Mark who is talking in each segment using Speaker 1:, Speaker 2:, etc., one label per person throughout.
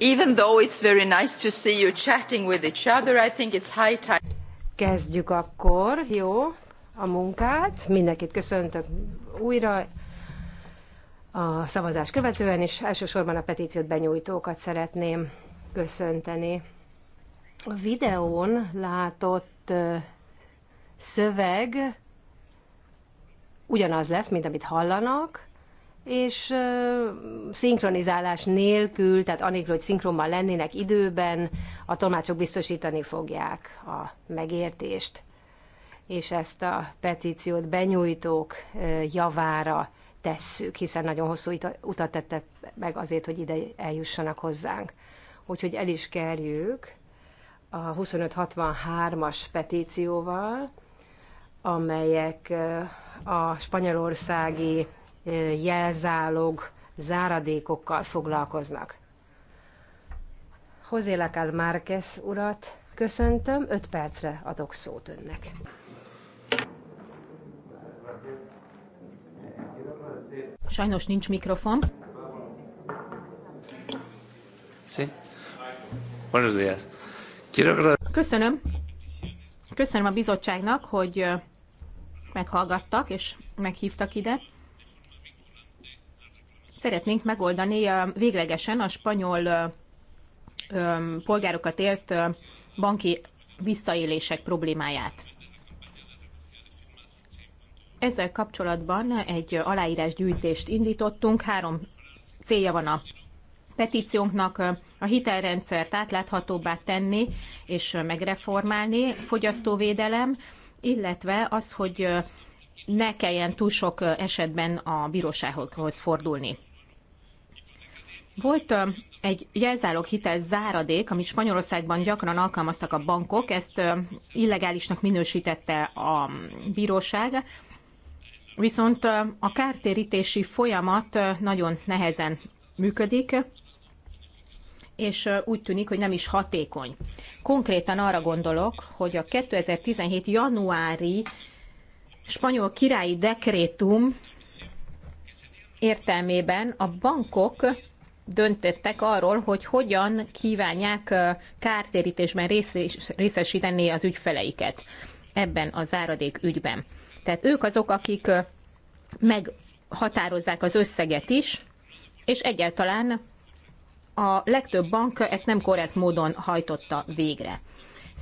Speaker 1: Even though it's very nice to see you chatting with each other, I think it's
Speaker 2: high time. Kezdjük akkor, jó, a munkát. Mindenkit köszöntök újra a szavazás követően, és elsősorban a petíciót benyújtókat szeretném köszönteni. A videón látott szöveg ugyanaz lesz, mint amit hallanak, és szinkronizálás nélkül, tehát anélkül, hogy szinkronban lennének időben, a tolmácsok biztosítani fogják a megértést, és ezt a petíciót benyújtók javára tesszük, hiszen nagyon hosszú utat tettek meg azért, hogy ide eljussanak hozzánk. Úgyhogy el is kerjük a 2563-as petícióval, amelyek a spanyolországi jelzálog záradékokkal foglalkoznak. José Lacal Márquez urat köszöntöm, 5 percre adok szót önnek. Sajnos nincs mikrofon.
Speaker 3: Buenos
Speaker 4: Köszönöm. Köszönöm a bizottságnak, hogy meghallgattak és meghívtak ide szeretnénk megoldani véglegesen a spanyol polgárokat élt banki visszaélések problémáját. Ezzel kapcsolatban egy aláírásgyűjtést indítottunk. Három célja van a petíciónknak a hitelrendszert átláthatóbbá tenni és megreformálni, fogyasztóvédelem, illetve az, hogy ne kelljen túl sok esetben a bírósághoz fordulni. Volt egy jelzálók hitel záradék, amit Spanyolországban gyakran alkalmaztak a bankok, ezt illegálisnak minősítette a bíróság, viszont a kártérítési folyamat nagyon nehezen működik, és úgy tűnik, hogy nem is hatékony. Konkrétan arra gondolok, hogy a 2017. januári spanyol királyi dekrétum értelmében a bankok döntöttek arról, hogy hogyan kívánják kártérítésben részesíteni az ügyfeleiket ebben a záradék ügyben. Tehát ők azok, akik meghatározzák az összeget is, és egyáltalán a legtöbb bank ezt nem korrekt módon hajtotta végre.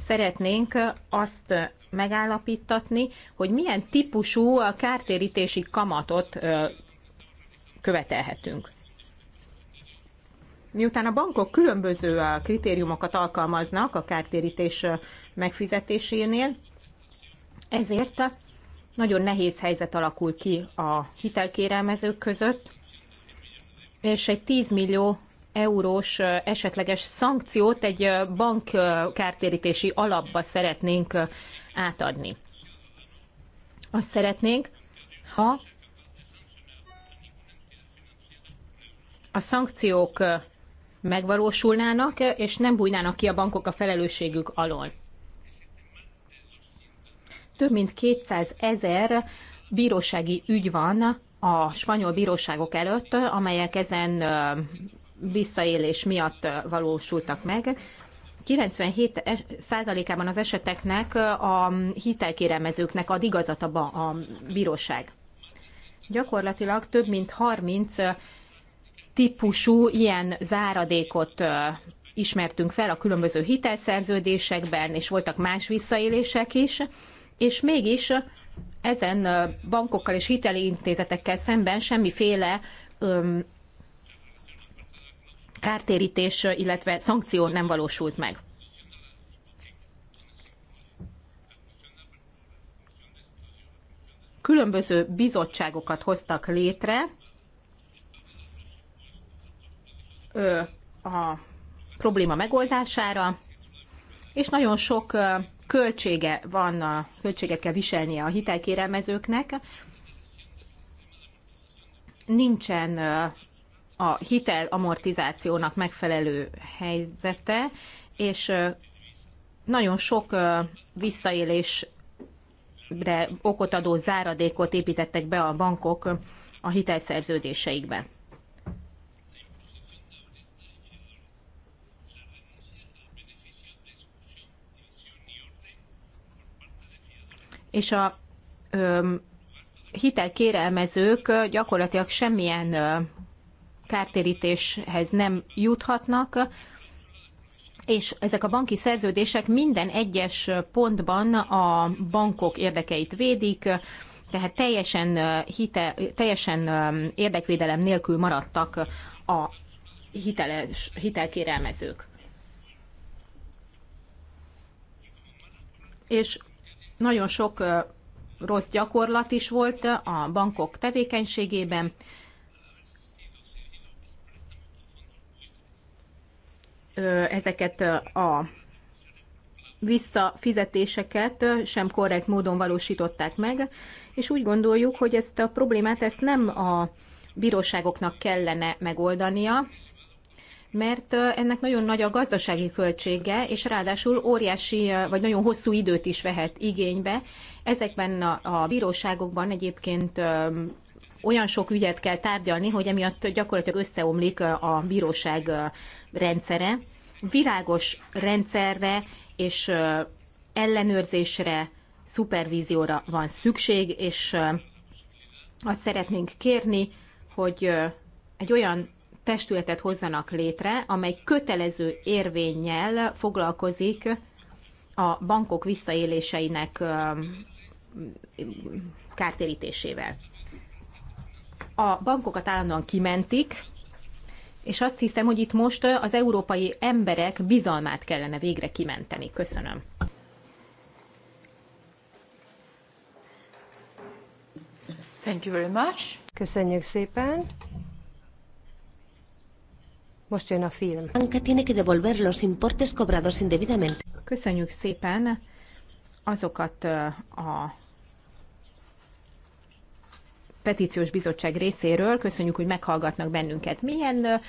Speaker 4: Szeretnénk azt megállapítatni, hogy milyen típusú kártérítési kamatot követelhetünk. Miután a bankok különböző kritériumokat alkalmaznak a kártérítés megfizetésénél, ezért nagyon nehéz helyzet alakul ki a hitelkérelmezők között, és egy 10 millió eurós esetleges szankciót egy bank kártérítési alapba szeretnénk átadni. Azt szeretnénk, ha a szankciók megvalósulnának, és nem bújnának ki a bankok a felelősségük alól. Több mint 200 ezer bírósági ügy van a spanyol bíróságok előtt, amelyek ezen visszaélés miatt valósultak meg. 97%-ában az eseteknek a hitelkérelmezőknek ad igazat a, a bíróság. Gyakorlatilag több mint 30 típusú ilyen záradékot ismertünk fel a különböző hitelszerződésekben, és voltak más visszaélések is, és mégis ezen bankokkal és hiteli intézetekkel szemben semmiféle öm, kártérítés, illetve szankció nem valósult meg. Különböző bizottságokat hoztak létre, a probléma megoldására, és nagyon sok költsége van, költséget kell viselnie a hitelkérelmezőknek. Nincsen a hitel amortizációnak megfelelő helyzete, és nagyon sok visszaélésre okot adó záradékot építettek be a bankok a hitelszerződéseikbe. és a hitelkérelmezők gyakorlatilag semmilyen kártérítéshez nem juthatnak, és ezek a banki szerződések minden egyes pontban a bankok érdekeit védik, tehát teljesen, hite, teljesen érdekvédelem nélkül maradtak a hiteles, hitelkérelmezők. És nagyon sok rossz gyakorlat is volt a bankok tevékenységében. Ezeket a visszafizetéseket sem korrekt módon valósították meg, és úgy gondoljuk, hogy ezt a problémát ezt nem a bíróságoknak kellene megoldania, mert ennek nagyon nagy a gazdasági költsége, és ráadásul óriási, vagy nagyon hosszú időt is vehet igénybe. Ezekben a, a bíróságokban egyébként olyan sok ügyet kell tárgyalni, hogy emiatt gyakorlatilag összeomlik a bíróság rendszere. Világos rendszerre és ellenőrzésre, szupervízióra van szükség, és azt szeretnénk kérni, hogy egy olyan testületet hozzanak létre, amely kötelező érvényel foglalkozik a bankok visszaéléseinek kártérítésével. A bankokat állandóan kimentik, és azt hiszem, hogy itt most az európai emberek bizalmát kellene végre kimenteni. Köszönöm.
Speaker 2: Thank you very much. Köszönjük szépen. Most jön a film.
Speaker 4: Köszönjük szépen azokat a petíciós bizottság részéről. Köszönjük, hogy meghallgatnak bennünket. Milyen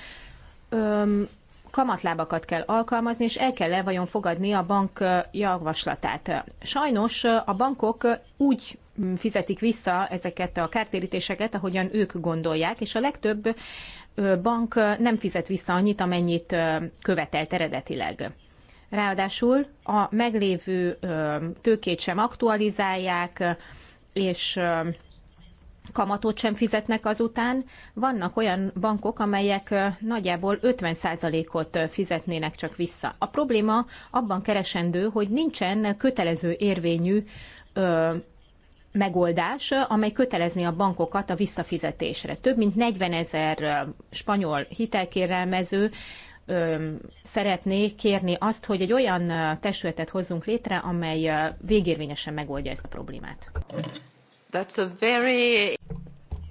Speaker 4: öm, kamatlábakat kell alkalmazni, és el kell-e vajon fogadni a bank javaslatát. Sajnos a bankok úgy fizetik vissza ezeket a kártérítéseket, ahogyan ők gondolják, és a legtöbb bank nem fizet vissza annyit, amennyit követelt eredetileg. Ráadásul a meglévő tőkét sem aktualizálják, és kamatot sem fizetnek azután. Vannak olyan bankok, amelyek nagyjából 50%-ot fizetnének csak vissza. A probléma abban keresendő, hogy nincsen kötelező érvényű megoldás, amely kötelezni a bankokat a visszafizetésre. Több mint 40 ezer spanyol hitelkérelmező szeretné kérni azt, hogy egy olyan testületet hozzunk létre, amely végérvényesen megoldja
Speaker 2: ezt a problémát. That's a very...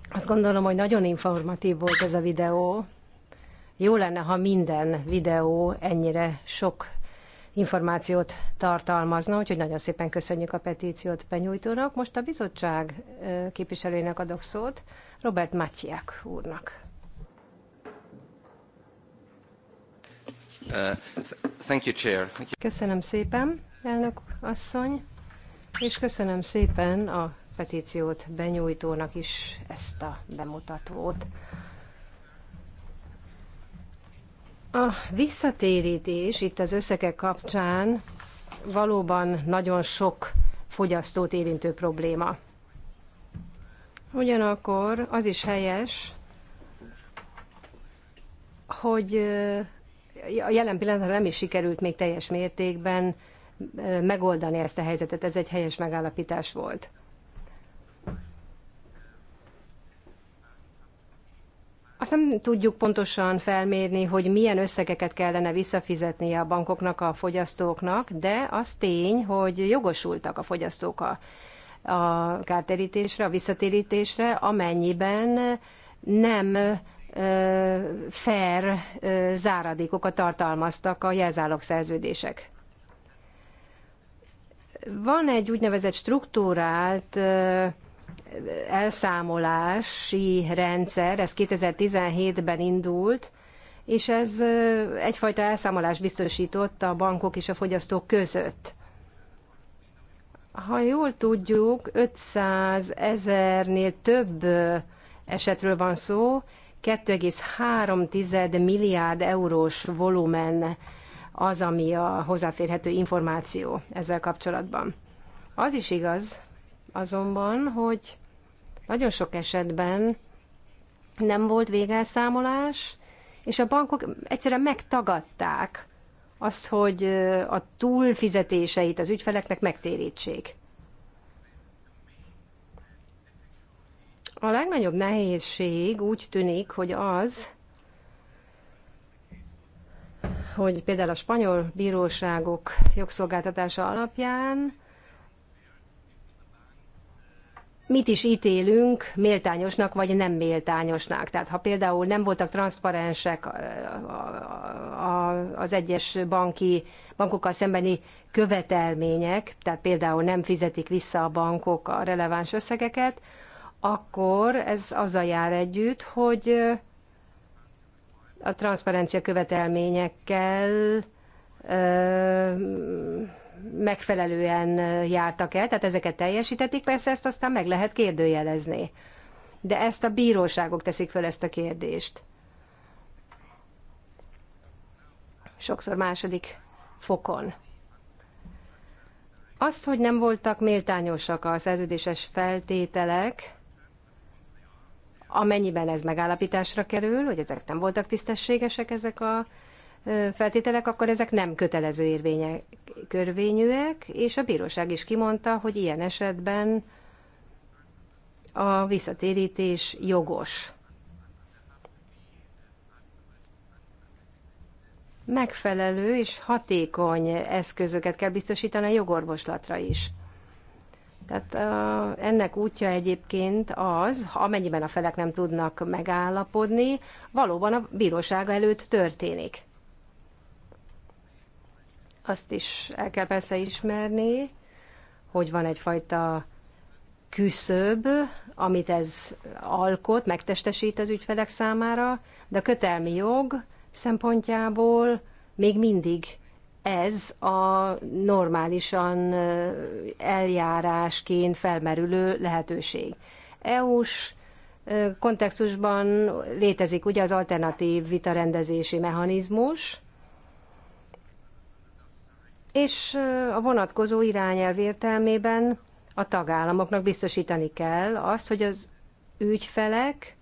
Speaker 2: Azt gondolom, hogy nagyon informatív volt ez a videó. Jó lenne, ha minden videó ennyire sok információt tartalmazna, úgyhogy nagyon szépen köszönjük a petíciót benyújtónak. Most a bizottság képviselőjének adok szót, Robert Mátyák úrnak.
Speaker 5: Uh, thank you, Chair. Thank you.
Speaker 2: Köszönöm szépen, elnök asszony, és köszönöm szépen a petíciót benyújtónak is ezt a bemutatót. A visszatérítés itt az összegek kapcsán valóban nagyon sok fogyasztót érintő probléma. Ugyanakkor az is helyes, hogy a jelen pillanatban nem is sikerült még teljes mértékben megoldani ezt a helyzetet. Ez egy helyes megállapítás volt. Azt nem tudjuk pontosan felmérni, hogy milyen összegeket kellene visszafizetnie a bankoknak, a fogyasztóknak, de az tény, hogy jogosultak a fogyasztók a, a kártérítésre, a visszatérítésre, amennyiben nem ö, fair ö, záradékokat tartalmaztak a jelzálogszerződések. Van egy úgynevezett struktúrált ö, elszámolási rendszer, ez 2017-ben indult, és ez egyfajta elszámolás biztosított a bankok és a fogyasztók között. Ha jól tudjuk, 500 ezernél több esetről van szó, 2,3 milliárd eurós volumen az, ami a hozzáférhető információ ezzel kapcsolatban. Az is igaz azonban, hogy nagyon sok esetben nem volt végelszámolás, és a bankok egyszerűen megtagadták azt, hogy a túlfizetéseit az ügyfeleknek megtérítsék. A legnagyobb nehézség úgy tűnik, hogy az, hogy például a spanyol bíróságok jogszolgáltatása alapján mit is ítélünk méltányosnak vagy nem méltányosnak. Tehát ha például nem voltak transzparensek az egyes banki, bankokkal szembeni követelmények, tehát például nem fizetik vissza a bankok a releváns összegeket, akkor ez azzal jár együtt, hogy a transzparencia követelményekkel megfelelően jártak el, tehát ezeket teljesítették, persze ezt aztán meg lehet kérdőjelezni. De ezt a bíróságok teszik fel ezt a kérdést. Sokszor második fokon. Azt, hogy nem voltak méltányosak a szerződéses feltételek, amennyiben ez megállapításra kerül, hogy ezek nem voltak tisztességesek ezek a feltételek, akkor ezek nem kötelező érvények, körvényűek, és a bíróság is kimondta, hogy ilyen esetben a visszatérítés jogos. Megfelelő és hatékony eszközöket kell biztosítani a jogorvoslatra is. Tehát uh, ennek útja egyébként az, amennyiben a felek nem tudnak megállapodni, valóban a bírósága előtt történik. Azt is el kell persze ismerni, hogy van egyfajta küszöb, amit ez alkot, megtestesít az ügyfelek számára, de a kötelmi jog szempontjából még mindig ez a normálisan eljárásként felmerülő lehetőség. EU-s kontextusban létezik ugye az alternatív vitarendezési mechanizmus, és a vonatkozó irányelv értelmében a tagállamoknak biztosítani kell azt, hogy az ügyfelek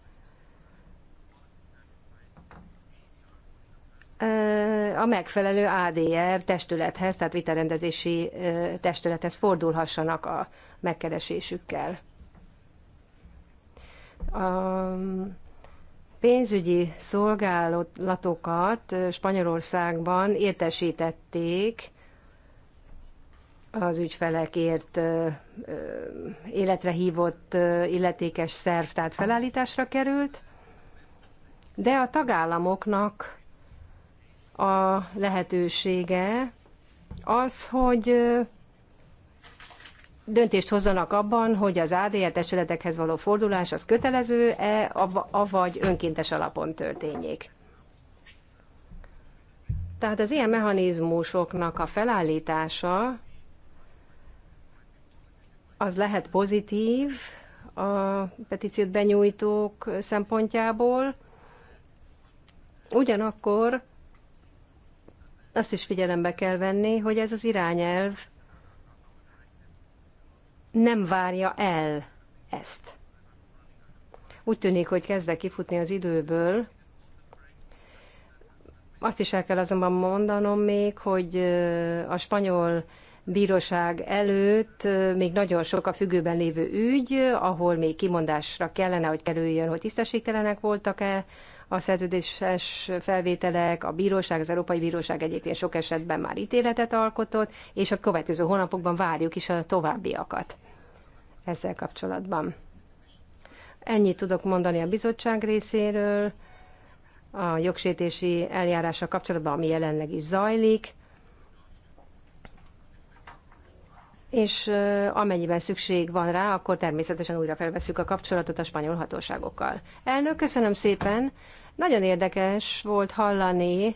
Speaker 2: a megfelelő ADR testülethez, tehát vitarendezési testülethez fordulhassanak a megkeresésükkel. A pénzügyi szolgálatokat Spanyolországban értesítették az ügyfelekért életre hívott illetékes szerv, tehát felállításra került, de a tagállamoknak a lehetősége az, hogy döntést hozzanak abban, hogy az ADR testületekhez való fordulás az kötelező-e, avagy önkéntes alapon történjék. Tehát az ilyen mechanizmusoknak a felállítása az lehet pozitív a petíciót benyújtók szempontjából, ugyanakkor azt is figyelembe kell venni, hogy ez az irányelv nem várja el ezt. Úgy tűnik, hogy kezdek kifutni az időből. Azt is el kell azonban mondanom még, hogy a spanyol bíróság előtt még nagyon sok a függőben lévő ügy, ahol még kimondásra kellene, hogy kerüljön, hogy tisztességtelenek voltak-e a szerződéses felvételek, a bíróság, az Európai Bíróság egyébként sok esetben már ítéletet alkotott, és a következő hónapokban várjuk is a továbbiakat ezzel kapcsolatban. Ennyit tudok mondani a bizottság részéről, a jogsértési eljárása kapcsolatban, ami jelenleg is zajlik és amennyiben szükség van rá, akkor természetesen újra felveszük a kapcsolatot a spanyol hatóságokkal. Elnök, köszönöm szépen. Nagyon érdekes volt hallani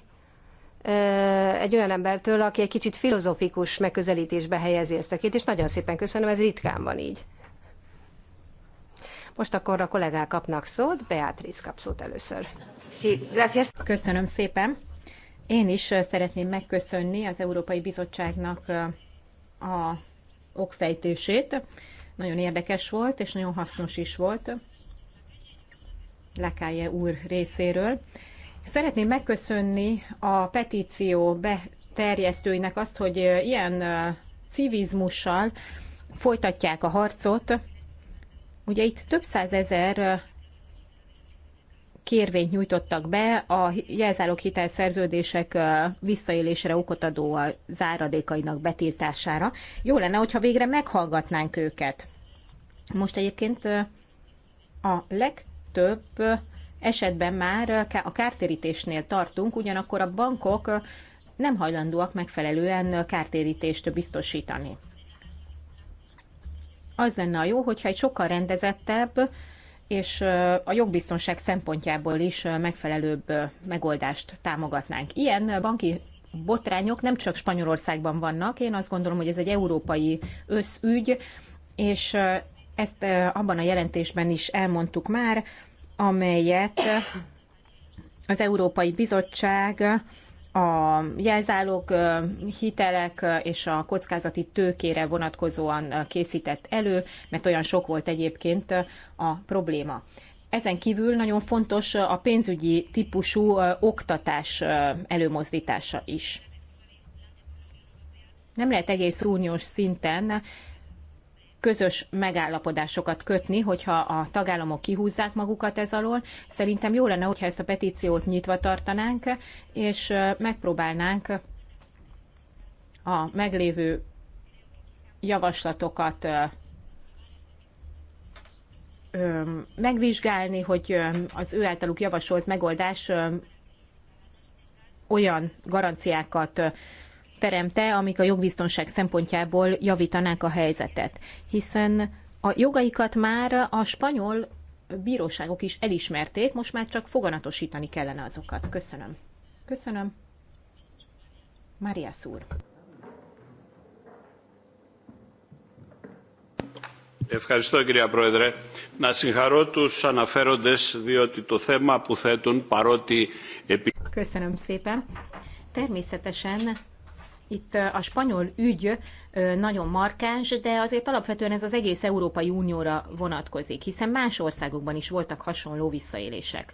Speaker 2: egy olyan embertől, aki egy kicsit filozofikus megközelítésbe helyezi ezt a két, és nagyon szépen köszönöm, ez ritkán van így. Most akkor a kollégák kapnak szót, Beatriz kap szót először. gracias. Köszönöm szépen.
Speaker 4: Én is szeretném megköszönni az Európai Bizottságnak a okfejtését. Nagyon érdekes volt, és nagyon hasznos is volt Lekáje úr részéről. Szeretném megköszönni a petíció beterjesztőinek azt, hogy ilyen civizmussal folytatják a harcot. Ugye itt több százezer kérvényt nyújtottak be a jelzálók hitelszerződések visszaélésre okot adó záradékainak betiltására. Jó lenne, hogyha végre meghallgatnánk őket. Most egyébként a legtöbb esetben már a kártérítésnél tartunk, ugyanakkor a bankok nem hajlandóak megfelelően kártérítést biztosítani. Az lenne a jó, hogyha egy sokkal rendezettebb, és a jogbiztonság szempontjából is megfelelőbb megoldást támogatnánk. Ilyen banki botrányok nem csak Spanyolországban vannak, én azt gondolom, hogy ez egy európai összügy, és ezt abban a jelentésben is elmondtuk már, amelyet az Európai Bizottság a jelzálók hitelek és a kockázati tőkére vonatkozóan készített elő, mert olyan sok volt egyébként a probléma. Ezen kívül nagyon fontos a pénzügyi típusú oktatás előmozdítása is. Nem lehet egész uniós szinten közös megállapodásokat kötni, hogyha a tagállamok kihúzzák magukat ez alól. Szerintem jó lenne, hogyha ezt a petíciót nyitva tartanánk, és megpróbálnánk a meglévő javaslatokat megvizsgálni, hogy az ő általuk javasolt megoldás olyan garanciákat teremte, amik a jogbiztonság szempontjából javítanák a helyzetet. Hiszen a jogaikat már a spanyol bíróságok is elismerték, most már csak foganatosítani kellene azokat. Köszönöm. Köszönöm. Marias úr.
Speaker 3: Ευχαριστώ κυρία Πρόεδρε. Να συγχαρώ τους αναφέροντες διότι το θέμα που θέτουν παρότι...
Speaker 4: Köszönöm szépen. Természetesen itt a spanyol ügy nagyon markáns, de azért alapvetően ez az egész Európai Unióra vonatkozik, hiszen más országokban is voltak hasonló visszaélések.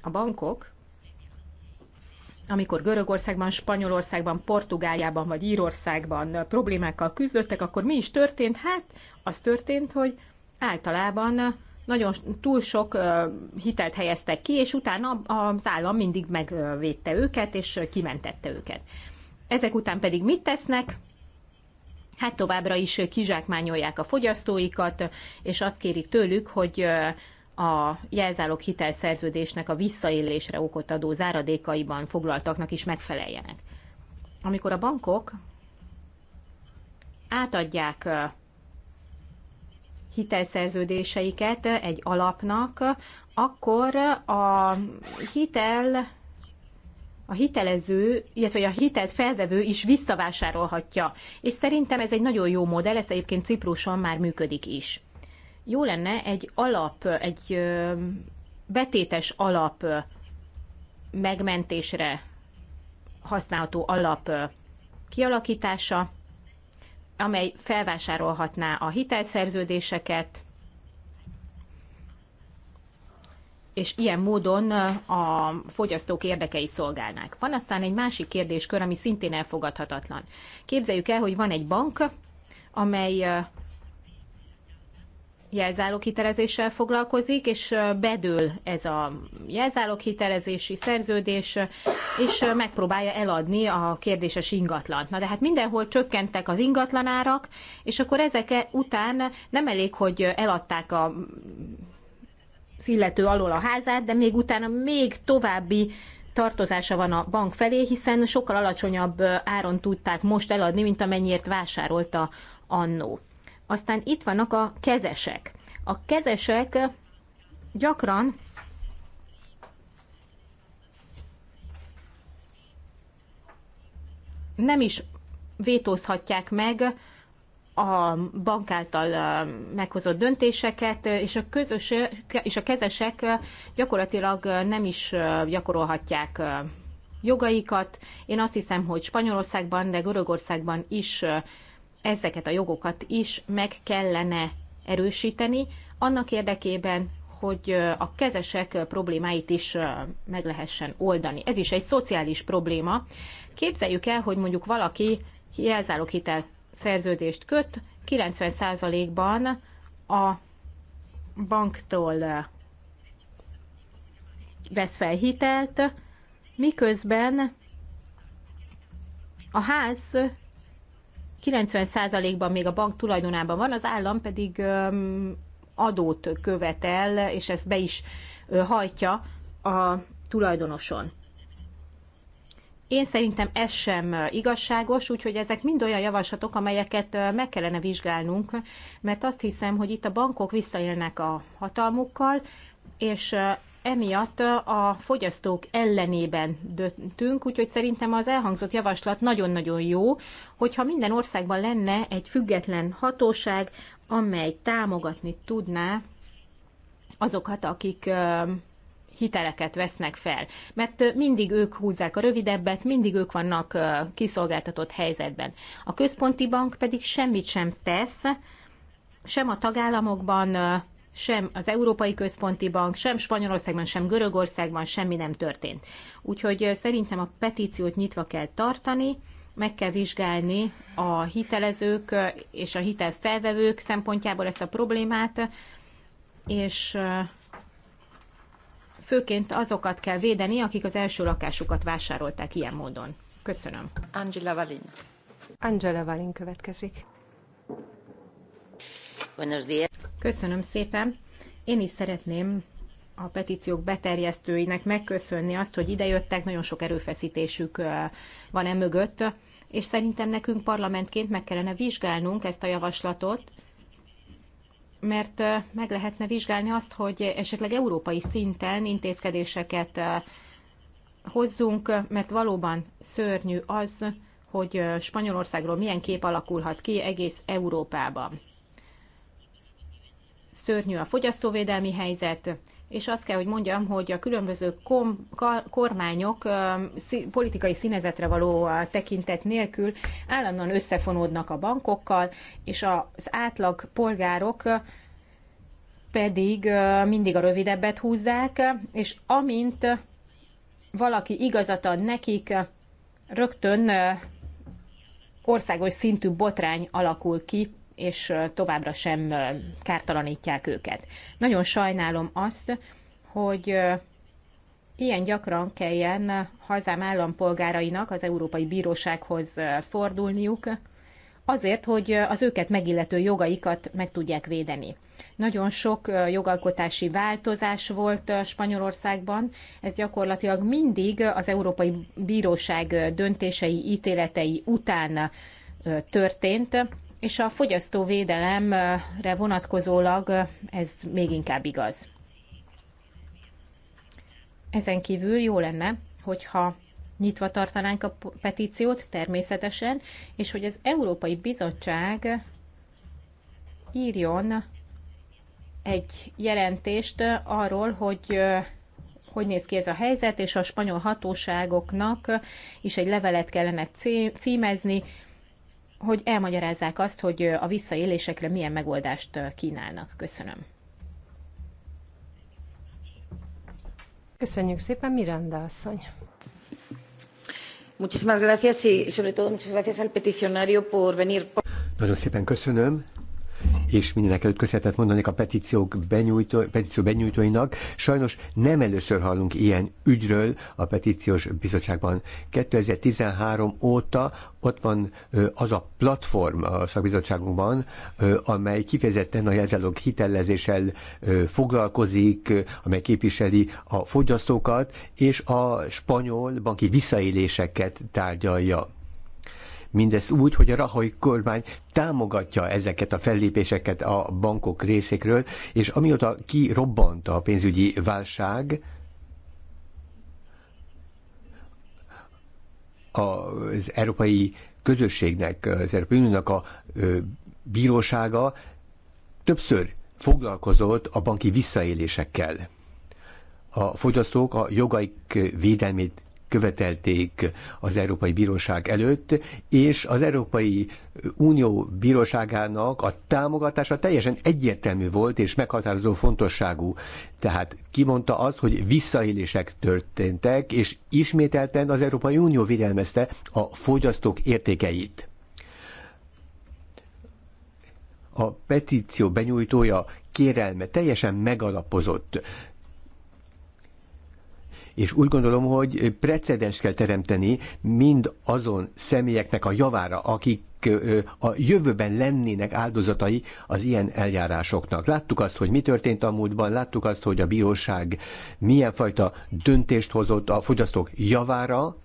Speaker 4: A bankok, amikor Görögországban, Spanyolországban, Portugáliában vagy Írországban problémákkal küzdöttek, akkor mi is történt? Hát az történt, hogy általában nagyon túl sok hitelt helyeztek ki, és utána az állam mindig megvédte őket, és kimentette őket. Ezek után pedig mit tesznek? Hát továbbra is kizsákmányolják a fogyasztóikat, és azt kérik tőlük, hogy a jelzálók hitelszerződésnek a visszaélésre okot adó záradékaiban foglaltaknak is megfeleljenek. Amikor a bankok átadják hitelszerződéseiket egy alapnak, akkor a hitel a hitelező, illetve a hitelt felvevő is visszavásárolhatja. És szerintem ez egy nagyon jó modell, ez egyébként Cipruson már működik is. Jó lenne egy alap, egy betétes alap megmentésre használható alap kialakítása, amely felvásárolhatná a hitelszerződéseket, és ilyen módon a fogyasztók érdekeit szolgálnák. Van aztán egy másik kérdéskör, ami szintén elfogadhatatlan. Képzeljük el, hogy van egy bank, amely jelzáloghitelezéssel foglalkozik, és bedől ez a jelzáloghitelezési szerződés, és megpróbálja eladni a kérdéses ingatlant. Na de hát mindenhol csökkentek az ingatlanárak, és akkor ezek e után nem elég, hogy eladták a illető alól a házát, de még utána még további tartozása van a bank felé, hiszen sokkal alacsonyabb áron tudták most eladni, mint amennyiért vásárolta annó. Aztán itt vannak a kezesek. A kezesek gyakran nem is vétózhatják meg a bank által meghozott döntéseket, és a, közös, és a kezesek gyakorlatilag nem is gyakorolhatják jogaikat. Én azt hiszem, hogy Spanyolországban, de Görögországban is ezeket a jogokat is meg kellene erősíteni, annak érdekében, hogy a kezesek problémáit is meg lehessen oldani. Ez is egy szociális probléma. Képzeljük el, hogy mondjuk valaki hitel szerződést köt, 90%-ban a banktól vesz fel hitelt, miközben a ház 90%-ban még a bank tulajdonában van, az állam pedig adót követel, és ezt be is hajtja a tulajdonoson. Én szerintem ez sem igazságos, úgyhogy ezek mind olyan javaslatok, amelyeket meg kellene vizsgálnunk, mert azt hiszem, hogy itt a bankok visszaélnek a hatalmukkal, és emiatt a fogyasztók ellenében döntünk, úgyhogy szerintem az elhangzott javaslat nagyon-nagyon jó, hogyha minden országban lenne egy független hatóság, amely támogatni tudná azokat, akik hiteleket vesznek fel, mert mindig ők húzzák a rövidebbet, mindig ők vannak kiszolgáltatott helyzetben. A központi bank pedig semmit sem tesz, sem a tagállamokban, sem az Európai Központi Bank, sem Spanyolországban, sem Görögországban semmi nem történt. Úgyhogy szerintem a petíciót nyitva kell tartani, meg kell vizsgálni a hitelezők és a hitelfelvevők szempontjából ezt a problémát, és Főként azokat kell védeni, akik az első lakásukat vásárolták ilyen módon. Köszönöm.
Speaker 2: Angela Valin. Angela Valin következik.
Speaker 4: Buenos días. Köszönöm szépen. Én is szeretném a petíciók beterjesztőinek megköszönni azt, hogy idejöttek, nagyon sok erőfeszítésük van e mögött, és szerintem nekünk parlamentként meg kellene vizsgálnunk ezt a javaslatot, mert meg lehetne vizsgálni azt, hogy esetleg európai szinten intézkedéseket hozzunk, mert valóban szörnyű az, hogy Spanyolországról milyen kép alakulhat ki egész Európában. Szörnyű a fogyasztóvédelmi helyzet, és azt kell, hogy mondjam, hogy a különböző kom, ka, kormányok szí, politikai színezetre való tekintet nélkül állandóan összefonódnak a bankokkal, és az átlag polgárok pedig mindig a rövidebbet húzzák, és amint valaki igazat ad nekik, rögtön országos szintű botrány alakul ki és továbbra sem kártalanítják őket. Nagyon sajnálom azt, hogy ilyen gyakran kelljen hazám állampolgárainak az Európai Bírósághoz fordulniuk, azért, hogy az őket megillető jogaikat meg tudják védeni. Nagyon sok jogalkotási változás volt Spanyolországban, ez gyakorlatilag mindig az Európai Bíróság döntései, ítéletei után történt, és a fogyasztóvédelemre vonatkozólag ez még inkább igaz. Ezen kívül jó lenne, hogyha nyitva tartanánk a petíciót természetesen, és hogy az Európai Bizottság írjon egy jelentést arról, hogy hogy néz ki ez a helyzet, és a spanyol hatóságoknak is egy levelet kellene címezni, hogy elmagyarázzák azt, hogy a visszaélésekre milyen megoldást kínálnak. Köszönöm.
Speaker 2: Köszönjük szépen, Miranda asszony. Muchísimas gracias y sobre todo muchas gracias al peticionario por venir.
Speaker 5: Nagyon szépen köszönöm és mindenek előtt köszönetet mondanék a petíciók benyújtó, petíció benyújtóinak. Sajnos nem először hallunk ilyen ügyről a petíciós bizottságban. 2013 óta ott van az a platform a szakbizottságunkban, amely kifejezetten a jelzálog hitelezéssel foglalkozik, amely képviseli a fogyasztókat, és a spanyol banki visszaéléseket tárgyalja. Mindezt úgy, hogy a rahai kormány támogatja ezeket a fellépéseket a bankok részékről, és amióta kirobbant a pénzügyi válság, az európai közösségnek, az Európai Uniónak a bírósága többször foglalkozott a banki visszaélésekkel. A fogyasztók a jogaik védelmét követelték az Európai Bíróság előtt, és az Európai Unió Bíróságának a támogatása teljesen egyértelmű volt és meghatározó fontosságú. Tehát kimondta az, hogy visszaélések történtek, és ismételten az Európai Unió védelmezte a fogyasztók értékeit. A petíció benyújtója kérelme teljesen megalapozott és úgy gondolom, hogy precedens kell teremteni mind azon személyeknek a javára, akik a jövőben lennének áldozatai az ilyen eljárásoknak. Láttuk azt, hogy mi történt a múltban, láttuk azt, hogy a bíróság milyen fajta döntést hozott a fogyasztók javára,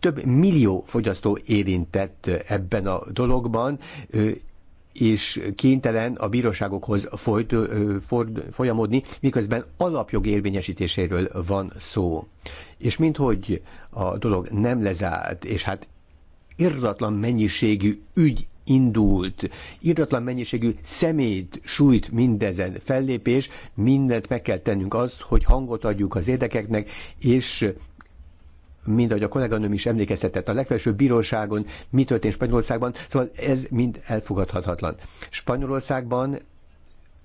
Speaker 5: több millió fogyasztó érintett ebben a dologban, és kénytelen a bíróságokhoz folyt, ford, folyamodni, miközben alapjog érvényesítéséről van szó. És minthogy a dolog nem lezárt, és hát irdatlan mennyiségű ügy indult. Irdatlan mennyiségű szemét sújt mindezen fellépés, mindent meg kell tennünk az, hogy hangot adjuk az érdekeknek, és mind ahogy a kolléganőm is emlékeztetett, a legfelsőbb bíróságon mi történt Spanyolországban, szóval ez mind elfogadhatatlan. Spanyolországban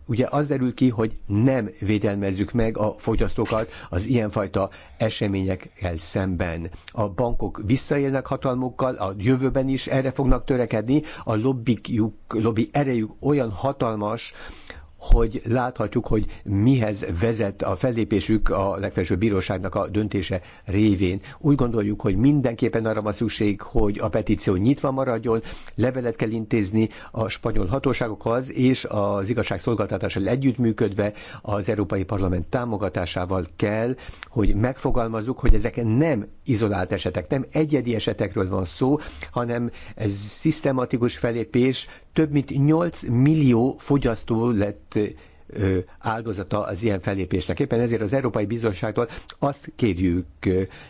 Speaker 5: ugye az derül ki, hogy nem védelmezzük meg a fogyasztókat az ilyenfajta eseményekkel szemben. A bankok visszaélnek hatalmukkal, a jövőben is erre fognak törekedni, a lobbyjuk, lobby erejük olyan hatalmas, hogy láthatjuk, hogy mihez vezet a fellépésük a legfelsőbb bíróságnak a döntése révén. Úgy gondoljuk, hogy mindenképpen arra van szükség, hogy a petíció nyitva maradjon, levelet kell intézni a spanyol hatóságokhoz, és az igazságszolgáltatással együttműködve az Európai Parlament támogatásával kell, hogy megfogalmazzuk, hogy ezek nem izolált esetek, nem egyedi esetekről van szó, hanem ez szisztematikus felépés több mint 8 millió fogyasztó lett áldozata az ilyen fellépésnek. Éppen ezért az Európai Bizottságtól azt kérjük,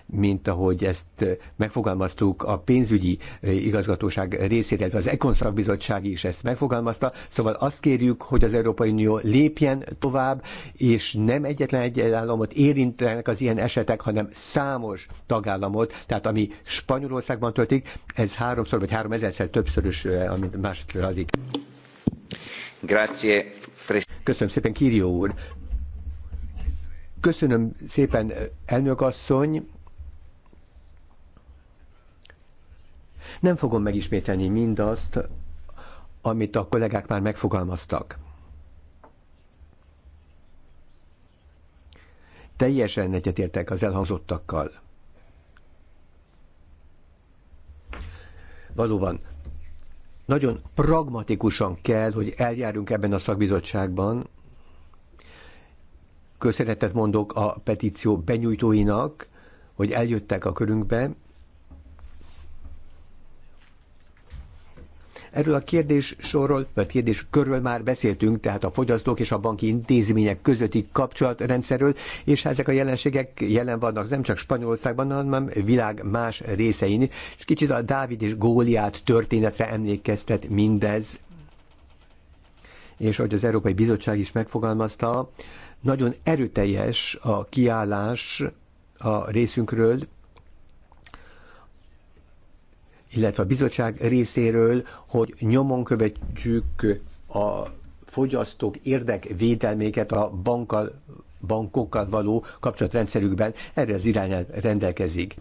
Speaker 5: mint ahogy ezt megfogalmaztuk, a pénzügyi igazgatóság részére, az Ekonszak Bizottság is ezt megfogalmazta, szóval azt kérjük, hogy az Európai Unió lépjen tovább, és nem egyetlen egy államot érintenek az ilyen esetek, hanem számos tagállamot, tehát ami Spanyolországban történik, ez háromszor vagy három ezerszer többszörös, amit másodszor adik. Köszönöm szépen, Kírió úr. Köszönöm szépen, elnök asszony. Nem fogom megismételni mindazt, amit a kollégák már megfogalmaztak. Teljesen egyetértek az elhangzottakkal. Valóban nagyon pragmatikusan kell, hogy eljárjunk ebben a szakbizottságban. Köszönetet mondok a petíció benyújtóinak, hogy eljöttek a körünkbe, Erről a kérdés sorról, vagy kérdés körül már beszéltünk, tehát a fogyasztók és a banki intézmények közötti kapcsolatrendszerről, és hát ezek a jelenségek jelen vannak nem csak Spanyolországban, hanem világ más részein. És kicsit a Dávid és Góliát történetre emlékeztet mindez. És ahogy az Európai Bizottság is megfogalmazta, nagyon erőteljes a kiállás a részünkről, illetve a bizottság részéről, hogy nyomon követjük a fogyasztók érdekvédelméket a bankkal, bankokkal való kapcsolatrendszerükben, erre az irányel rendelkezik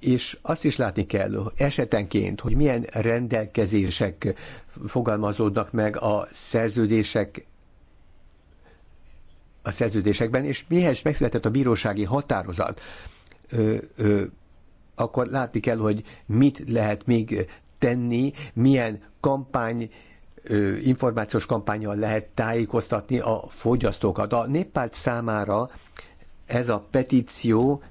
Speaker 5: és azt is látni kell esetenként, hogy milyen rendelkezések fogalmazódnak meg a szerződések a szerződésekben, és mihez megszületett a bírósági határozat. Ö, ö, akkor látni kell, hogy mit lehet még tenni, milyen kampány információs kampányjal lehet tájékoztatni a fogyasztókat. A néppárt számára ez a petíció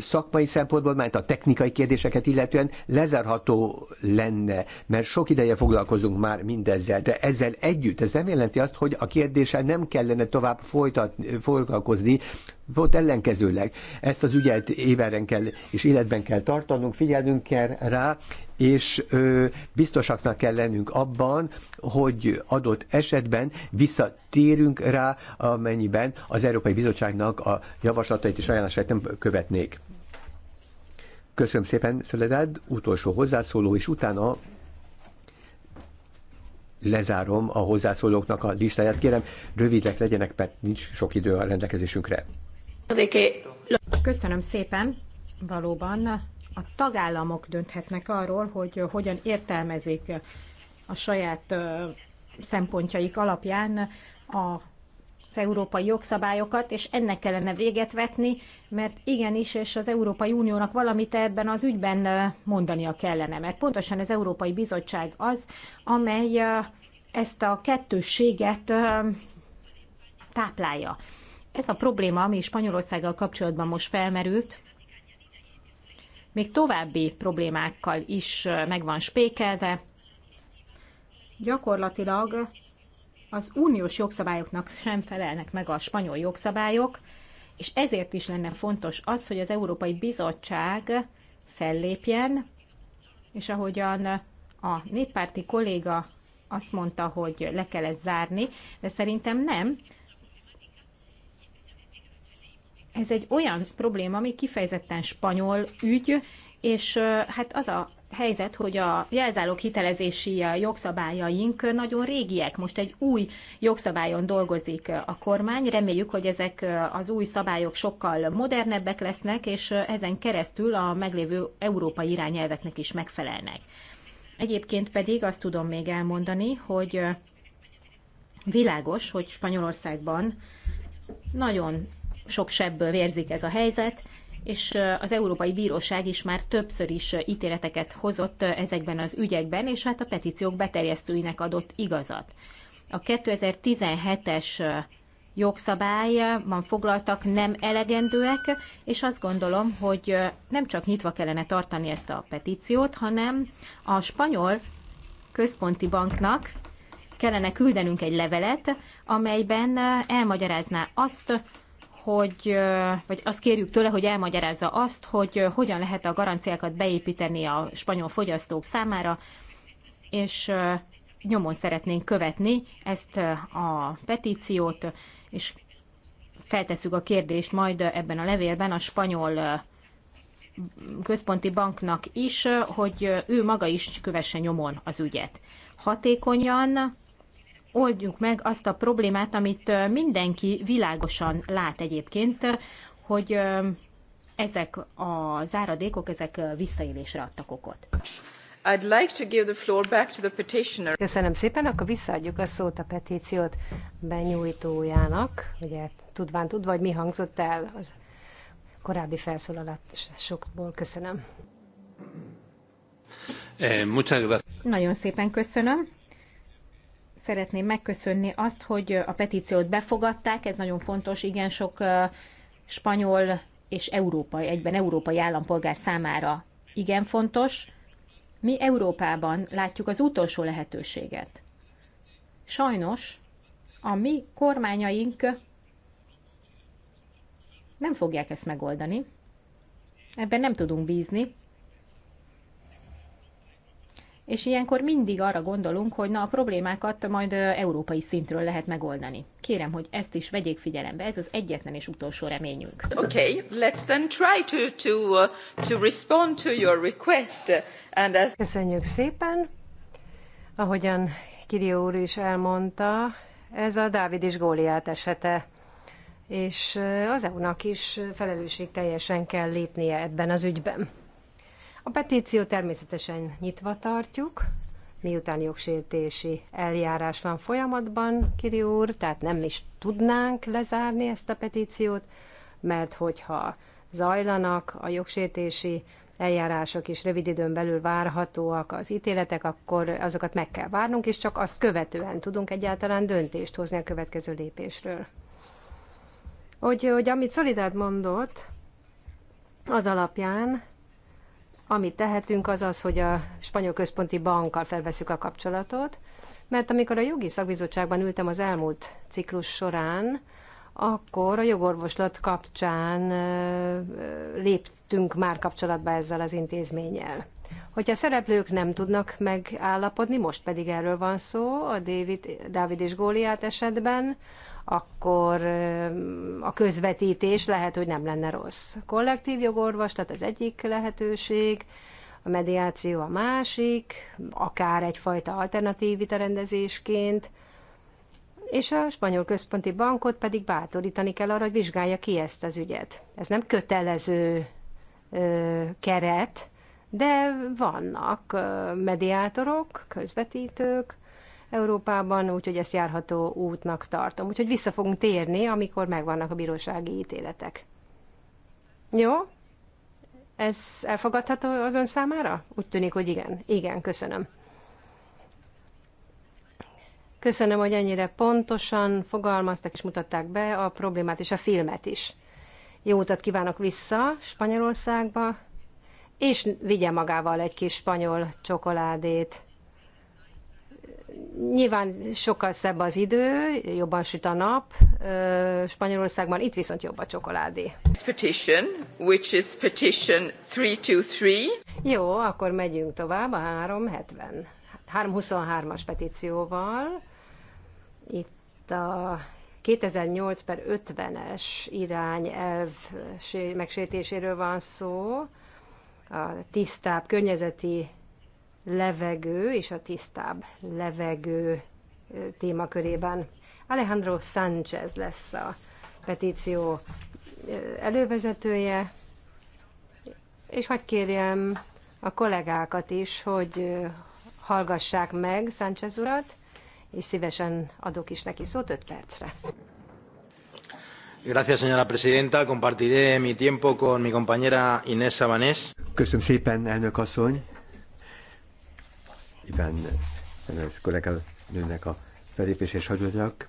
Speaker 5: szakmai szempontból, mert a technikai kérdéseket illetően lezárható lenne, mert sok ideje foglalkozunk már mindezzel, de ezzel együtt, ez nem jelenti azt, hogy a kérdéssel nem kellene tovább folytat, foglalkozni, Pont ellenkezőleg ezt az ügyet éveren kell és életben kell tartanunk, figyelnünk kell rá, és ö, biztosaknak kell lennünk abban, hogy adott esetben visszatérünk rá, amennyiben az Európai Bizottságnak a javaslatait és ajánlásait nem követnék. Köszönöm szépen, Szeledád, utolsó hozzászóló, és utána lezárom a hozzászólóknak a listáját. Kérem, rövidek legyenek, mert nincs sok idő a rendelkezésünkre.
Speaker 4: Köszönöm szépen. Valóban a tagállamok dönthetnek arról, hogy hogyan értelmezik a saját szempontjaik alapján a az európai jogszabályokat, és ennek kellene véget vetni, mert igenis, és az Európai Uniónak valamit ebben az ügyben mondania kellene, mert pontosan az Európai Bizottság az, amely ezt a kettősséget táplálja ez a probléma, ami Spanyolországgal kapcsolatban most felmerült, még további problémákkal is meg van spékelve. Gyakorlatilag az uniós jogszabályoknak sem felelnek meg a spanyol jogszabályok, és ezért is lenne fontos az, hogy az Európai Bizottság fellépjen, és ahogyan a néppárti kolléga azt mondta, hogy le kell ezt zárni, de szerintem nem, ez egy olyan probléma, ami kifejezetten spanyol ügy, és hát az a helyzet, hogy a jelzálók hitelezési jogszabályaink nagyon régiek. Most egy új jogszabályon dolgozik a kormány. Reméljük, hogy ezek az új szabályok sokkal modernebbek lesznek, és ezen keresztül a meglévő európai irányelveknek is megfelelnek. Egyébként pedig azt tudom még elmondani, hogy világos, hogy Spanyolországban nagyon sok sebből vérzik ez a helyzet, és az Európai Bíróság is már többször is ítéleteket hozott ezekben az ügyekben, és hát a petíciók beterjesztőinek adott igazat. A 2017-es jogszabályban foglaltak nem elegendőek, és azt gondolom, hogy nem csak nyitva kellene tartani ezt a petíciót, hanem a spanyol központi banknak kellene küldenünk egy levelet, amelyben elmagyarázná azt, hogy, vagy azt kérjük tőle, hogy elmagyarázza azt, hogy hogyan lehet a garanciákat beépíteni a spanyol fogyasztók számára, és nyomon szeretnénk követni ezt a petíciót, és feltesszük a kérdést majd ebben a levélben a spanyol központi banknak is, hogy ő maga is kövesse nyomon az ügyet. Hatékonyan oldjuk meg azt a problémát, amit mindenki világosan lát egyébként, hogy ezek a záradékok, ezek visszaélésre adtak okot.
Speaker 2: I'd like to give the
Speaker 4: floor back to the petitioner.
Speaker 2: Köszönöm szépen, akkor visszaadjuk a szót a petíciót benyújtójának, ugye tudván tudva, hogy mi hangzott el az korábbi felszólalásokból. Köszönöm. Eh, Nagyon szépen köszönöm
Speaker 4: szeretném megköszönni azt, hogy a petíciót befogadták, ez nagyon fontos, igen sok spanyol és európai, egyben európai állampolgár számára igen fontos. Mi Európában látjuk az utolsó lehetőséget. Sajnos a mi kormányaink nem fogják ezt megoldani. Ebben nem tudunk bízni és ilyenkor mindig arra gondolunk, hogy na a problémákat majd európai szintről lehet megoldani. Kérem, hogy ezt is vegyék figyelembe, ez az egyetlen és utolsó reményünk.
Speaker 1: Okay, let's then try to, to, uh, to respond
Speaker 2: to your request. Uh, and as... Köszönjük szépen! Ahogyan Kirió úr is elmondta, ez a Dávid és Góliát esete, és az EU-nak is felelősség teljesen kell lépnie ebben az ügyben. A petíció természetesen nyitva tartjuk, miután jogsértési eljárás van folyamatban, Kiri úr, tehát nem is tudnánk lezárni ezt a petíciót, mert hogyha zajlanak a jogsértési eljárások is rövid időn belül várhatóak az ítéletek, akkor azokat meg kell várnunk, és csak azt követően tudunk egyáltalán döntést hozni a következő lépésről. Hogy, hogy amit Szolidát mondott, az alapján amit tehetünk az az, hogy a Spanyol Központi Bankkal felveszük a kapcsolatot, mert amikor a jogi szakbizottságban ültem az elmúlt ciklus során, akkor a jogorvoslat kapcsán léptünk már kapcsolatba ezzel az intézménnyel. Hogyha a szereplők nem tudnak megállapodni, most pedig erről van szó a David, és Góliát esetben, akkor a közvetítés lehet, hogy nem lenne rossz. Kollektív tehát az egyik lehetőség, a mediáció a másik, akár egyfajta alternatív vitarendezésként, és a spanyol központi bankot pedig bátorítani kell arra, hogy vizsgálja ki ezt az ügyet. Ez nem kötelező ö, keret, de vannak ö, mediátorok, közvetítők, Európában, úgyhogy ezt járható útnak tartom. Úgyhogy vissza fogunk térni, amikor megvannak a bírósági ítéletek. Jó? Ez elfogadható az ön számára? Úgy tűnik, hogy igen. Igen, köszönöm. Köszönöm, hogy ennyire pontosan fogalmaztak és mutatták be a problémát és a filmet is. Jó utat kívánok vissza Spanyolországba, és vigye magával egy kis spanyol csokoládét. Nyilván sokkal szebb az idő, jobban süt a nap. Spanyolországban itt viszont jobb a csokoládé.
Speaker 1: Petition, which is petition 323.
Speaker 2: Jó, akkor megyünk tovább a 370. 323-as petícióval. Itt a 2008 per 50-es elv megsértéséről van szó. A tisztább környezeti levegő és a tisztább levegő témakörében. Alejandro Sánchez lesz a petíció elővezetője, és hagyd kérjem a kollégákat is, hogy hallgassák meg Sánchez urat, és szívesen adok is neki szót 5 percre.
Speaker 3: Gracias, señora presidenta. Compartiré mi tiempo con mi compañera Inés Sabanés. Köszönöm
Speaker 5: szépen, elnök asszony. Iván Fenersz kollégával nőnek a felépés és hagyodjak.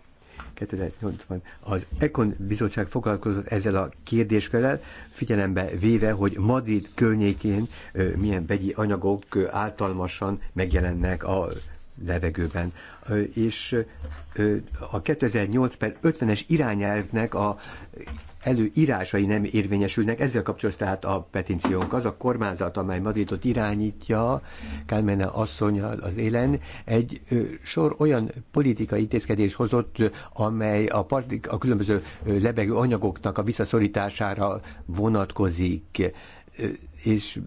Speaker 5: 2008-ban az Ekon Bizottság foglalkozott ezzel a kérdéskörrel, figyelembe véve, hogy Madrid környékén milyen vegyi anyagok általmasan megjelennek a levegőben és a 2008 per 50-es irányelvnek a előírásai nem érvényesülnek. Ezzel kapcsolatban tehát a petíciónk. Az a kormányzat, amely Madridot irányítja, Kálmene asszonyal az élen, egy sor olyan politikai intézkedés hozott, amely a, part, a különböző lebegő anyagoknak a visszaszorítására vonatkozik és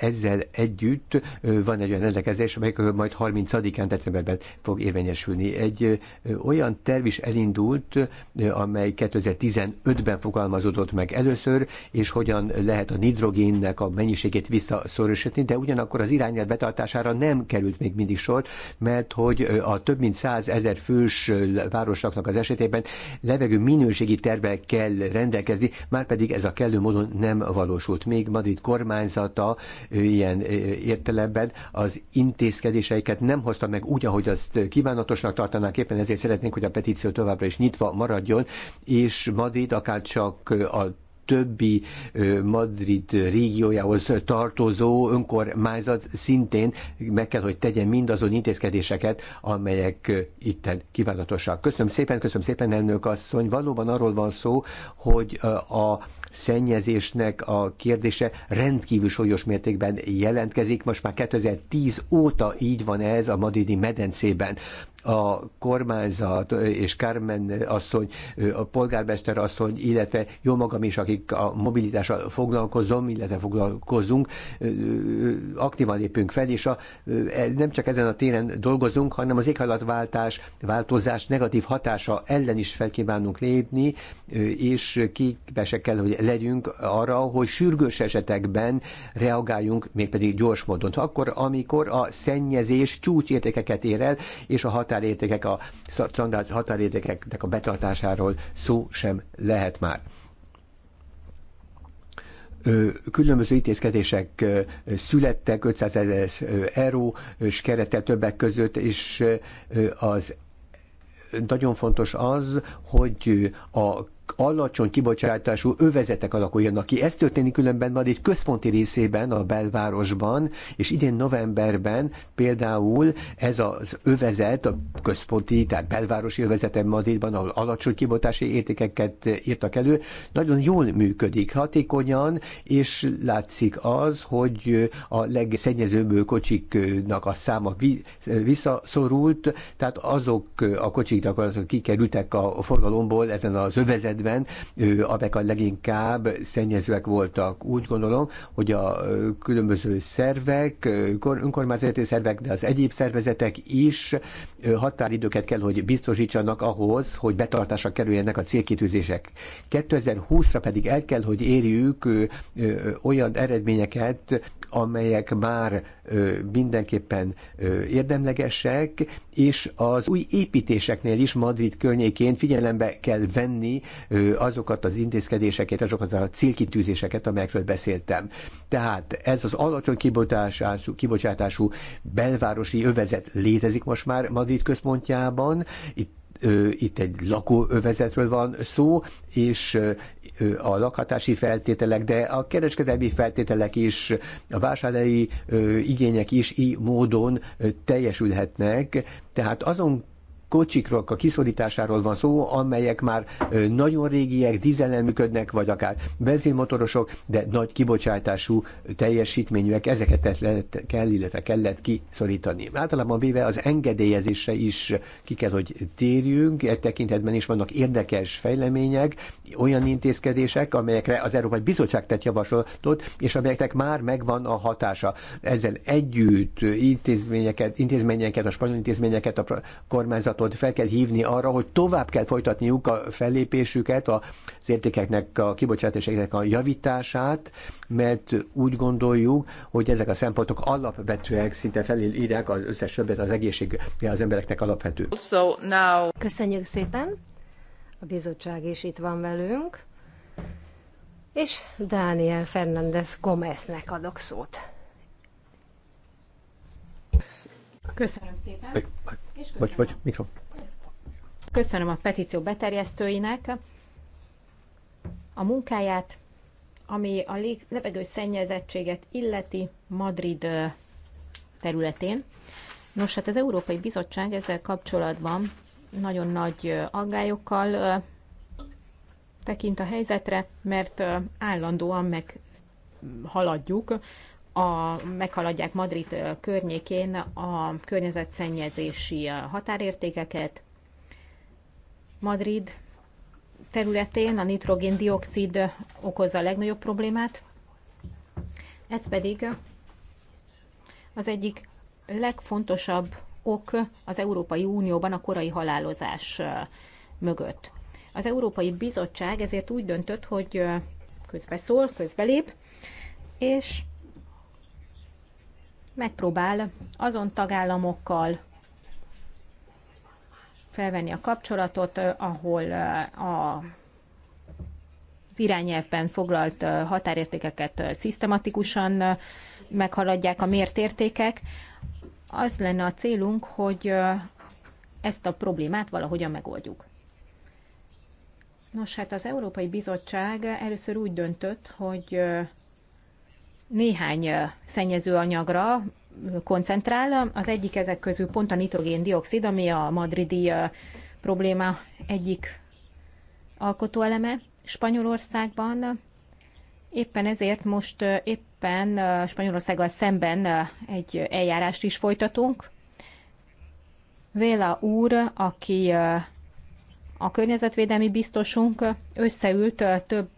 Speaker 5: ezzel együtt van egy olyan rendelkezés, amely majd 30-án decemberben fog érvényesülni. Egy olyan terv is elindult, amely 2015-ben fogalmazódott meg először, és hogyan lehet a nitrogénnek a mennyiségét visszaszorosítani, de ugyanakkor az irányelv betartására nem került még mindig sor, mert hogy a több mint 100 ezer fős városoknak az esetében levegő minőségi tervvel kell rendelkezni, már pedig ez a kellő módon nem valósult. Még Madrid kormány kormányzata ilyen értelemben az intézkedéseiket nem hozta meg úgy, ahogy azt kívánatosnak tartanák, éppen ezért szeretnénk, hogy a petíció továbbra is nyitva maradjon, és Madrid akár csak a többi Madrid régiójához tartozó önkormányzat szintén meg kell, hogy tegyen mindazon intézkedéseket, amelyek itten kívánatosak. Köszönöm szépen, köszönöm szépen, elnök asszony. Valóban arról van szó, hogy a szennyezésnek a kérdése rendkívül súlyos mértékben jelentkezik. Most már 2010 óta így van ez a madridi medencében a kormányzat és Carmen asszony, a polgármester asszony, illetve jó magam is, akik a mobilitással foglalkozom, illetve foglalkozunk, aktívan lépünk fel, és a, e, nem csak ezen a téren dolgozunk, hanem az éghajlatváltás, változás negatív hatása ellen is felkívánunk lépni, és képesek kell, hogy legyünk arra, hogy sürgős esetekben reagáljunk, mégpedig gyors módon. Akkor, amikor a szennyezés csúcsértékeket ér el, és a hatás határértékek, a standard határértékeknek a betartásáról szó sem lehet már különböző intézkedések születtek, 500 ezer euró és kerete többek között, és az nagyon fontos az, hogy a alacsony kibocsátású övezetek alakuljanak ki. Ez történik különben van egy központi részében, a belvárosban, és idén novemberben például ez az övezet, a központi, tehát belvárosi övezete Madridban, ahol alacsony kibocsátási értékeket írtak elő, nagyon jól működik, hatékonyan, és látszik az, hogy a legszennyezőbb kocsiknak a száma visszaszorult, tehát azok a kocsik akik kikerültek a forgalomból ezen az övezet 2017 amelyek a leginkább szennyezőek voltak. Úgy gondolom, hogy a különböző szervek, önkormányzati szervek, de az egyéb szervezetek is határidőket kell, hogy biztosítsanak ahhoz, hogy betartásra kerüljenek a célkitűzések. 2020-ra pedig el kell, hogy érjük olyan eredményeket, amelyek már mindenképpen érdemlegesek, és az új építéseknél is Madrid környékén figyelembe kell venni azokat az intézkedéseket, azokat a célkitűzéseket, amelyekről beszéltem. Tehát ez az alacsony kibocsátású, kibocsátású belvárosi övezet létezik most már Madrid központjában. Itt itt egy lakóövezetről van szó, és a lakhatási feltételek, de a kereskedelmi feltételek is, a vásárlói igények is így módon teljesülhetnek. Tehát azon kocsikról, a kiszorításáról van szó, amelyek már nagyon régiek, dízelen működnek, vagy akár benzinmotorosok, de nagy kibocsátású teljesítményűek, ezeket lehet, kell, illetve kellett kiszorítani. Általában véve az engedélyezésre is ki kell, hogy térjünk, egy tekintetben is vannak érdekes fejlemények, olyan intézkedések, amelyekre az Európai Bizottság tett javaslatot, és amelyeknek már megvan a hatása. Ezzel együtt intézményeket, intézményeket a spanyol intézményeket, a kormányzatot bizottságot fel kell hívni arra, hogy tovább kell folytatniuk a fellépésüket, az értékeknek, a kibocsátásoknak a javítását, mert úgy gondoljuk, hogy ezek a szempontok alapvetőek, szinte felírják az összes többet az egészség az embereknek alapvető.
Speaker 2: So now... Köszönjük szépen! A bizottság is itt van velünk. És Dániel Fernández Gomeznek adok szót.
Speaker 4: Köszönöm szépen. Vagy, és köszönöm. Vagy, vagy, mikro. Köszönöm a petíció beterjesztőinek a munkáját, ami a levegő szennyezettséget illeti Madrid területén. Nos, hát az Európai Bizottság ezzel kapcsolatban nagyon nagy aggályokkal tekint a helyzetre, mert állandóan haladjuk a, meghaladják Madrid környékén a környezetszennyezési határértékeket. Madrid területén a nitrogén-dioxid okozza a legnagyobb problémát, ez pedig az egyik legfontosabb ok az Európai Unióban a korai halálozás mögött. Az Európai Bizottság ezért úgy döntött, hogy közbeszól, közbelép, és megpróbál azon tagállamokkal felvenni a kapcsolatot, eh, ahol eh, a az irányelvben foglalt eh, határértékeket szisztematikusan meghaladják a mért értékek. Az lenne a célunk, hogy ezt a problémát valahogyan megoldjuk. Nos, hát az Európai Bizottság először úgy döntött, hogy néhány szennyezőanyagra koncentrál. Az egyik ezek közül pont a nitrogén-dioxid, ami a madridi probléma egyik alkotóeleme Spanyolországban. Éppen ezért most éppen Spanyolországgal szemben egy eljárást is folytatunk. Véla úr, aki a környezetvédelmi biztosunk, összeült több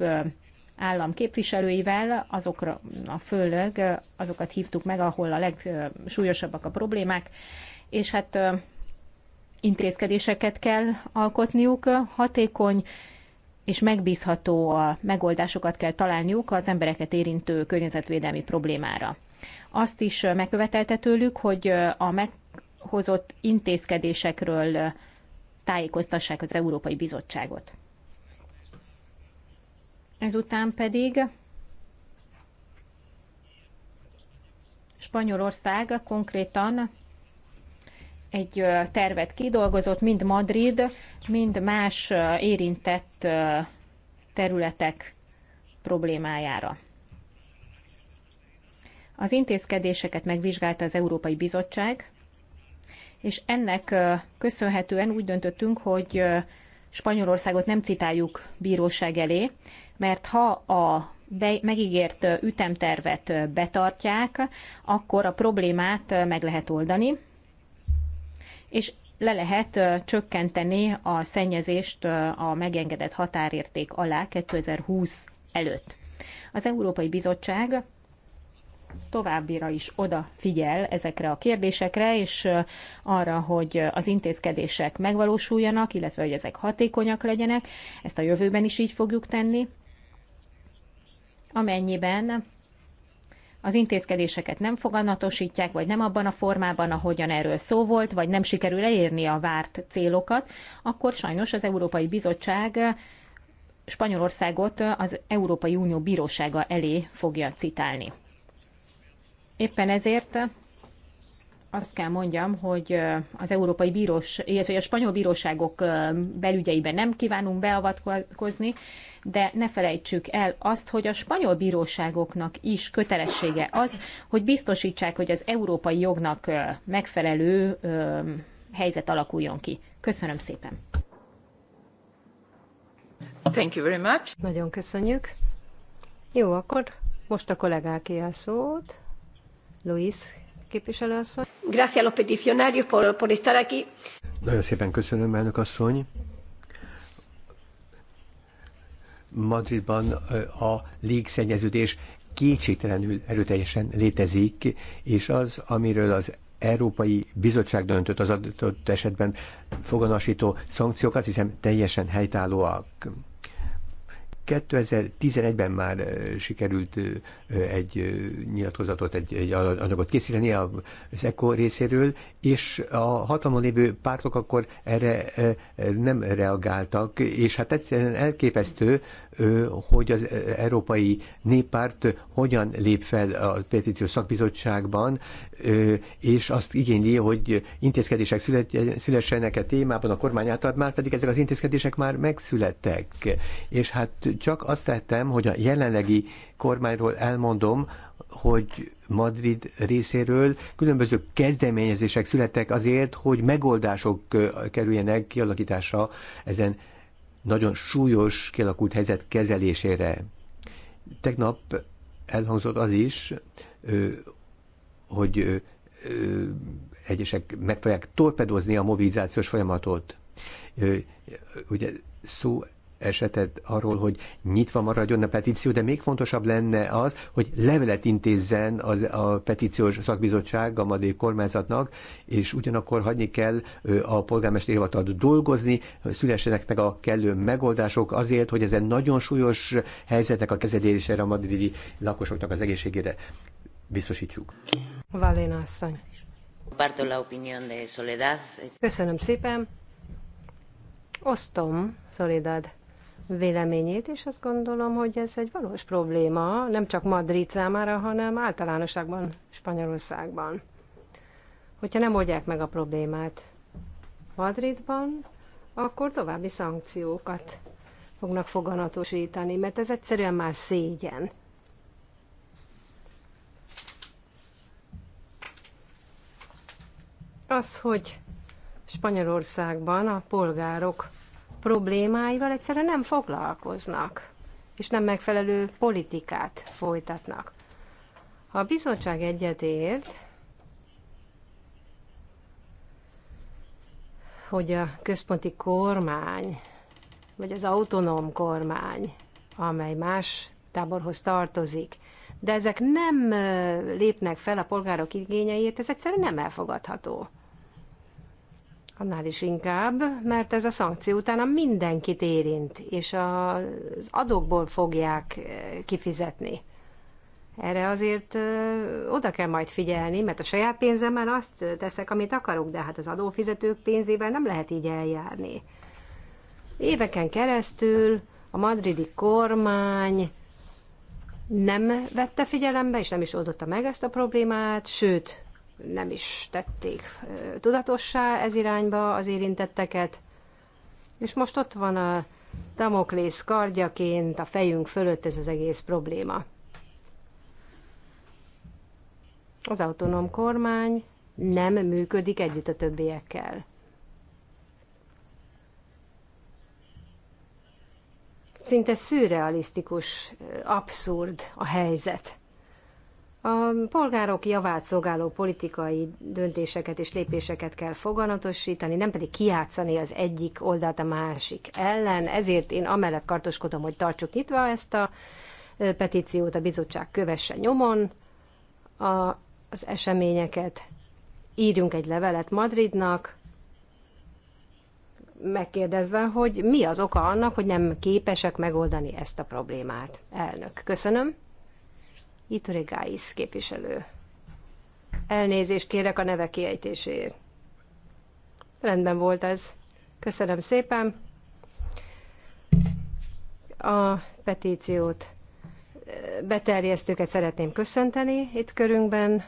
Speaker 4: állam képviselőivel, azokra a főleg azokat hívtuk meg, ahol a legsúlyosabbak a problémák, és hát intézkedéseket kell alkotniuk, hatékony és megbízható a megoldásokat kell találniuk az embereket érintő környezetvédelmi problémára. Azt is megkövetelte tőlük, hogy a meghozott intézkedésekről tájékoztassák az Európai Bizottságot. Ezután pedig Spanyolország konkrétan egy tervet kidolgozott, mind Madrid, mind más érintett területek problémájára. Az intézkedéseket megvizsgálta az Európai Bizottság, és ennek köszönhetően úgy döntöttünk, hogy Spanyolországot nem citáljuk bíróság elé, mert ha a be, megígért ütemtervet betartják, akkor a problémát meg lehet oldani, és le lehet csökkenteni a szennyezést a megengedett határérték alá 2020 előtt. Az Európai Bizottság továbbira is odafigyel ezekre a kérdésekre, és arra, hogy az intézkedések megvalósuljanak, illetve hogy ezek hatékonyak legyenek. Ezt a jövőben is így fogjuk tenni amennyiben az intézkedéseket nem foganatosítják, vagy nem abban a formában, ahogyan erről szó volt, vagy nem sikerül elérni a várt célokat, akkor sajnos az Európai Bizottság Spanyolországot az Európai Unió Bírósága elé fogja citálni. Éppen ezért azt kell mondjam, hogy az Európai Bírós, illetve a spanyol bíróságok belügyeiben nem kívánunk beavatkozni, de ne felejtsük el azt, hogy a spanyol bíróságoknak is kötelessége az, hogy biztosítsák, hogy az európai jognak megfelelő helyzet
Speaker 2: alakuljon ki. Köszönöm szépen! Thank you very much. Nagyon köszönjük. Jó, akkor most a kollégáké a szót. Luis Képviselőasszony. Gracias a los peticionarios por, por estar aquí.
Speaker 5: Nagyon szépen köszönöm, elnök asszony. Madridban a légszennyeződés kétségtelenül erőteljesen létezik, és az, amiről az Európai Bizottság döntött az adott esetben foganasító szankciók, azt hiszem teljesen helytállóak. 2011-ben már sikerült egy nyilatkozatot, egy, egy anyagot készíteni az ECO részéről, és a hatalmon lévő pártok akkor erre nem reagáltak, és hát egyszerűen elképesztő, hogy az Európai Néppárt hogyan lép fel a petíciós szakbizottságban, és azt igényli, hogy intézkedések szülessenek a témában a kormány által, már pedig ezek az intézkedések már megszülettek. És hát csak azt tettem, hogy a jelenlegi kormányról elmondom, hogy Madrid részéről különböző kezdeményezések születtek azért, hogy megoldások kerüljenek kialakításra ezen nagyon súlyos kialakult helyzet kezelésére. Tegnap elhangzott az is, hogy egyesek meg fogják torpedozni a mobilizációs folyamatot. Ugye szó esetet arról, hogy nyitva maradjon a petíció, de még fontosabb lenne az, hogy levelet intézzen az, a petíciós szakbizottság a madé kormányzatnak, és ugyanakkor hagyni kell a polgármester hivatalt dolgozni, szülessenek meg a kellő megoldások azért, hogy ezen nagyon súlyos helyzetek a kezelésére a madridi lakosoknak az egészségére biztosítsuk.
Speaker 2: Valéna asszony. Köszönöm szépen. Osztom, Soledad véleményét, és azt gondolom, hogy ez egy valós probléma, nem csak Madrid számára, hanem általánosságban Spanyolországban. Hogyha nem oldják meg a problémát Madridban, akkor további szankciókat fognak foganatosítani, mert ez egyszerűen már szégyen. Az, hogy Spanyolországban a polgárok problémáival egyszerűen nem foglalkoznak, és nem megfelelő politikát folytatnak. Ha a bizottság egyetért, hogy a központi kormány, vagy az autonóm kormány, amely más táborhoz tartozik, de ezek nem lépnek fel a polgárok igényeiért, ez egyszerűen nem elfogadható. Annál is inkább, mert ez a szankció utána mindenkit érint, és az adókból fogják eh, kifizetni. Erre azért eh, oda kell majd figyelni, mert a saját pénzemmel azt teszek, amit akarok, de hát az adófizetők pénzével nem lehet így eljárni. Éveken keresztül a madridi kormány nem vette figyelembe, és nem is oldotta meg ezt a problémát, sőt, nem is tették tudatossá ez irányba az érintetteket. És most ott van a Damoklész kardjaként a fejünk fölött ez az egész probléma. Az autonóm kormány nem működik együtt a többiekkel. Szinte szürrealisztikus, abszurd a helyzet. A polgárok javát szolgáló politikai döntéseket és lépéseket kell foganatosítani, nem pedig kiátszani az egyik oldalt a másik ellen. Ezért én amellett kartoskodom, hogy tartsuk nyitva ezt a petíciót, a bizottság kövesse nyomon a, az eseményeket. Írjunk egy levelet Madridnak, megkérdezve, hogy mi az oka annak, hogy nem képesek megoldani ezt a problémát. Elnök, köszönöm. Itore Gáisz képviselő. Elnézést kérek a neve kiejtéséért. Rendben volt ez. Köszönöm szépen. A petíciót eh, beterjesztőket szeretném köszönteni itt körünkben.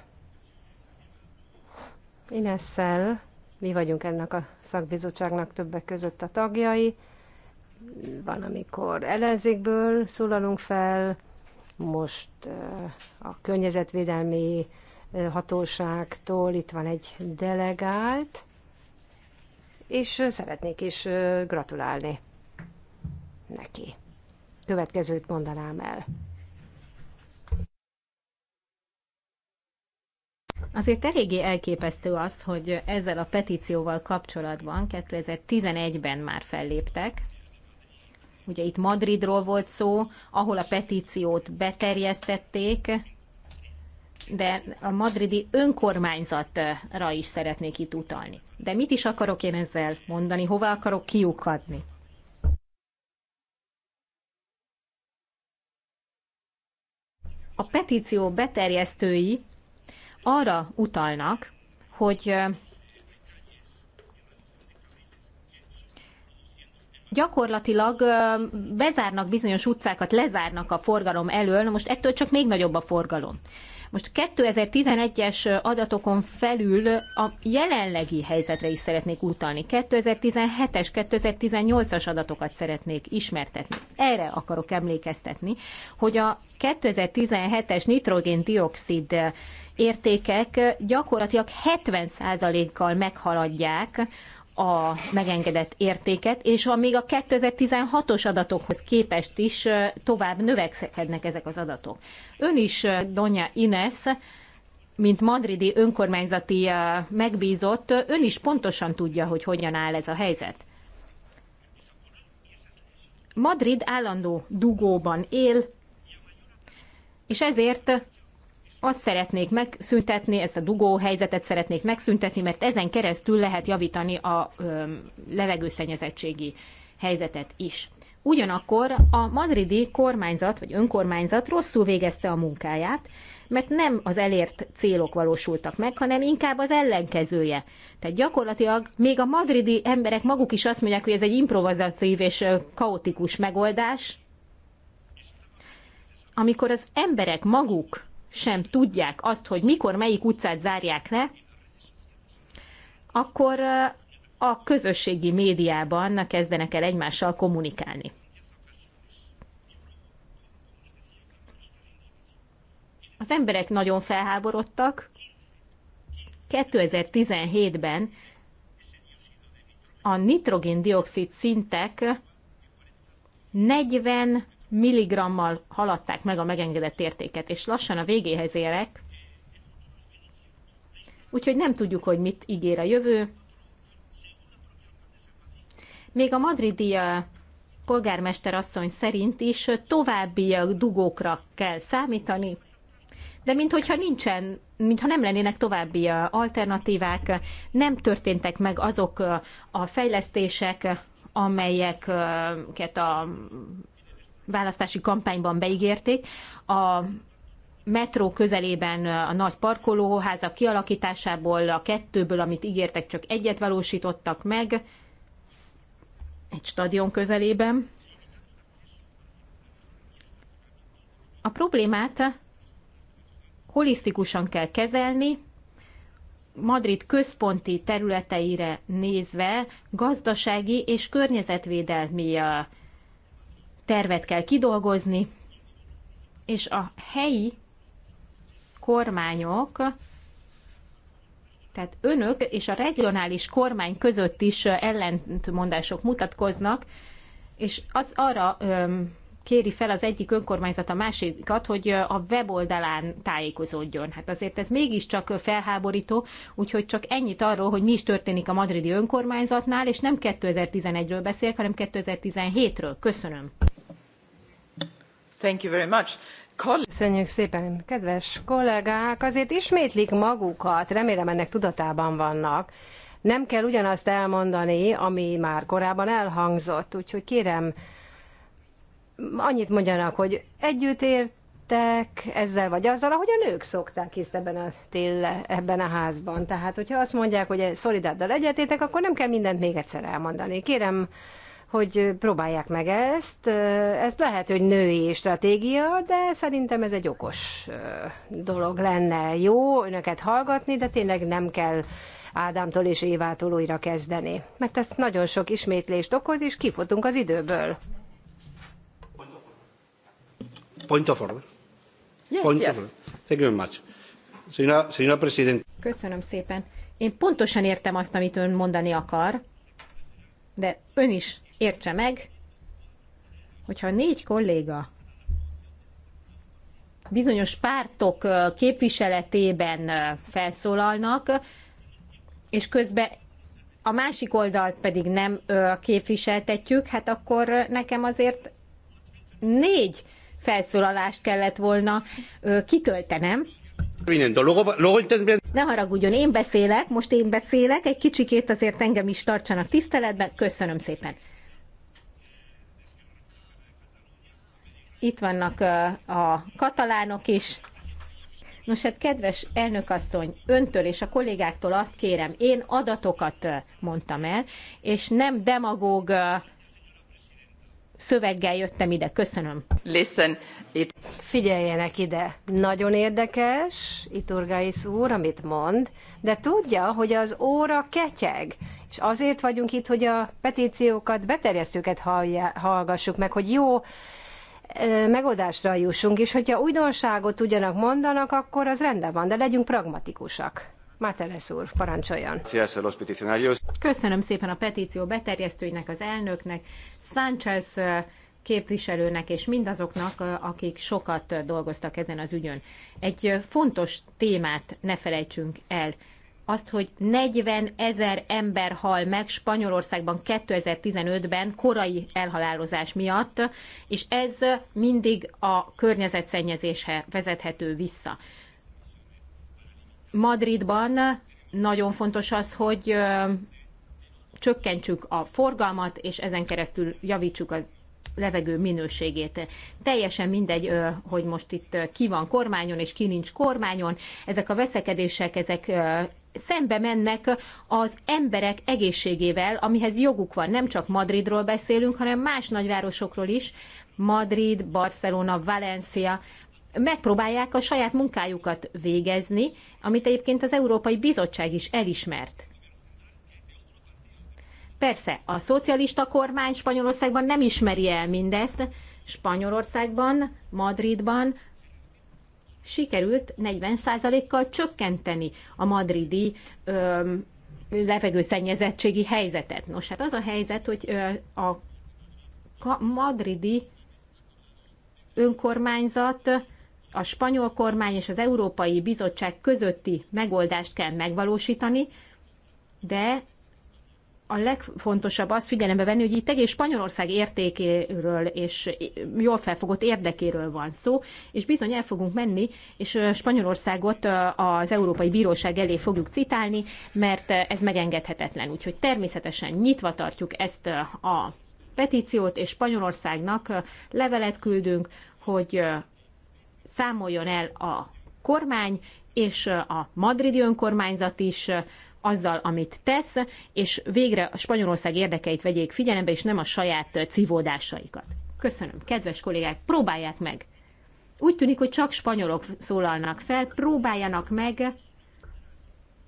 Speaker 2: Ineszel, mi vagyunk ennek a szakbizottságnak többek között a tagjai. Van, amikor ellenzékből szólalunk fel, most a környezetvédelmi hatóságtól itt van egy delegált, és szeretnék is gratulálni neki. Következőt mondanám el.
Speaker 4: Azért eléggé elképesztő azt, hogy ezzel a petícióval kapcsolatban 2011-ben már felléptek, ugye itt Madridról volt szó, ahol a petíciót beterjesztették, de a madridi önkormányzatra is szeretnék itt utalni. De mit is akarok én ezzel mondani, hova akarok kiukadni? A petíció beterjesztői arra utalnak, hogy gyakorlatilag bezárnak bizonyos utcákat, lezárnak a forgalom elől, na most ettől csak még nagyobb a forgalom. Most 2011-es adatokon felül a jelenlegi helyzetre is szeretnék utalni. 2017-es, 2018-as adatokat szeretnék ismertetni. Erre akarok emlékeztetni, hogy a 2017-es nitrogén-dioxid értékek gyakorlatilag 70%-kal meghaladják a megengedett értéket, és a még a 2016-os adatokhoz képest is tovább növekszekednek ezek az adatok. Ön is, Donya Ines, mint madridi önkormányzati megbízott, ön is pontosan tudja, hogy hogyan áll ez a helyzet. Madrid állandó dugóban él, és ezért azt szeretnék megszüntetni, ezt a dugó helyzetet szeretnék megszüntetni, mert ezen keresztül lehet javítani a levegőszennyezettségi helyzetet is. Ugyanakkor a madridi kormányzat vagy önkormányzat rosszul végezte a munkáját, mert nem az elért célok valósultak meg, hanem inkább az ellenkezője. Tehát gyakorlatilag még a madridi emberek maguk is azt mondják, hogy ez egy improvizatív és kaotikus megoldás, amikor az emberek maguk sem tudják azt, hogy mikor melyik utcát zárják le, akkor a közösségi médiában kezdenek el egymással kommunikálni. Az emberek nagyon felháborodtak. 2017-ben a nitrogén-dioxid szintek 40 milligrammal haladták meg a megengedett értéket, és lassan a végéhez érek, úgyhogy nem tudjuk, hogy mit ígér a jövő. Még a madridi polgármester asszony szerint is további dugókra kell számítani, de minthogyha nincsen, mintha nem lennének további alternatívák, nem történtek meg azok a fejlesztések, amelyeket a választási kampányban beígérték. A metró közelében a nagy parkolóházak kialakításából, a kettőből, amit ígértek, csak egyet valósítottak meg, egy stadion közelében. A problémát holisztikusan kell kezelni, Madrid központi területeire nézve gazdasági és környezetvédelmi tervet kell kidolgozni, és a helyi kormányok, tehát önök és a regionális kormány között is ellentmondások mutatkoznak, és az arra öm, kéri fel az egyik önkormányzat a másikat, hogy a weboldalán tájékozódjon. Hát azért ez mégiscsak felháborító, úgyhogy csak ennyit arról, hogy mi is történik a madridi önkormányzatnál, és nem 2011-ről beszélek, hanem 2017-ről. Köszönöm.
Speaker 2: Köszönjük szépen, kedves kollégák! Azért ismétlik magukat, remélem ennek tudatában vannak. Nem kell ugyanazt elmondani, ami már korábban elhangzott, úgyhogy kérem, annyit mondjanak, hogy együtt értek ezzel vagy azzal, ahogy a nők szokták hisz ebben a, tél, ebben a házban. Tehát, hogyha azt mondják, hogy szolidáddal egyetétek, akkor nem kell mindent még egyszer elmondani. Kérem, hogy próbálják meg ezt. Ez lehet, hogy női stratégia, de szerintem ez egy okos dolog lenne. Jó önöket hallgatni, de tényleg nem kell Ádámtól és Évától újra kezdeni. Mert ez nagyon sok ismétlést okoz, és kifutunk az időből. Point of order. Yes, Point yes. Of
Speaker 5: order. Thank you very much. Señora,
Speaker 4: señora President. Köszönöm szépen. Én pontosan értem azt, amit ön mondani akar, de ön is értse meg, hogyha négy kolléga bizonyos pártok képviseletében felszólalnak, és közben a másik oldalt pedig nem képviseltetjük, hát akkor nekem azért négy felszólalást kellett volna kitöltenem. Ne haragudjon, én beszélek, most én beszélek, egy kicsikét azért engem is tartsanak tiszteletben, köszönöm szépen. itt vannak a katalánok is. Nos hát, kedves elnökasszony, öntől és a kollégáktól azt kérem, én adatokat mondtam el, és nem demagóg szöveggel jöttem ide. Köszönöm.
Speaker 2: Listen, it... Figyeljenek ide. Nagyon érdekes, Iturgaisz úr, amit mond, de tudja, hogy az óra ketyeg, és azért vagyunk itt, hogy a petíciókat, beterjesztőket hallgassuk meg, hogy jó megoldásra jussunk, és hogyha újdonságot tudjanak mondanak, akkor az rendben van, de legyünk pragmatikusak. Máteles úr, parancsoljon. Köszönöm szépen a
Speaker 4: petíció beterjesztőinek, az elnöknek, Sánchez képviselőnek és mindazoknak, akik sokat dolgoztak ezen az ügyön. Egy fontos témát ne felejtsünk el azt, hogy 40 ezer ember hal meg Spanyolországban 2015-ben korai elhalálozás miatt, és ez mindig a környezetszennyezéshez vezethető vissza. Madridban nagyon fontos az, hogy csökkentsük a forgalmat, és ezen keresztül javítsuk a levegő minőségét. Teljesen mindegy, hogy most itt ki van kormányon, és ki nincs kormányon. Ezek a veszekedések, ezek szembe mennek az emberek egészségével, amihez joguk van. Nem csak Madridról beszélünk, hanem más nagyvárosokról is. Madrid, Barcelona, Valencia, megpróbálják a saját munkájukat végezni, amit egyébként az Európai Bizottság is elismert. Persze, a szocialista kormány Spanyolországban nem ismeri el mindezt, Spanyolországban, Madridban sikerült 40%-kal csökkenteni a madridi ö, levegőszennyezettségi helyzetet. Nos, hát az a helyzet, hogy ö, a madridi önkormányzat a spanyol kormány és az Európai Bizottság közötti megoldást kell megvalósítani, de a legfontosabb az figyelembe venni, hogy itt egész Spanyolország értékéről és jól felfogott érdekéről van szó, és bizony el fogunk menni, és Spanyolországot az Európai Bíróság elé fogjuk citálni, mert ez megengedhetetlen. Úgyhogy természetesen nyitva tartjuk ezt a petíciót, és Spanyolországnak levelet küldünk, hogy számoljon el a kormány, és a madridi önkormányzat is azzal, amit tesz, és végre a Spanyolország érdekeit vegyék figyelembe, és nem a saját civódásaikat. Köszönöm. Kedves kollégák, próbálják meg. Úgy tűnik, hogy csak spanyolok szólalnak fel, próbáljanak meg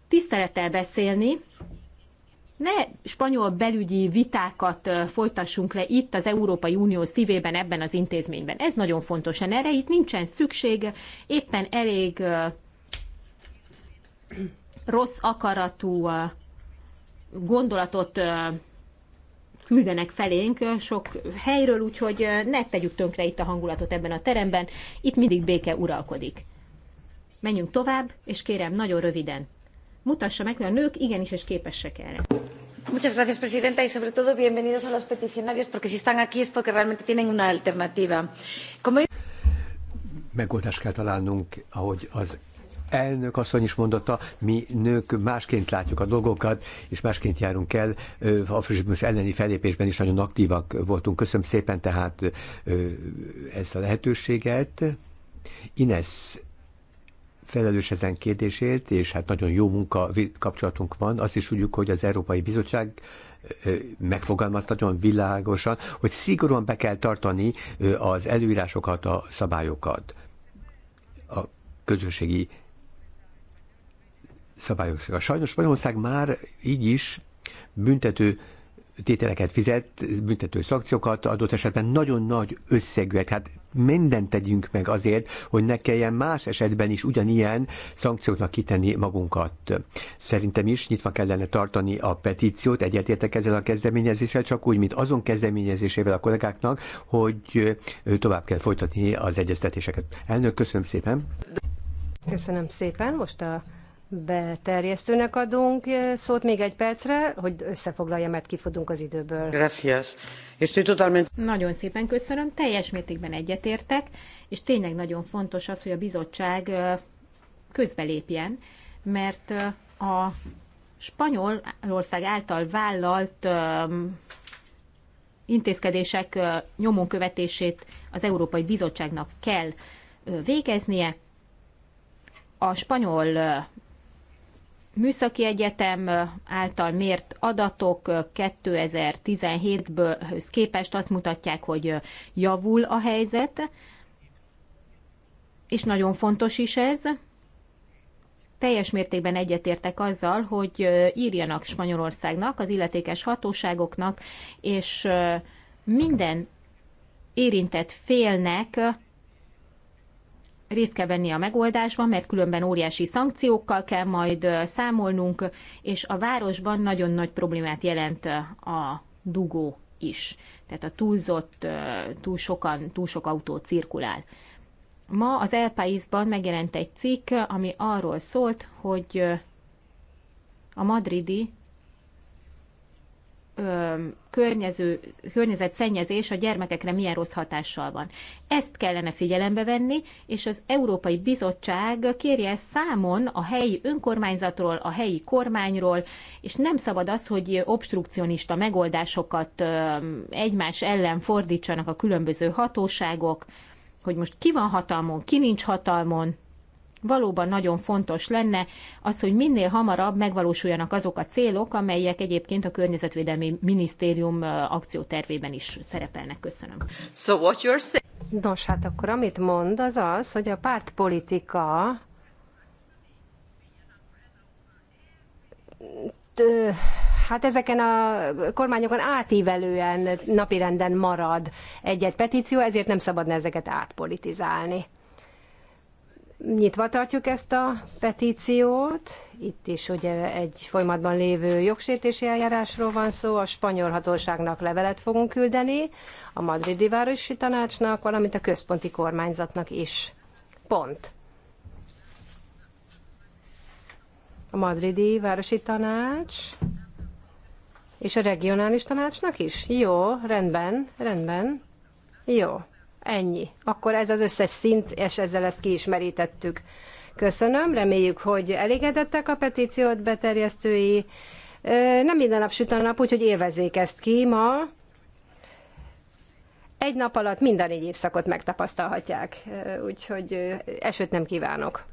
Speaker 4: tisztelettel beszélni, ne spanyol belügyi vitákat folytassunk le itt az Európai Unió szívében, ebben az intézményben. Ez nagyon fontos. Erre itt nincsen szükség, éppen elég rossz akaratú gondolatot küldenek felénk sok helyről, úgyhogy ne tegyük tönkre itt a hangulatot ebben a teremben, itt mindig béke uralkodik. Menjünk tovább, és kérem, nagyon röviden. Mutassa meg, hogy a nők igenis és képesek erre. Muchas gracias, Presidenta, y sobre todo bienvenidos a los peticionarios, porque si están aquí es porque realmente tienen una alternativa.
Speaker 1: Como...
Speaker 5: Megoldást kell találnunk, ahogy az elnök asszony is mondotta, mi nők másként látjuk a dolgokat, és másként járunk el. A frizsmus elleni felépésben is nagyon aktívak voltunk. Köszönöm szépen tehát ezt a lehetőséget. Ines felelős ezen kérdését, és hát nagyon jó munka kapcsolatunk van. Azt is tudjuk, hogy az Európai Bizottság megfogalmazta nagyon világosan, hogy szigorúan be kell tartani az előírásokat, a szabályokat. A közösségi a Sajnos Magyarország már így is büntető tételeket fizet, büntető szakciókat adott esetben nagyon nagy összegűek. Hát mindent tegyünk meg azért, hogy ne kelljen más esetben is ugyanilyen szankcióknak kitenni magunkat. Szerintem is nyitva kellene tartani a petíciót, egyetértek ezzel a kezdeményezéssel, csak úgy, mint azon kezdeményezésével a kollégáknak, hogy tovább kell folytatni az egyeztetéseket. Elnök, köszönöm szépen!
Speaker 2: Köszönöm szépen, most a beterjesztőnek adunk eh, szót még egy percre, hogy összefoglalja, mert kifutunk az időből.
Speaker 1: Gracias. Estoy totalmente...
Speaker 2: Nagyon szépen köszönöm, teljes mértékben
Speaker 4: egyetértek, és tényleg nagyon fontos az, hogy a bizottság eh, közbelépjen, mert eh, a Spanyolország által vállalt intézkedések nyomon követését az Európai Bizottságnak kell végeznie. A spanyol Műszaki Egyetem által mért adatok 2017-ből képest azt mutatják, hogy javul a helyzet, és nagyon fontos is ez. Teljes mértékben egyetértek azzal, hogy írjanak Spanyolországnak, az illetékes hatóságoknak, és minden érintett félnek részt kell venni a megoldásban, mert különben óriási szankciókkal kell majd számolnunk, és a városban nagyon nagy problémát jelent a dugó is. Tehát a túlzott, túl, sokan, túl sok autó cirkulál. Ma az El Paisban megjelent egy cikk, ami arról szólt, hogy a madridi környező, környezet szennyezés a gyermekekre milyen rossz hatással van. Ezt kellene figyelembe venni, és az Európai Bizottság kérje ezt számon a helyi önkormányzatról, a helyi kormányról, és nem szabad az, hogy obstrukcionista megoldásokat egymás ellen fordítsanak a különböző hatóságok, hogy most ki van hatalmon, ki nincs hatalmon, valóban nagyon fontos lenne az, hogy minél hamarabb megvalósuljanak azok a célok, amelyek egyébként a Környezetvédelmi
Speaker 2: Minisztérium akciótervében is szerepelnek. Köszönöm. So what you're saying... Nos, hát akkor amit mond az az, hogy a pártpolitika hát ezeken a kormányokon átívelően napirenden marad egy-egy petíció, ezért nem szabadna ezeket átpolitizálni. Nyitva tartjuk ezt a petíciót. Itt is ugye egy folyamatban lévő jogsértési eljárásról van szó. A spanyol hatóságnak levelet fogunk küldeni, a madridi városi tanácsnak, valamint a központi kormányzatnak is. Pont. A madridi városi tanács és a regionális tanácsnak is? Jó, rendben, rendben. Jó. Ennyi. Akkor ez az összes szint, és ezzel ezt kiismerítettük. Köszönöm, reméljük, hogy elégedettek a petíciót beterjesztői. Nem minden nap süt a nap, úgyhogy élvezzék ezt ki ma. Egy nap alatt minden a négy évszakot megtapasztalhatják, úgyhogy esőt nem kívánok.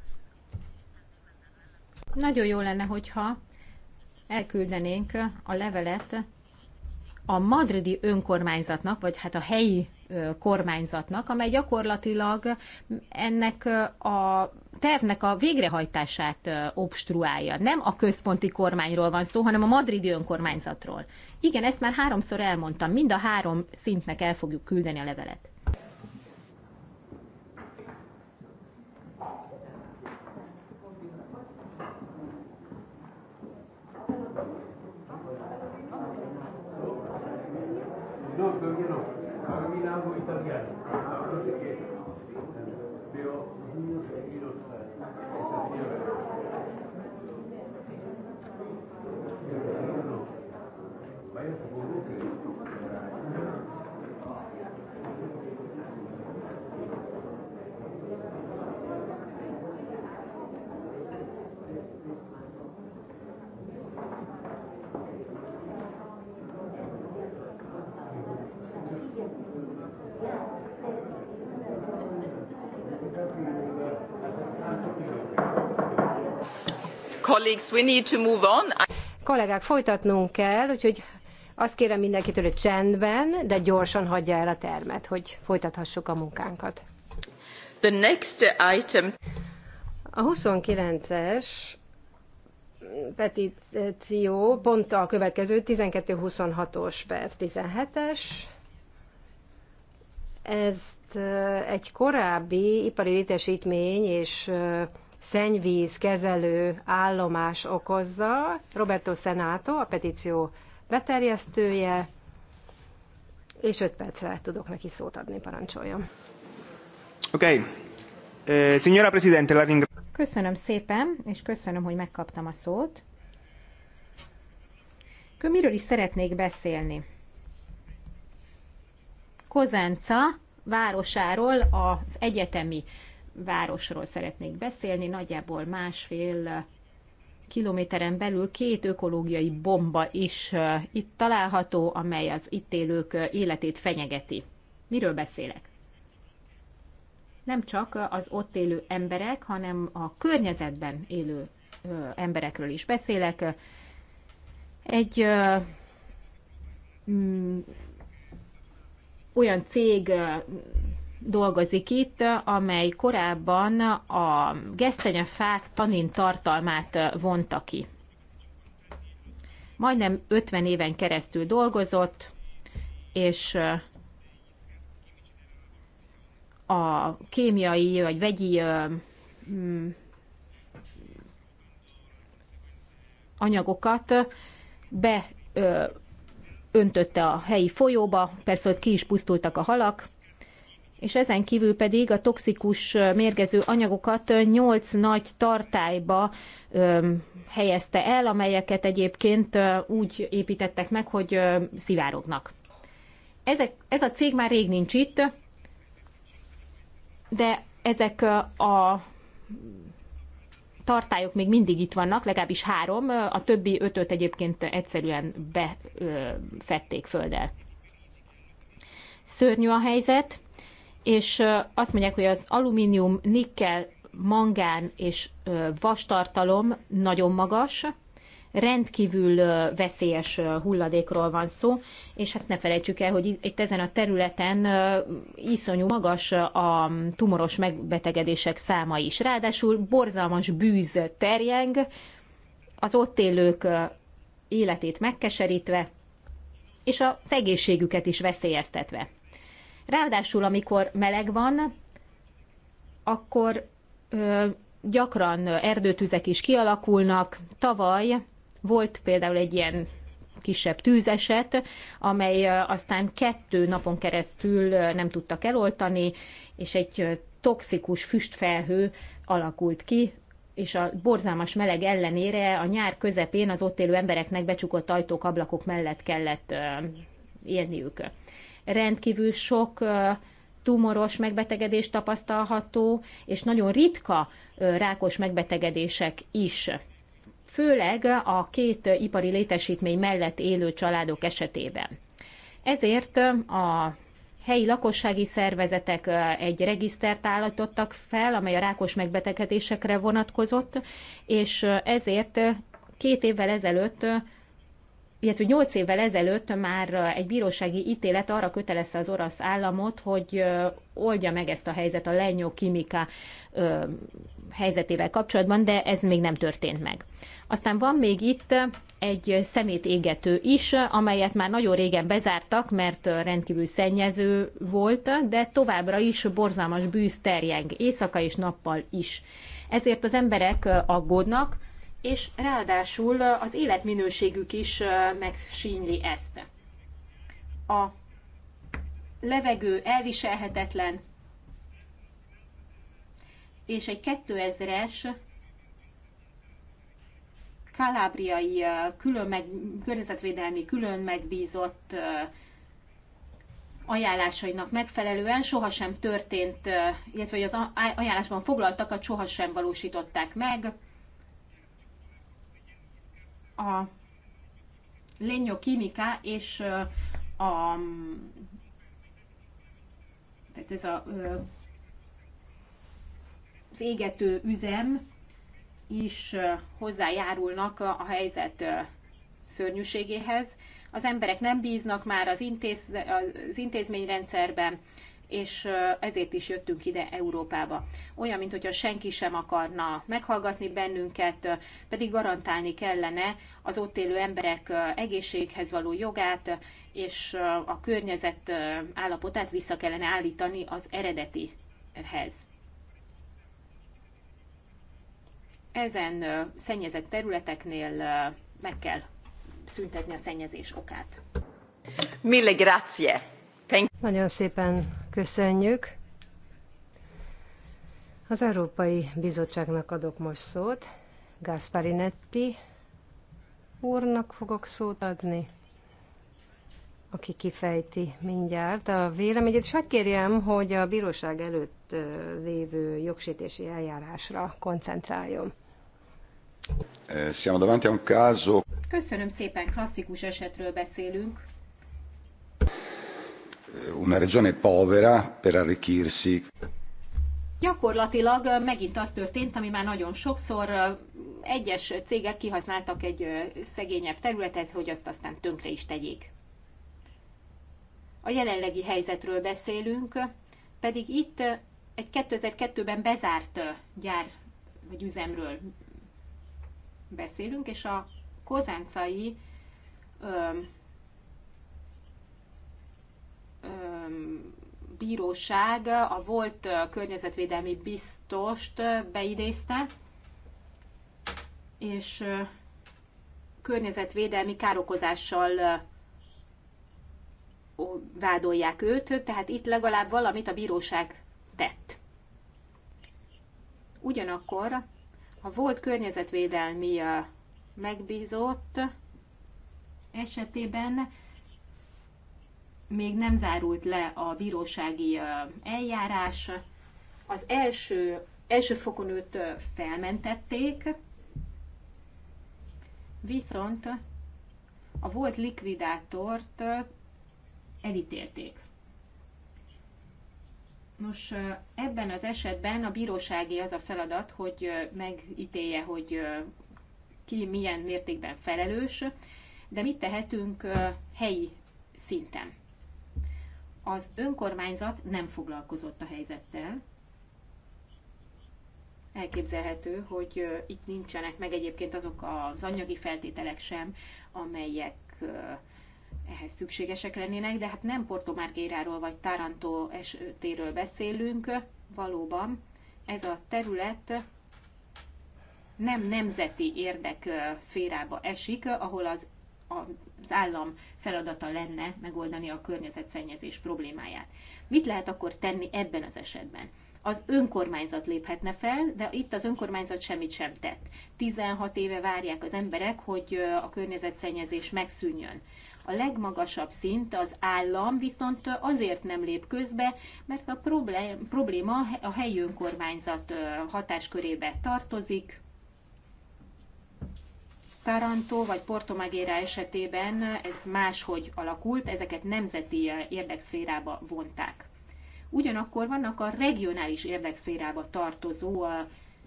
Speaker 4: Nagyon jó lenne, hogyha elküldenénk a levelet a madridi önkormányzatnak, vagy hát a helyi kormányzatnak, amely gyakorlatilag ennek a tervnek a végrehajtását obstruálja. Nem a központi kormányról van szó, hanem a madridi önkormányzatról. Igen, ezt már háromszor elmondtam, mind a három szintnek el fogjuk küldeni a levelet.
Speaker 1: colleagues, we need to move on.
Speaker 2: Kollégák, folytatnunk kell, úgyhogy azt kérem mindenkitől, hogy csendben, de gyorsan hagyja el a termet, hogy folytathassuk a munkánkat. The next item. A 29-es petíció pont a következő 12-26-os per 17-es. Ezt egy korábbi ipari létesítmény és szennyvíz kezelő állomás okozza. Roberto Senato, a petíció beterjesztője, és 5 percre tudok neki szót adni, parancsoljon.
Speaker 4: Oké. Okay. Eh, signora Presidente, ring...
Speaker 2: Köszönöm szépen, és köszönöm,
Speaker 4: hogy megkaptam a szót. Akkor miről is szeretnék beszélni? Kozenca városáról az egyetemi városról szeretnék beszélni, nagyjából másfél kilométeren belül két ökológiai bomba is itt található, amely az itt élők életét fenyegeti. Miről beszélek? Nem csak az ott élő emberek, hanem a környezetben élő emberekről is beszélek. Egy olyan cég dolgozik itt, amely korábban a gesztenyefák tanin tartalmát vonta ki. Majdnem 50 éven keresztül dolgozott, és a kémiai vagy vegyi mm, anyagokat beöntötte a helyi folyóba, persze ott ki is pusztultak a halak, és ezen kívül pedig a toxikus mérgező anyagokat nyolc nagy tartályba helyezte el, amelyeket egyébként úgy építettek meg, hogy szivárognak. Ezek, ez a cég már rég nincs itt, de ezek a tartályok még mindig itt vannak, legalábbis három, a többi ötöt egyébként egyszerűen befették földdel. Szörnyű a helyzet, és azt mondják, hogy az alumínium, nikkel, mangán és vastartalom nagyon magas, rendkívül veszélyes hulladékról van szó, és hát ne felejtsük el, hogy itt ezen a területen iszonyú magas a tumoros megbetegedések száma is. Ráadásul borzalmas bűz terjeng, az ott élők életét megkeserítve, és az egészségüket is veszélyeztetve. Ráadásul, amikor meleg van, akkor ö, gyakran erdőtüzek is kialakulnak. Tavaly volt például egy ilyen kisebb tűzeset, amely aztán kettő napon keresztül nem tudtak eloltani, és egy toxikus füstfelhő alakult ki, és a borzalmas meleg ellenére a nyár közepén az ott élő embereknek becsukott ajtók, ablakok mellett kellett élniük rendkívül sok tumoros megbetegedés tapasztalható, és nagyon ritka rákos megbetegedések is. Főleg a két ipari létesítmény mellett élő családok esetében. Ezért a helyi lakossági szervezetek egy regisztert állítottak fel, amely a rákos megbetegedésekre vonatkozott, és ezért két évvel ezelőtt illetve 8 évvel ezelőtt már egy bírósági ítélet arra kötelezte az orosz államot, hogy oldja meg ezt a helyzet a Lenyó Kimika helyzetével kapcsolatban, de ez még nem történt meg. Aztán van még itt egy szemét égető is, amelyet már nagyon régen bezártak, mert rendkívül szennyező volt, de továbbra is borzalmas bűz terjeng éjszaka és nappal is. Ezért az emberek aggódnak, és ráadásul az életminőségük is megsínyli ezt. A levegő elviselhetetlen, és egy 2000-es kalábriai külön meg, környezetvédelmi külön megbízott ajánlásainak megfelelően sohasem történt, illetve az ajánlásban foglaltakat sohasem valósították meg, a Legno és a tehát ez a, az égető üzem is hozzájárulnak a helyzet szörnyűségéhez. Az emberek nem bíznak már az, intéz, az intézményrendszerben, és ezért is jöttünk ide Európába. Olyan, mintha senki sem akarna meghallgatni bennünket, pedig garantálni kellene az ott élő emberek egészséghez való jogát, és a környezet állapotát vissza kellene állítani az eredetihez. Ezen szennyezett területeknél meg kell szüntetni a szennyezés okát.
Speaker 2: Mille grazie! Thank Nagyon szépen köszönjük. Az Európai Bizottságnak adok most szót. Gasparinetti úrnak fogok szót adni, aki kifejti mindjárt a véleményét, és kérjem, hogy a bíróság előtt lévő jogsítési eljárásra koncentráljon. Eh, Köszönöm szépen, klasszikus esetről beszélünk,
Speaker 3: Eh, una regione povera per arricchirsi.
Speaker 4: Gyakorlatilag eh, megint az történt, ami már nagyon sokszor eh, egyes cégek kihasználtak egy szegényebb területet, hogy azt aztán tönkre is tegyék. A jelenlegi helyzetről beszélünk, pedig itt egy 2002-ben bezárt gyár vagy üzemről beszélünk, és a kozáncai bíróság a volt környezetvédelmi biztost beidézte, és környezetvédelmi károkozással vádolják őt, tehát itt legalább valamit a bíróság tett. Ugyanakkor a volt környezetvédelmi megbízott esetében még nem zárult le a bírósági eljárás. Az első, első fokon őt felmentették, viszont a volt likvidátort elítélték. Nos, ebben az esetben a bírósági az a feladat, hogy megítélje, hogy ki milyen mértékben felelős, de mit tehetünk helyi szinten az önkormányzat nem foglalkozott a helyzettel. Elképzelhető, hogy itt nincsenek meg egyébként azok az anyagi feltételek sem, amelyek ehhez szükségesek lennének, de hát nem Porto Margeiráról vagy Taranto esetéről beszélünk, valóban ez a terület nem nemzeti érdek szférába esik, ahol az az állam feladata lenne megoldani a környezetszennyezés problémáját. Mit lehet akkor tenni ebben az esetben? Az önkormányzat léphetne fel, de itt az önkormányzat semmit sem tett. 16 éve várják az emberek, hogy a környezetszennyezés megszűnjön. A legmagasabb szint az állam viszont azért nem lép közbe, mert a probléma a helyi önkormányzat hatáskörébe tartozik, Taranto vagy Porto Magera esetében ez máshogy alakult, ezeket nemzeti érdekszférába vonták. Ugyanakkor vannak a regionális érdekszférába tartozó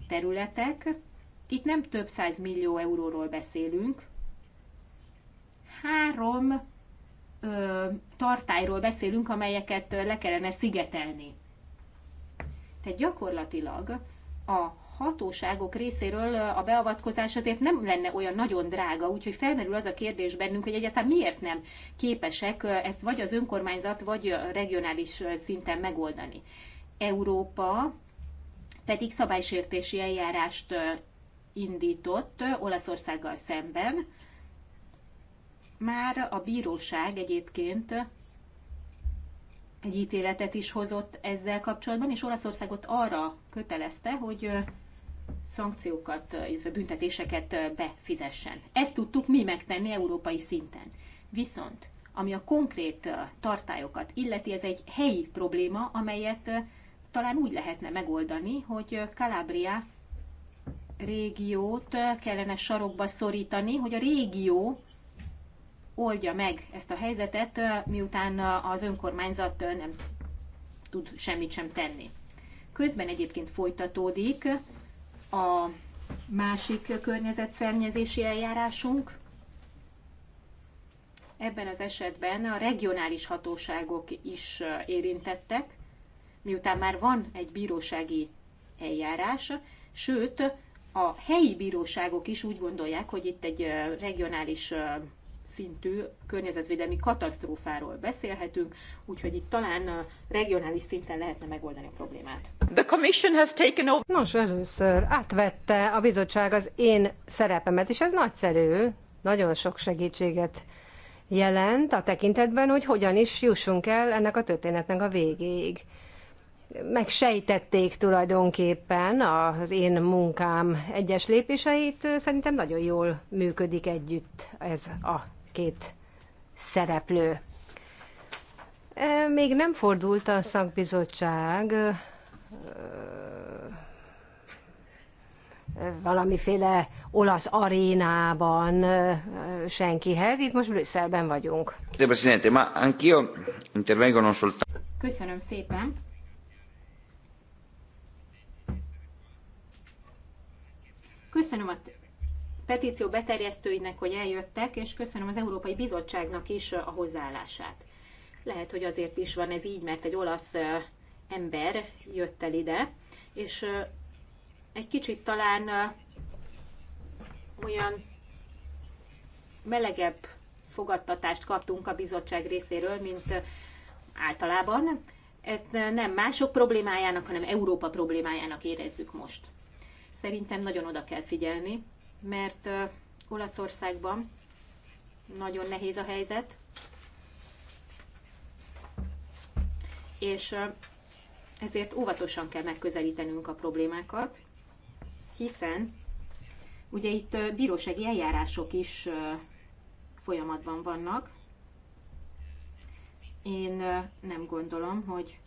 Speaker 4: területek, itt nem több száz millió euróról beszélünk, három ö, tartályról beszélünk, amelyeket le kellene szigetelni. Tehát gyakorlatilag a hatóságok részéről a beavatkozás azért nem lenne olyan nagyon drága, úgyhogy felmerül az a kérdés bennünk, hogy egyáltalán miért nem képesek ezt vagy az önkormányzat, vagy a regionális szinten megoldani. Európa pedig szabálysértési eljárást indított Olaszországgal szemben. Már a bíróság egyébként egy ítéletet is hozott ezzel kapcsolatban, és Olaszországot arra kötelezte, hogy szankciókat, illetve büntetéseket befizessen. Ezt tudtuk mi megtenni európai szinten. Viszont, ami a konkrét tartályokat illeti, ez egy helyi probléma, amelyet talán úgy lehetne megoldani, hogy Kalábria régiót kellene sarokba szorítani, hogy a régió oldja meg ezt a helyzetet, miután az önkormányzat nem tud semmit sem tenni. Közben egyébként folytatódik a másik környezetszennyezési eljárásunk. Ebben az esetben a regionális hatóságok is érintettek, miután már van egy bírósági eljárás, sőt, a helyi bíróságok is úgy gondolják, hogy itt egy regionális szintű környezetvédelmi katasztrófáról beszélhetünk, úgyhogy itt talán uh, regionális szinten lehetne megoldani a problémát.
Speaker 2: The commission has taken over. Nos, először átvette a bizottság az én szerepemet, és ez nagyszerű, nagyon sok segítséget jelent a tekintetben, hogy hogyan is jussunk el ennek a történetnek a végéig. Megsejtették tulajdonképpen az én munkám egyes lépéseit, szerintem nagyon jól működik együtt ez a két szereplő. Még nem fordult a szakbizottság valamiféle olasz arénában senkihez. Itt most Brüsszelben vagyunk. Köszönöm szépen.
Speaker 4: Köszönöm a petíció beterjesztőinek, hogy eljöttek, és köszönöm az Európai Bizottságnak is a hozzáállását. Lehet, hogy azért is van ez így, mert egy olasz ember jött el ide, és egy kicsit talán olyan melegebb fogadtatást kaptunk a bizottság részéről, mint általában. Ezt nem mások problémájának, hanem Európa problémájának érezzük most. Szerintem nagyon oda kell figyelni mert Olaszországban nagyon nehéz a helyzet, és ezért óvatosan kell megközelítenünk a problémákat, hiszen ugye itt bírósági eljárások is folyamatban vannak. Én nem gondolom, hogy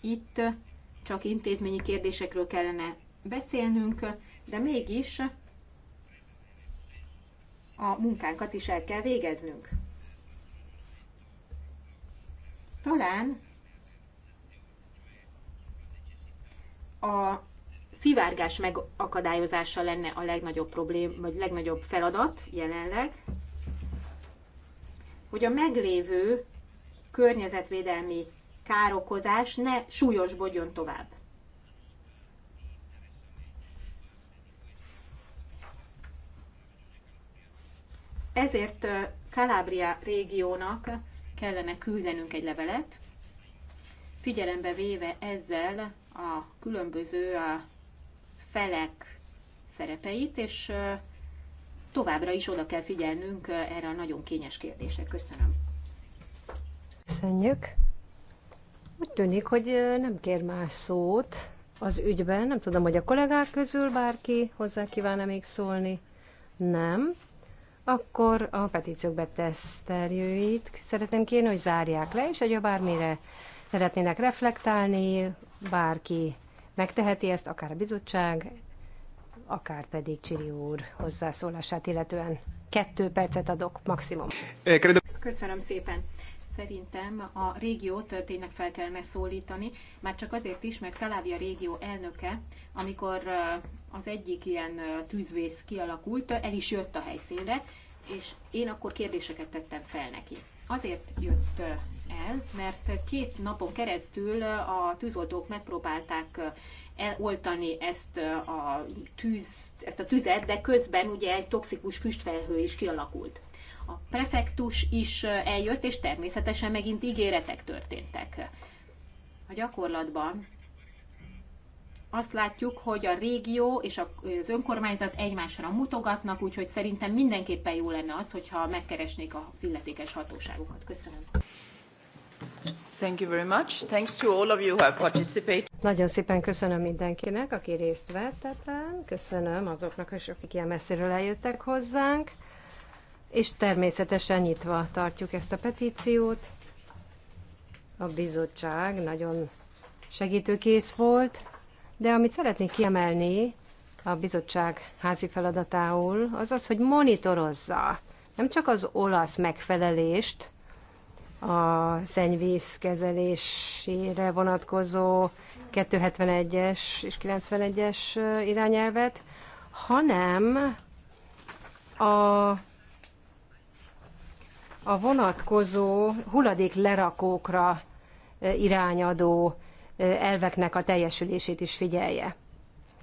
Speaker 4: itt csak intézményi kérdésekről kellene beszélnünk, de mégis a munkánkat is el kell végeznünk. Talán a szivárgás megakadályozása lenne a legnagyobb problém, vagy legnagyobb feladat jelenleg, hogy a meglévő környezetvédelmi károkozás ne súlyosbodjon tovább. Ezért Kalábria régiónak kellene küldenünk egy levelet, figyelembe véve ezzel a különböző felek szerepeit, és továbbra is oda kell figyelnünk erre a nagyon kényes kérdésre. Köszönöm.
Speaker 2: Köszönjük. Úgy tűnik, hogy nem kér más szót az ügyben. Nem tudom, hogy a kollégák közül bárki hozzá kívánna még szólni. Nem akkor a petíciók beteszterjőit szeretném kérni, hogy zárják le, és hogyha bármire szeretnének reflektálni, bárki megteheti ezt, akár a bizottság, akár pedig Csiri úr hozzászólását illetően. Kettő percet adok maximum. Eh, Köszönöm szépen
Speaker 4: szerintem a régiót tényleg fel kellene szólítani, már csak azért is, mert Kalávia régió elnöke, amikor az egyik ilyen tűzvész kialakult, el is jött a helyszínre, és én akkor kérdéseket tettem fel neki. Azért jött el, mert két napon keresztül a tűzoltók megpróbálták eloltani ezt a, tűz, ezt a tüzet, de közben ugye egy toxikus füstfelhő is kialakult a prefektus is eljött, és természetesen megint ígéretek történtek. A gyakorlatban azt látjuk, hogy a régió és az önkormányzat egymásra mutogatnak, úgyhogy szerintem mindenképpen jó lenne az, hogyha megkeresnék az illetékes hatóságokat. Köszönöm.
Speaker 1: Thank you very much. Thanks to all of you who have participated.
Speaker 2: Nagyon szépen köszönöm mindenkinek, aki részt vett ebben. Köszönöm azoknak akik ilyen messziről eljöttek hozzánk és természetesen nyitva tartjuk ezt a petíciót. A bizottság nagyon segítőkész volt, de amit szeretnék kiemelni a bizottság házi feladatául, az az, hogy monitorozza nem csak az olasz megfelelést, a szennyvíz kezelésére vonatkozó 271-es és 91-es irányelvet, hanem a a vonatkozó hulladék lerakókra e, irányadó e, elveknek a teljesülését is figyelje.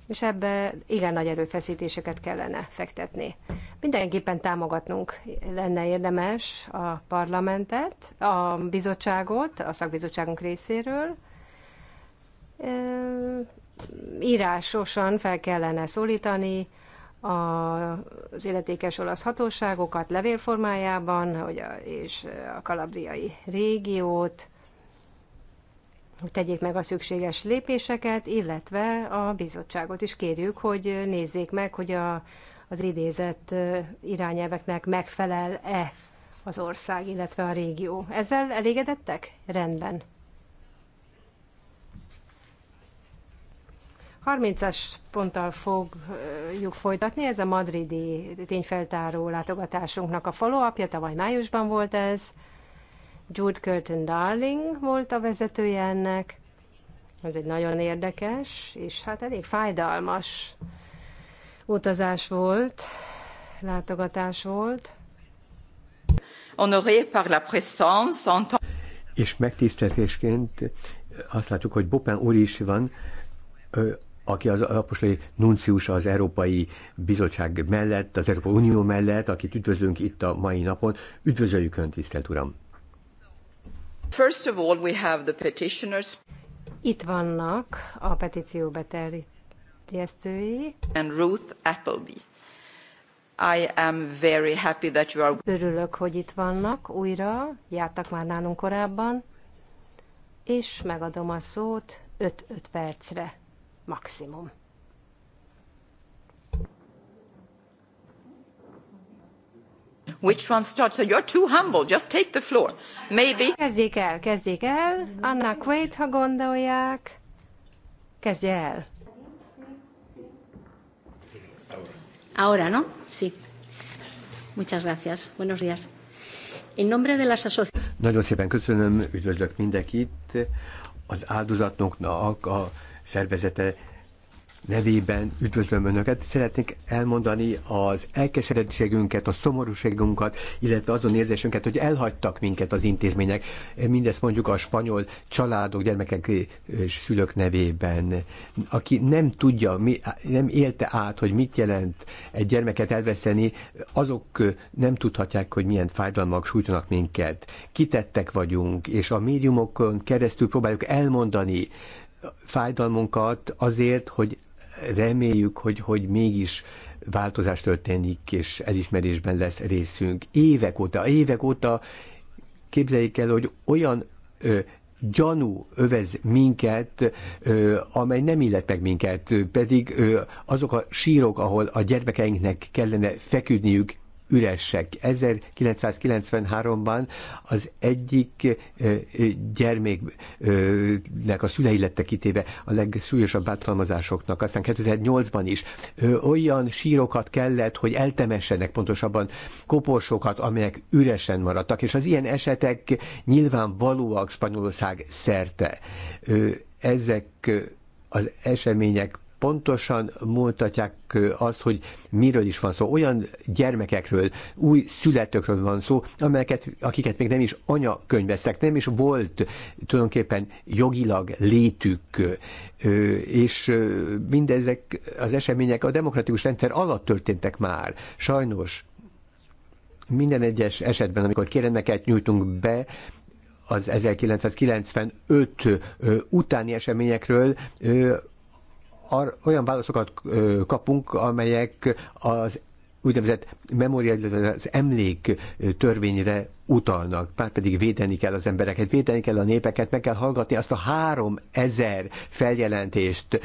Speaker 2: És ebbe igen nagy erőfeszítéseket kellene fektetni. Mindenképpen támogatnunk lenne érdemes a parlamentet, a bizottságot, a szakbizottságunk részéről. E, írásosan fel kellene szólítani az illetékes olasz hatóságokat levélformájában, hogy a, és a kalabriai régiót, hogy tegyék meg a szükséges lépéseket, illetve a bizottságot is kérjük, hogy nézzék meg, hogy a, az idézett irányelveknek megfelel-e az ország, illetve a régió. Ezzel elégedettek? Rendben. 30-as ponttal fogjuk folytatni, ez a madridi tényfeltáró látogatásunknak a follow-upja, tavaly májusban volt ez. Jude Curtin Darling volt a vezetője ennek. Ez egy nagyon érdekes, és hát elég fájdalmas utazás volt, látogatás volt.
Speaker 1: Honoré par la présence en
Speaker 5: és megtiszteltésként azt látjuk, hogy Bopin úr is van, aki az apostoli nuncius az Európai Bizottság mellett, az Európai Unió mellett, akit üdvözlünk itt a mai napon. Üdvözöljük ön tisztelt Uram!
Speaker 1: First of all, we have the petitioners.
Speaker 2: Itt vannak a petíció beterjesztői.
Speaker 1: And Ruth Appleby. I am very happy that you are...
Speaker 2: Örülök, hogy itt vannak újra, jártak már nálunk korábban, és megadom a szót 5-5 percre maximum.
Speaker 1: Which one starts? So you're too humble. Just take the floor.
Speaker 2: Maybe. Kezdjék el, kezdjék el. Anna Quaid, ha gondolják. Kezdje el. Ahora, ¿no? Sí. Muchas gracias. Buenos días. En nombre de las asociaciones.
Speaker 5: Nagyon szépen köszönöm, üdvözlök mindenkit az áldozatoknak a szervezete nevében üdvözlöm Önöket. Szeretnék elmondani az elkeseredtségünket, a szomorúságunkat, illetve azon érzésünket, hogy elhagytak minket az intézmények. Mindezt mondjuk a spanyol családok, gyermekek és szülők nevében. Aki nem tudja, mi, nem élte át, hogy mit jelent egy gyermeket elveszteni, azok nem tudhatják, hogy milyen fájdalmak sújtanak minket. Kitettek vagyunk, és a médiumokon keresztül próbáljuk elmondani, fájdalmunkat azért, hogy reméljük, hogy, hogy mégis változás történik, és elismerésben lesz részünk. Évek óta, évek óta képzeljék el, hogy olyan ö, gyanú övez minket, ö, amely nem illet meg minket, pedig ö, azok a sírok, ahol a gyermekeinknek kellene feküdniük, üresek. 1993-ban az egyik gyermeknek a szülei lettek kitéve a legsúlyosabb bántalmazásoknak, aztán 2008-ban is olyan sírokat kellett, hogy eltemessenek pontosabban koporsokat, amelyek üresen maradtak, és az ilyen esetek nyilvánvalóak Spanyolország szerte. Ezek az események pontosan mutatják azt, hogy miről is van szó. Olyan gyermekekről, új születőkről van szó, amelyeket, akiket még nem is anyakönyveztek, nem is volt tulajdonképpen jogilag létük, és mindezek az események a demokratikus rendszer alatt történtek már. Sajnos minden egyes esetben, amikor kéremeket nyújtunk be, az 1995 utáni eseményekről olyan válaszokat kapunk, amelyek az úgynevezett memória, az emlék törvényre utalnak, már pedig védeni kell az embereket, védeni kell a népeket, meg kell hallgatni azt a három ezer feljelentést,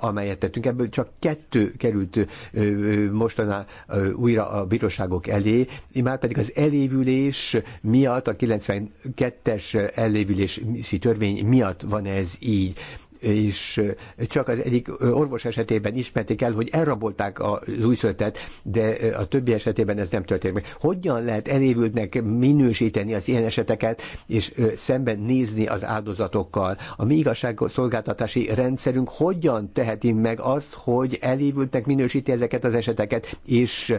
Speaker 5: amelyet tettünk. Ebből csak kettő került mostaná újra a bíróságok elé, már pedig az elévülés miatt, a 92-es elévülési törvény miatt van ez így és csak az egyik orvos esetében ismerték el, hogy elrabolták az újszöltet, de a többi esetében ez nem történt meg. Hogyan lehet elévültnek minősíteni az ilyen eseteket, és szemben nézni az áldozatokkal? A mi igazságszolgáltatási rendszerünk hogyan teheti meg azt, hogy elévültnek minősíti ezeket az eseteket, és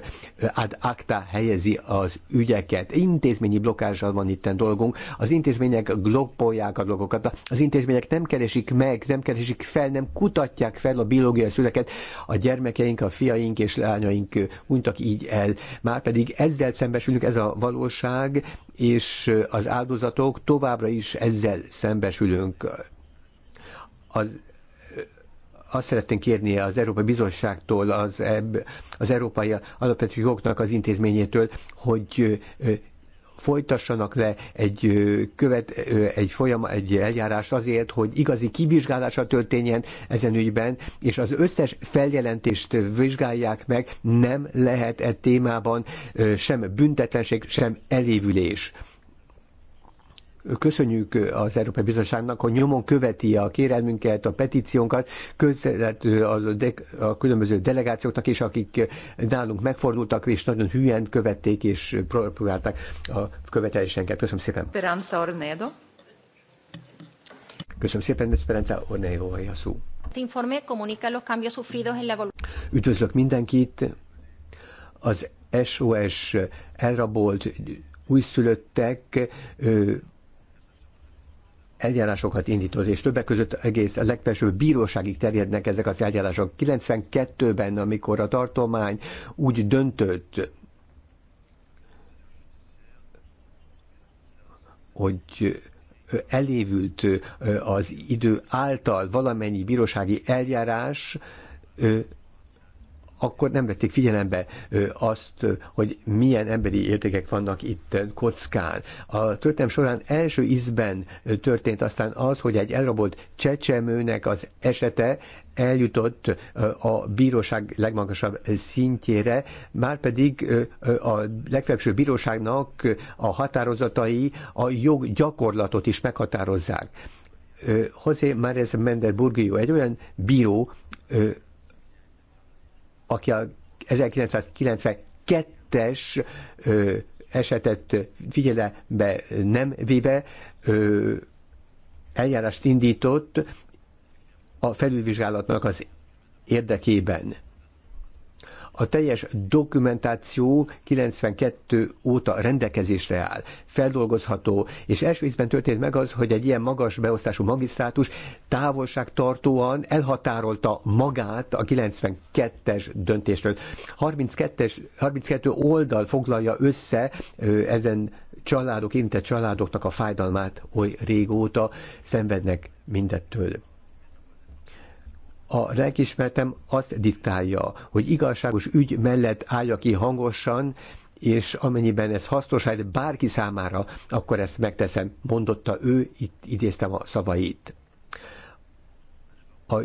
Speaker 5: ad acta helyezi az ügyeket. Intézményi blokkással van itten dolgunk. Az intézmények blokkolják a dolgokat. Az intézmények nem keresik meg, nem keresik fel, nem kutatják fel a biológiai szüleket, a gyermekeink, a fiaink és lányaink untak így el. Márpedig ezzel szembesülünk, ez a valóság, és az áldozatok továbbra is ezzel szembesülünk. Az azt szeretném kérni az Európai Bizottságtól, az, az Európai Alapvető Jogoknak az intézményétől, hogy folytassanak le egy, követ, egy, folyam, egy eljárást azért, hogy igazi kivizsgálása történjen ezen ügyben, és az összes feljelentést vizsgálják meg, nem lehet e témában sem büntetlenség, sem elévülés. Köszönjük az Európai Bizottságnak, hogy nyomon követi a kérelmünket, a petíciónkat, a különböző delegációknak is, akik nálunk megfordultak, és nagyon hülyen követték és próbálták a követelésenket. Köszönöm szépen.
Speaker 1: Esperanza Ornedo.
Speaker 5: Köszönöm szépen, Esperanza Ornedo, a szó.
Speaker 2: Informe comunica los cambios sufridos en la
Speaker 5: Üdvözlök mindenkit. Az SOS elrabolt újszülöttek eljárásokat indított, és többek között egész a legfelső bíróságig terjednek ezek az eljárások. 92-ben, amikor a tartomány úgy döntött, hogy elévült az idő által valamennyi bírósági eljárás akkor nem vették figyelembe azt, hogy milyen emberi értékek vannak itt kockán. A történet során első ízben történt aztán az, hogy egy elrabolt csecsemőnek az esete eljutott a bíróság legmagasabb szintjére, már pedig a legfelső bíróságnak a határozatai a jog gyakorlatot is meghatározzák. José Márez Mender Burgio egy olyan bíró, aki a 1992-es esetet figyelembe nem véve ö, eljárást indított a felülvizsgálatnak az érdekében. A teljes dokumentáció 92 óta rendelkezésre áll, feldolgozható, és első ízben történt meg az, hogy egy ilyen magas beosztású magisztrátus távolságtartóan elhatárolta magát a 92-es döntésről. 32-es, 32 oldal foglalja össze ezen családok, intett családoknak a fájdalmát oly régóta szenvednek mindettől a lelkismertem azt diktálja, hogy igazságos ügy mellett állja ki hangosan, és amennyiben ez hasznos lehet bárki számára, akkor ezt megteszem, mondotta ő, itt idéztem a szavait. A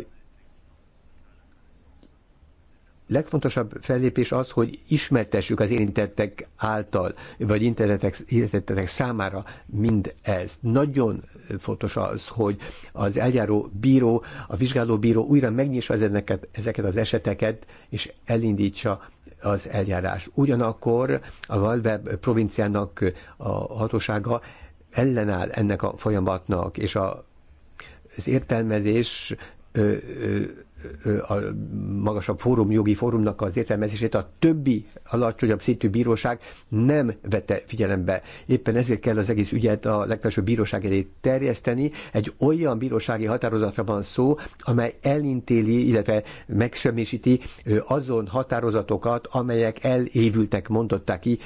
Speaker 5: legfontosabb fellépés az, hogy ismertessük az érintettek által, vagy internetek, érintettek számára mind ezt. Nagyon fontos az, hogy az eljáró bíró, a vizsgáló bíró újra megnyissa ezeket, ezeket az eseteket, és elindítsa az eljárás. Ugyanakkor a Valve provinciának a hatósága ellenáll ennek a folyamatnak, és a, az értelmezés ö, ö, a magasabb fórum, jogi fórumnak az értelmezését a többi alacsonyabb szintű bíróság nem vette figyelembe. Éppen ezért kell az egész ügyet a legfelsőbb bíróság elé terjeszteni. Egy olyan bírósági határozatra van szó, amely elintéli, illetve megsemmisíti azon határozatokat, amelyek elévültek, mondották ki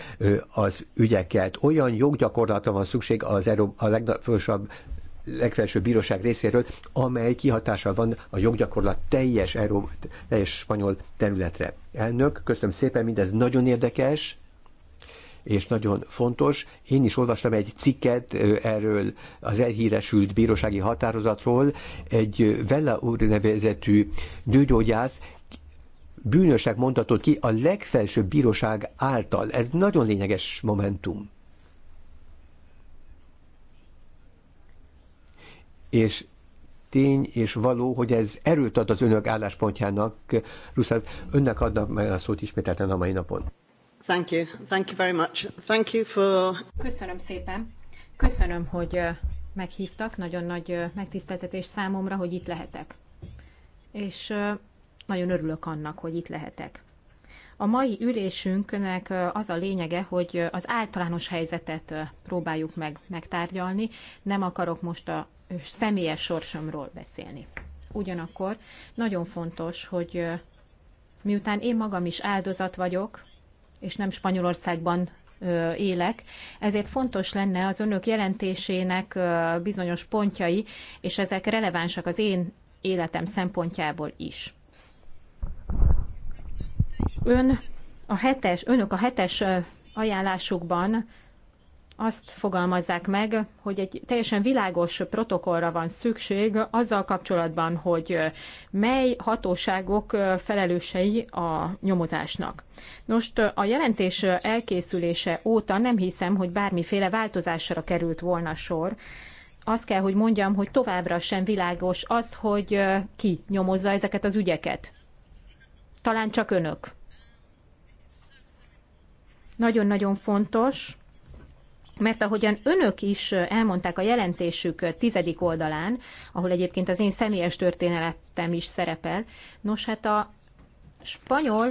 Speaker 5: az ügyeket. Olyan joggyakorlatra van szükség az Euró- a legfelsőbb legfelsőbb bíróság részéről, amely kihatással van a joggyakorlat teljes, Euró, teljes spanyol területre. Elnök, köszönöm szépen, mindez nagyon érdekes és nagyon fontos. Én is olvastam egy cikket erről az elhíresült bírósági határozatról. Egy Vella úr nevezetű nőgyógyász bűnösek mondatot, ki a legfelsőbb bíróság által. Ez nagyon lényeges momentum. és tény és való, hogy ez erőt ad az önök álláspontjának. Ruszáz, önnek adnak meg a szót ismételten a mai napon.
Speaker 3: Thank you.
Speaker 4: Thank you very much.
Speaker 3: Thank you for...
Speaker 4: Köszönöm szépen. Köszönöm, hogy meghívtak. Nagyon nagy megtiszteltetés számomra, hogy itt lehetek. És nagyon örülök annak, hogy itt lehetek. A mai ülésünknek az a lényege, hogy az általános helyzetet próbáljuk meg megtárgyalni. Nem akarok most a személyes sorsomról beszélni. Ugyanakkor nagyon fontos, hogy miután én magam is áldozat vagyok, és nem Spanyolországban élek, ezért fontos lenne az önök jelentésének bizonyos pontjai, és ezek relevánsak az én életem szempontjából is. Ön a hetes, önök a hetes ajánlásukban azt fogalmazzák meg, hogy egy teljesen világos protokollra van szükség azzal kapcsolatban, hogy mely hatóságok felelősei a nyomozásnak. Most a jelentés elkészülése óta nem hiszem, hogy bármiféle változásra került volna sor. Azt kell, hogy mondjam, hogy továbbra sem világos az, hogy ki nyomozza ezeket az ügyeket. Talán csak önök. Nagyon-nagyon fontos, mert ahogyan önök is elmondták a jelentésük tizedik oldalán, ahol egyébként az én személyes történetem is szerepel, nos hát a spanyol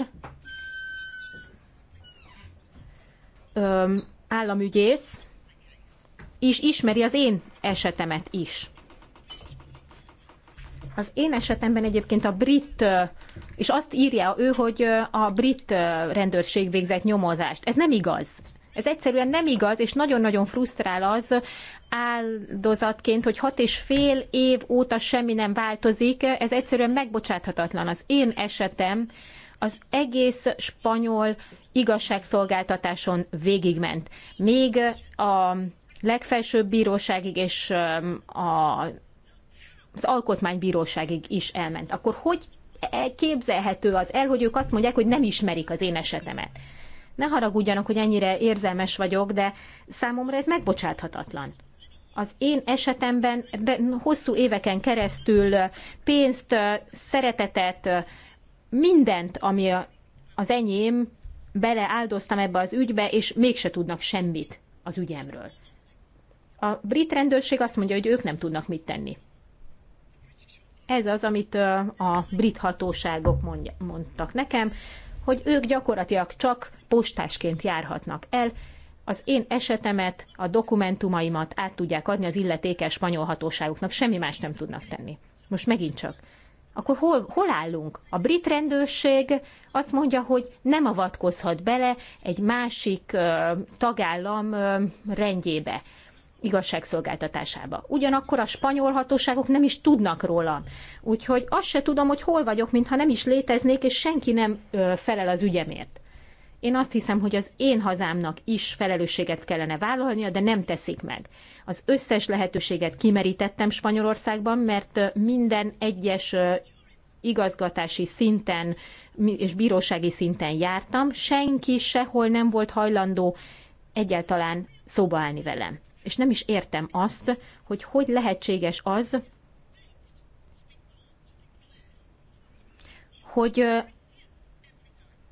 Speaker 4: öm, államügyész is ismeri az én esetemet is. Az én esetemben egyébként a brit, és azt írja ő, hogy a brit rendőrség végzett nyomozást. Ez nem igaz. Ez egyszerűen nem igaz, és nagyon-nagyon frusztrál az áldozatként, hogy hat és fél év óta semmi nem változik. Ez egyszerűen megbocsáthatatlan. Az én esetem az egész spanyol igazságszolgáltatáson végigment. Még a legfelsőbb bíróságig és um, a, az alkotmánybíróságig is elment. Akkor hogy képzelhető az el, hogy ők azt mondják, hogy nem ismerik az én esetemet? Ne haragudjanak, hogy ennyire érzelmes vagyok, de számomra ez megbocsáthatatlan. Az én esetemben hosszú éveken keresztül pénzt, szeretetet, mindent, ami az enyém, beleáldoztam ebbe az ügybe, és mégse tudnak semmit az ügyemről. A brit rendőrség azt mondja, hogy ők nem tudnak mit tenni. Ez az, amit a brit hatóságok mondja, mondtak nekem hogy ők gyakorlatilag csak postásként járhatnak el, az én esetemet, a dokumentumaimat át tudják adni az illetékes spanyol hatóságoknak, semmi más nem tudnak tenni. Most megint csak. Akkor hol, hol állunk? A brit rendőrség azt mondja, hogy nem avatkozhat bele egy másik ö, tagállam ö, rendjébe igazságszolgáltatásába. Ugyanakkor a spanyol hatóságok nem is tudnak róla. Úgyhogy azt se tudom, hogy hol vagyok, mintha nem is léteznék, és senki nem felel az ügyemért. Én azt hiszem, hogy az én hazámnak is felelősséget kellene vállalnia, de nem teszik meg. Az összes lehetőséget kimerítettem Spanyolországban, mert minden egyes igazgatási szinten és bírósági szinten jártam, senki sehol nem volt hajlandó egyáltalán szóba állni velem és nem is értem azt, hogy hogy lehetséges az, hogy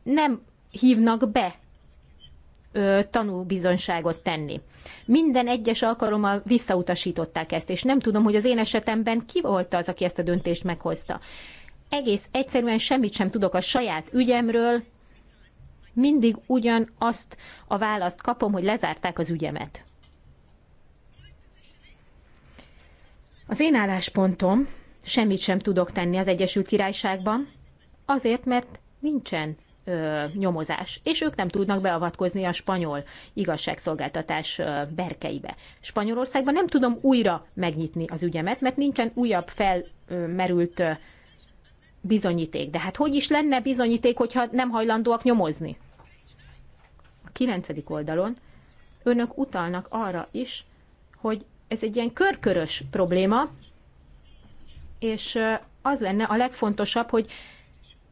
Speaker 4: nem hívnak be tanúbizonyságot tenni. Minden egyes alkalommal visszautasították ezt, és nem tudom, hogy az én esetemben ki volt az, aki ezt a döntést meghozta. Egész egyszerűen semmit sem tudok a saját ügyemről, mindig ugyanazt a választ kapom, hogy lezárták az ügyemet. Az én álláspontom, semmit sem tudok tenni az Egyesült Királyságban, azért, mert nincsen ö, nyomozás, és ők nem tudnak beavatkozni a spanyol igazságszolgáltatás ö, berkeibe. Spanyolországban nem tudom újra megnyitni az ügyemet, mert nincsen újabb felmerült ö, bizonyíték. De hát hogy is lenne bizonyíték, hogyha nem hajlandóak nyomozni? A kilencedik oldalon önök utalnak arra is, hogy ez egy ilyen körkörös probléma, és az lenne a legfontosabb, hogy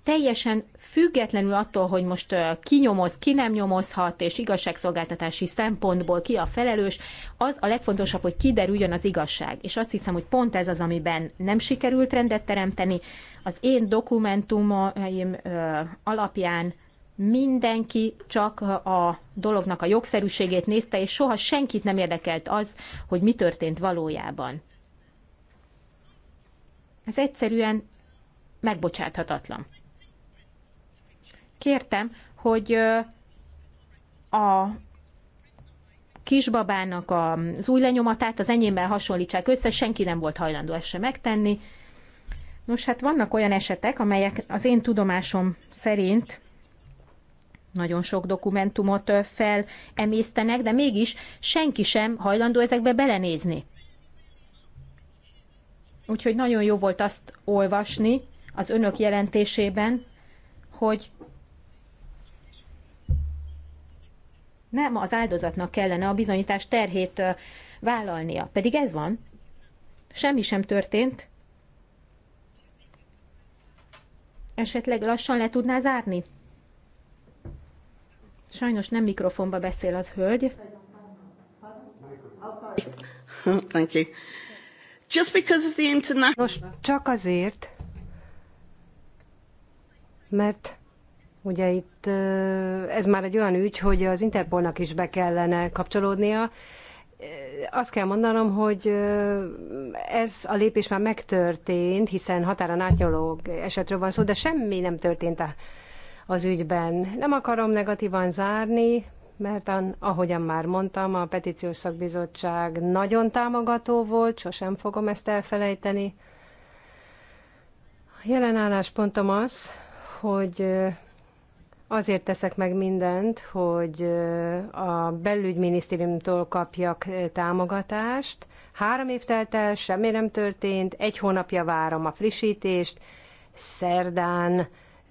Speaker 4: teljesen függetlenül attól, hogy most ki nyomoz, ki nem nyomozhat, és igazságszolgáltatási szempontból ki a felelős, az a legfontosabb, hogy kiderüljön az igazság. És azt hiszem, hogy pont ez az, amiben nem sikerült rendet teremteni. Az én dokumentumaim alapján mindenki csak a dolognak a jogszerűségét nézte, és soha senkit nem érdekelt az, hogy mi történt valójában. Ez egyszerűen megbocsáthatatlan. Kértem, hogy a kisbabának az új lenyomatát az enyémmel hasonlítsák össze, senki nem volt hajlandó ezt sem megtenni. Nos, hát vannak olyan esetek, amelyek az én tudomásom szerint nagyon sok dokumentumot felemésztenek, de mégis senki sem hajlandó ezekbe belenézni. Úgyhogy nagyon jó volt azt olvasni az önök jelentésében, hogy nem az áldozatnak kellene a bizonyítás terhét vállalnia. Pedig ez van. Semmi sem történt. Esetleg lassan le tudná zárni Sajnos nem mikrofonba beszél az hölgy.
Speaker 2: Thank you. Just because of the international... Nos, csak azért, mert ugye itt ez már egy olyan ügy, hogy az Interpolnak is be kellene kapcsolódnia. Azt kell mondanom, hogy ez a lépés már megtörtént, hiszen határon átnyoló esetről van szó, de semmi nem történt a az ügyben. Nem akarom negatívan zárni, mert ahogyan már mondtam, a petíciós szakbizottság nagyon támogató volt, sosem fogom ezt elfelejteni. A jelen álláspontom az, hogy azért teszek meg mindent, hogy a belügyminisztériumtól kapjak támogatást. Három év telt el, semmi nem történt, egy hónapja várom a frissítést, szerdán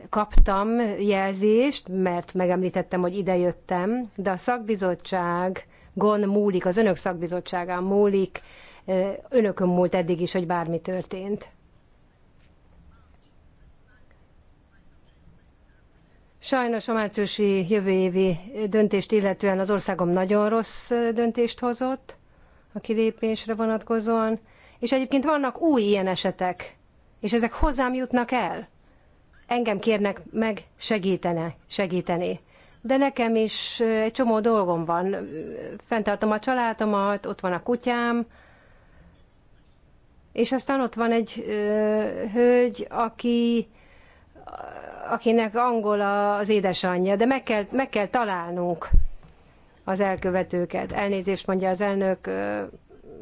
Speaker 2: kaptam jelzést, mert megemlítettem, hogy idejöttem, de a szakbizottság gon múlik, az önök szakbizottságán múlik, önökön múlt eddig is, hogy bármi történt. Sajnos a márciusi jövő évi döntést illetően az országom nagyon rossz döntést hozott a kilépésre vonatkozóan, és egyébként vannak új ilyen esetek, és ezek hozzám jutnak el engem kérnek meg segítene, segíteni. De nekem is egy csomó dolgom van. Fentartom a családomat, ott van a kutyám, és aztán ott van egy ö, hölgy, aki, akinek angol az édesanyja, de meg kell, meg kell találnunk az elkövetőket. Elnézést mondja az elnök,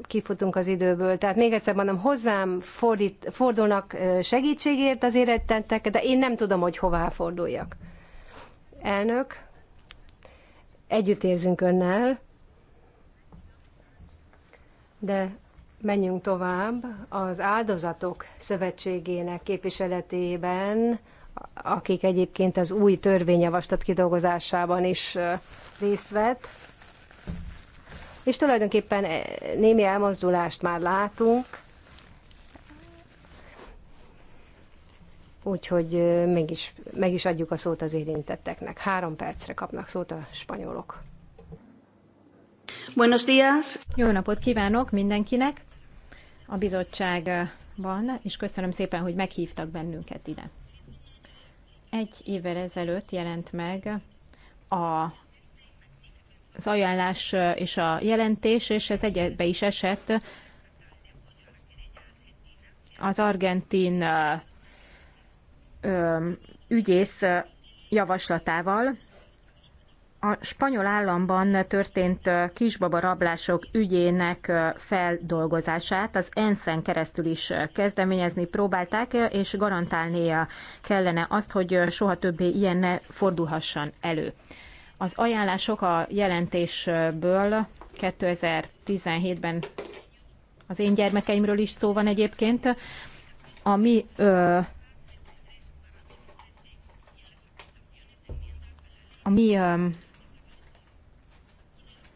Speaker 2: kifutunk az időből. Tehát még egyszer mondom, hozzám fordít, fordulnak segítségért az érettentek, de én nem tudom, hogy hová forduljak. Elnök, együttérzünk önnel, de menjünk tovább. Az áldozatok szövetségének képviseletében, akik egyébként az új törvényjavaslat kidolgozásában is részt vett, és tulajdonképpen eh, némi elmozdulást már látunk, úgyhogy eh, mégis, meg is adjuk a szót az érintetteknek. Három percre kapnak szót a spanyolok.
Speaker 4: Buenos días! Jó napot kívánok mindenkinek a bizottságban, és köszönöm szépen, hogy meghívtak bennünket ide. Egy évvel ezelőtt jelent meg a az ajánlás és a jelentés, és ez egyetbe is esett az argentin ügyész javaslatával. A spanyol államban történt kisbaba rablások ügyének feldolgozását az ENSZ-en keresztül is kezdeményezni próbálták, és garantálnia kellene azt, hogy soha többé ilyen ne fordulhasson elő. Az ajánlások a jelentésből 2017-ben az én gyermekeimről is szó van egyébként, ami ö, a mi ö,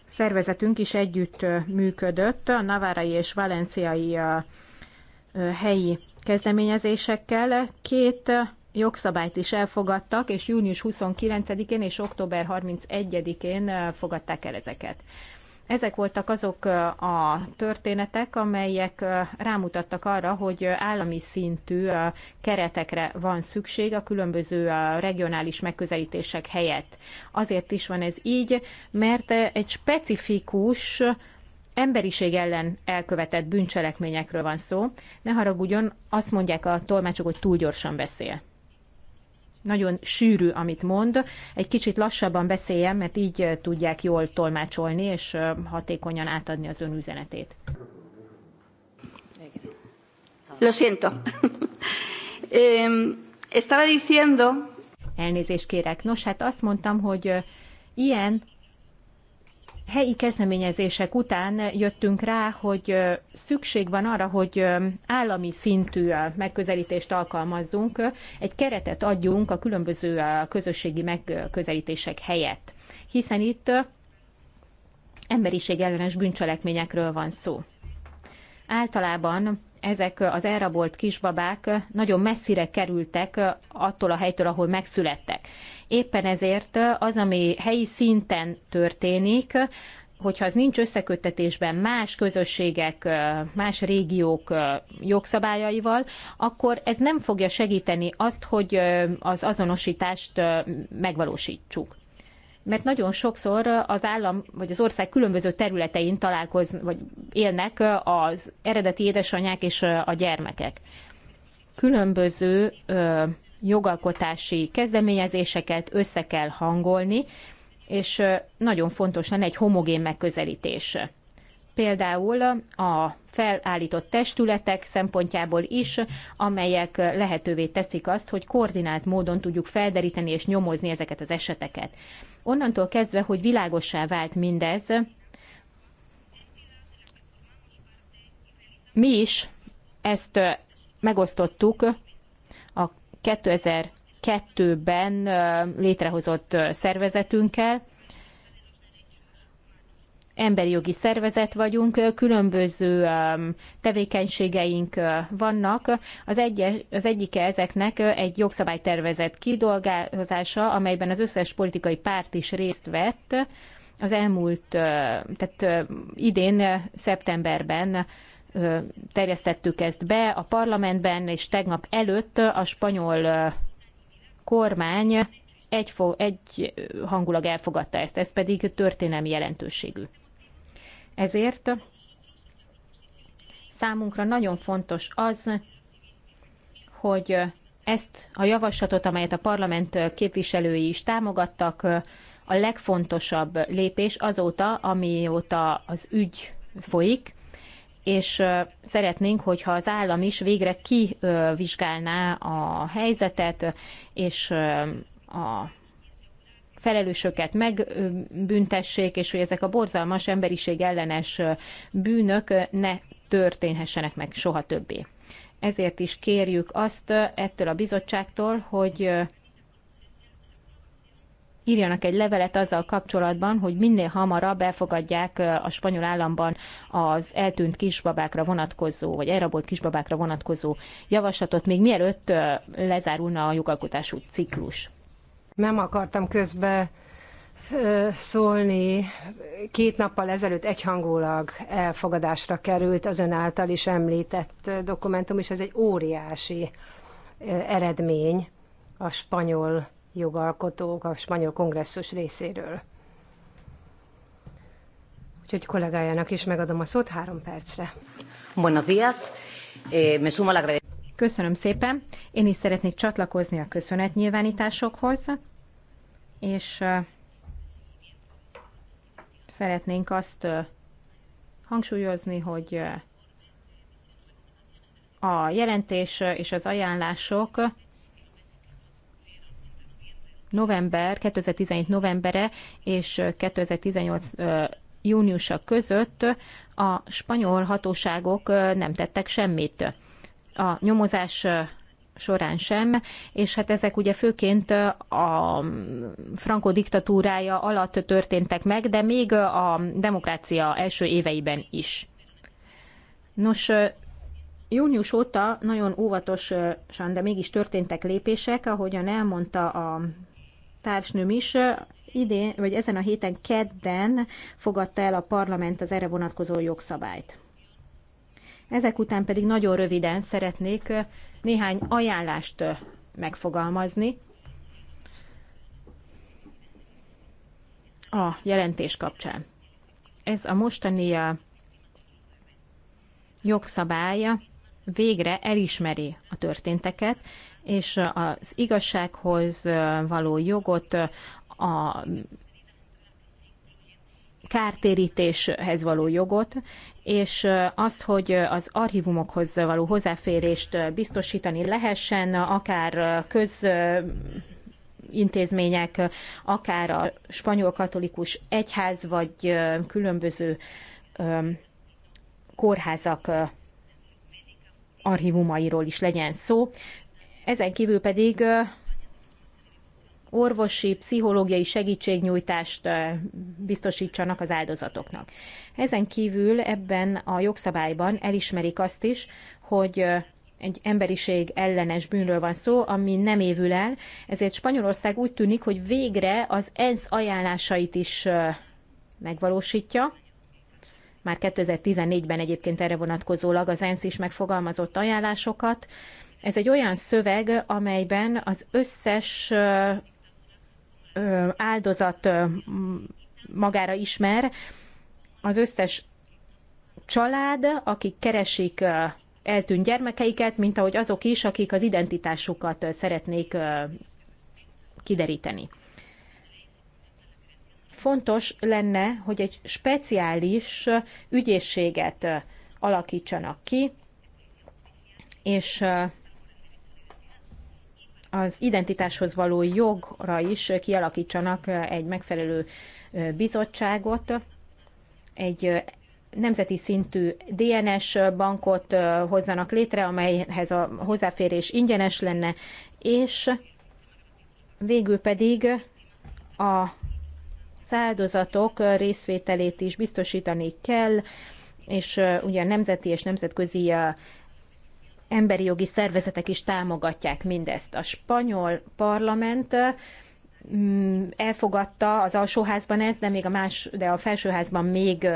Speaker 4: szervezetünk is együtt működött a navárai és valenciai helyi kezdeményezésekkel. Két jogszabályt is elfogadtak, és június 29-én és október 31-én fogadták el ezeket. Ezek voltak azok a történetek, amelyek rámutattak arra, hogy állami szintű keretekre van szükség a különböző regionális megközelítések helyett. Azért is van ez így, mert egy specifikus emberiség ellen elkövetett bűncselekményekről van szó. Ne haragudjon, azt mondják a tolmácsok, hogy túl gyorsan beszél nagyon sűrű, amit mond. Egy kicsit lassabban beszéljen, mert így tudják jól tolmácsolni, és hatékonyan átadni az ön üzenetét. Lo siento. Estaba diciendo... Elnézést kérek. Nos, hát azt mondtam, hogy ilyen helyi kezdeményezések után jöttünk rá, hogy szükség van arra, hogy állami szintű megközelítést alkalmazzunk, egy keretet adjunk a különböző közösségi megközelítések helyett. Hiszen itt emberiség ellenes bűncselekményekről van szó. Általában ezek az elrabolt kisbabák nagyon messzire kerültek attól a helytől, ahol megszülettek. Éppen ezért az, ami helyi szinten történik, hogyha az nincs összeköttetésben más közösségek, más régiók jogszabályaival, akkor ez nem fogja segíteni azt, hogy az azonosítást megvalósítsuk. Mert nagyon sokszor az állam vagy az ország különböző területein találkoz, vagy élnek az eredeti édesanyák és a gyermekek. Különböző jogalkotási kezdeményezéseket össze kell hangolni, és nagyon fontos lenne egy homogén megközelítés. Például a felállított testületek szempontjából is, amelyek lehetővé teszik azt, hogy koordinált módon tudjuk felderíteni és nyomozni ezeket az eseteket. Onnantól kezdve, hogy világossá vált mindez, mi is ezt megosztottuk 2002-ben létrehozott szervezetünkkel. Emberi jogi szervezet vagyunk, különböző tevékenységeink vannak. Az, egy, az egyike ezeknek egy jogszabálytervezet kidolgozása, amelyben az összes politikai párt is részt vett. Az elmúlt, tehát idén szeptemberben terjesztettük ezt be a parlamentben, és tegnap előtt a spanyol kormány egy, egy hangulag elfogadta ezt, ez pedig történelmi jelentőségű. Ezért számunkra nagyon fontos az, hogy ezt a javaslatot, amelyet a parlament képviselői is támogattak, a legfontosabb lépés azóta, amióta az ügy folyik, és szeretnénk, hogyha az állam is végre kivizsgálná a helyzetet, és a felelősöket megbüntessék, és hogy ezek a borzalmas emberiség ellenes bűnök ne történhessenek meg soha többé. Ezért is kérjük azt ettől a bizottságtól, hogy írjanak egy levelet azzal kapcsolatban, hogy minél hamarabb elfogadják a spanyol államban az eltűnt kisbabákra vonatkozó, vagy elrabolt kisbabákra vonatkozó javaslatot, még mielőtt lezárulna a jogalkotású ciklus.
Speaker 2: Nem akartam közbe szólni. Két nappal ezelőtt egyhangulag elfogadásra került az ön által is említett dokumentum, és ez egy óriási eredmény a spanyol jogalkotók a spanyol kongresszus részéről. Úgyhogy kollégájának is megadom a szót három percre. Buenos días. Eh, me sumo la Köszönöm szépen. Én is szeretnék
Speaker 4: csatlakozni a köszönetnyilvánításokhoz, és szeretnénk azt hangsúlyozni, hogy a jelentés és az ajánlások november, 2017 novembere és 2018 júniusa között a spanyol hatóságok nem tettek semmit. A nyomozás során sem, és hát ezek ugye főként a Franco diktatúrája alatt történtek meg, de még a demokrácia első éveiben is. Nos, június óta nagyon óvatosan, de mégis történtek lépések, ahogyan elmondta a társnőm is idén, vagy ezen a héten kedden fogadta el a parlament az erre vonatkozó jogszabályt. Ezek után pedig nagyon röviden szeretnék néhány ajánlást megfogalmazni a jelentés kapcsán. Ez a mostani jogszabálya végre elismeri a történteket, és az igazsághoz való jogot a kártérítéshez való jogot, és azt, hogy az archívumokhoz való hozzáférést biztosítani lehessen, akár köz intézmények, akár a spanyol katolikus egyház, vagy különböző kórházak archívumairól is legyen szó. Ezen kívül pedig orvosi, pszichológiai segítségnyújtást biztosítsanak az áldozatoknak. Ezen kívül ebben a jogszabályban elismerik azt is, hogy egy emberiség ellenes bűnről van szó, ami nem évül el, ezért Spanyolország úgy tűnik, hogy végre az ENSZ ajánlásait is megvalósítja. Már 2014-ben egyébként erre vonatkozólag az ENSZ is megfogalmazott ajánlásokat, ez egy olyan szöveg, amelyben az összes áldozat magára ismer, az összes család, akik keresik eltűnt gyermekeiket, mint ahogy azok is, akik az identitásukat szeretnék kideríteni. Fontos lenne, hogy egy speciális ügyészséget alakítsanak ki, és az identitáshoz való jogra is kialakítsanak egy megfelelő bizottságot, egy nemzeti szintű DNS bankot hozzanak létre, amelyhez a hozzáférés ingyenes lenne, és végül pedig a áldozatok részvételét is biztosítani kell, és ugye nemzeti és nemzetközi emberi jogi szervezetek is támogatják mindezt. A spanyol parlament mm, elfogadta az alsóházban ezt, de még a más, de a felsőházban még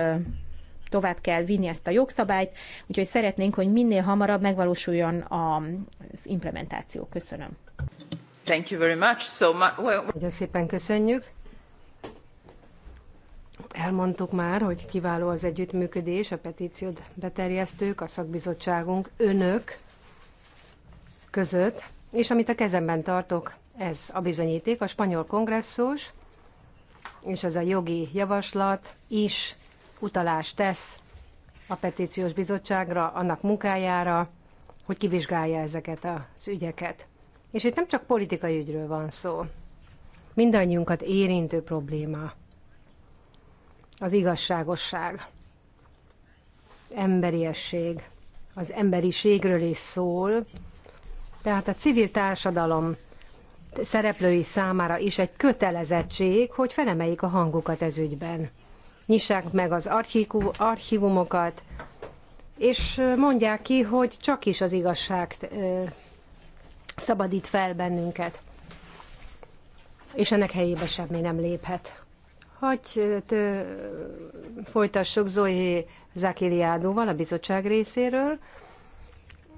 Speaker 4: tovább kell vinni ezt a jogszabályt, úgyhogy szeretnénk, hogy minél hamarabb megvalósuljon az implementáció. Köszönöm.
Speaker 1: Thank you very much. So well,
Speaker 2: Nagyon szépen köszönjük. Elmondtuk már, hogy kiváló az együttműködés, a petíciót beterjesztők, a szakbizottságunk, önök, között, és amit a kezemben tartok, ez a bizonyíték, a spanyol kongresszus, és ez a jogi javaslat is utalást tesz a petíciós bizottságra, annak munkájára, hogy kivizsgálja ezeket az ügyeket. És itt nem csak politikai ügyről van szó. Mindannyiunkat érintő probléma az igazságosság, emberiesség, az emberiségről is szól, tehát a civil társadalom szereplői számára is egy kötelezettség, hogy felemeljék a hangukat ez ügyben. Nyissák meg az archívumokat, és mondják ki, hogy csak is az igazság szabadít fel bennünket. És ennek helyébe semmi nem léphet. Hogy tő, folytassuk Zoé Zakiliádóval a bizottság részéről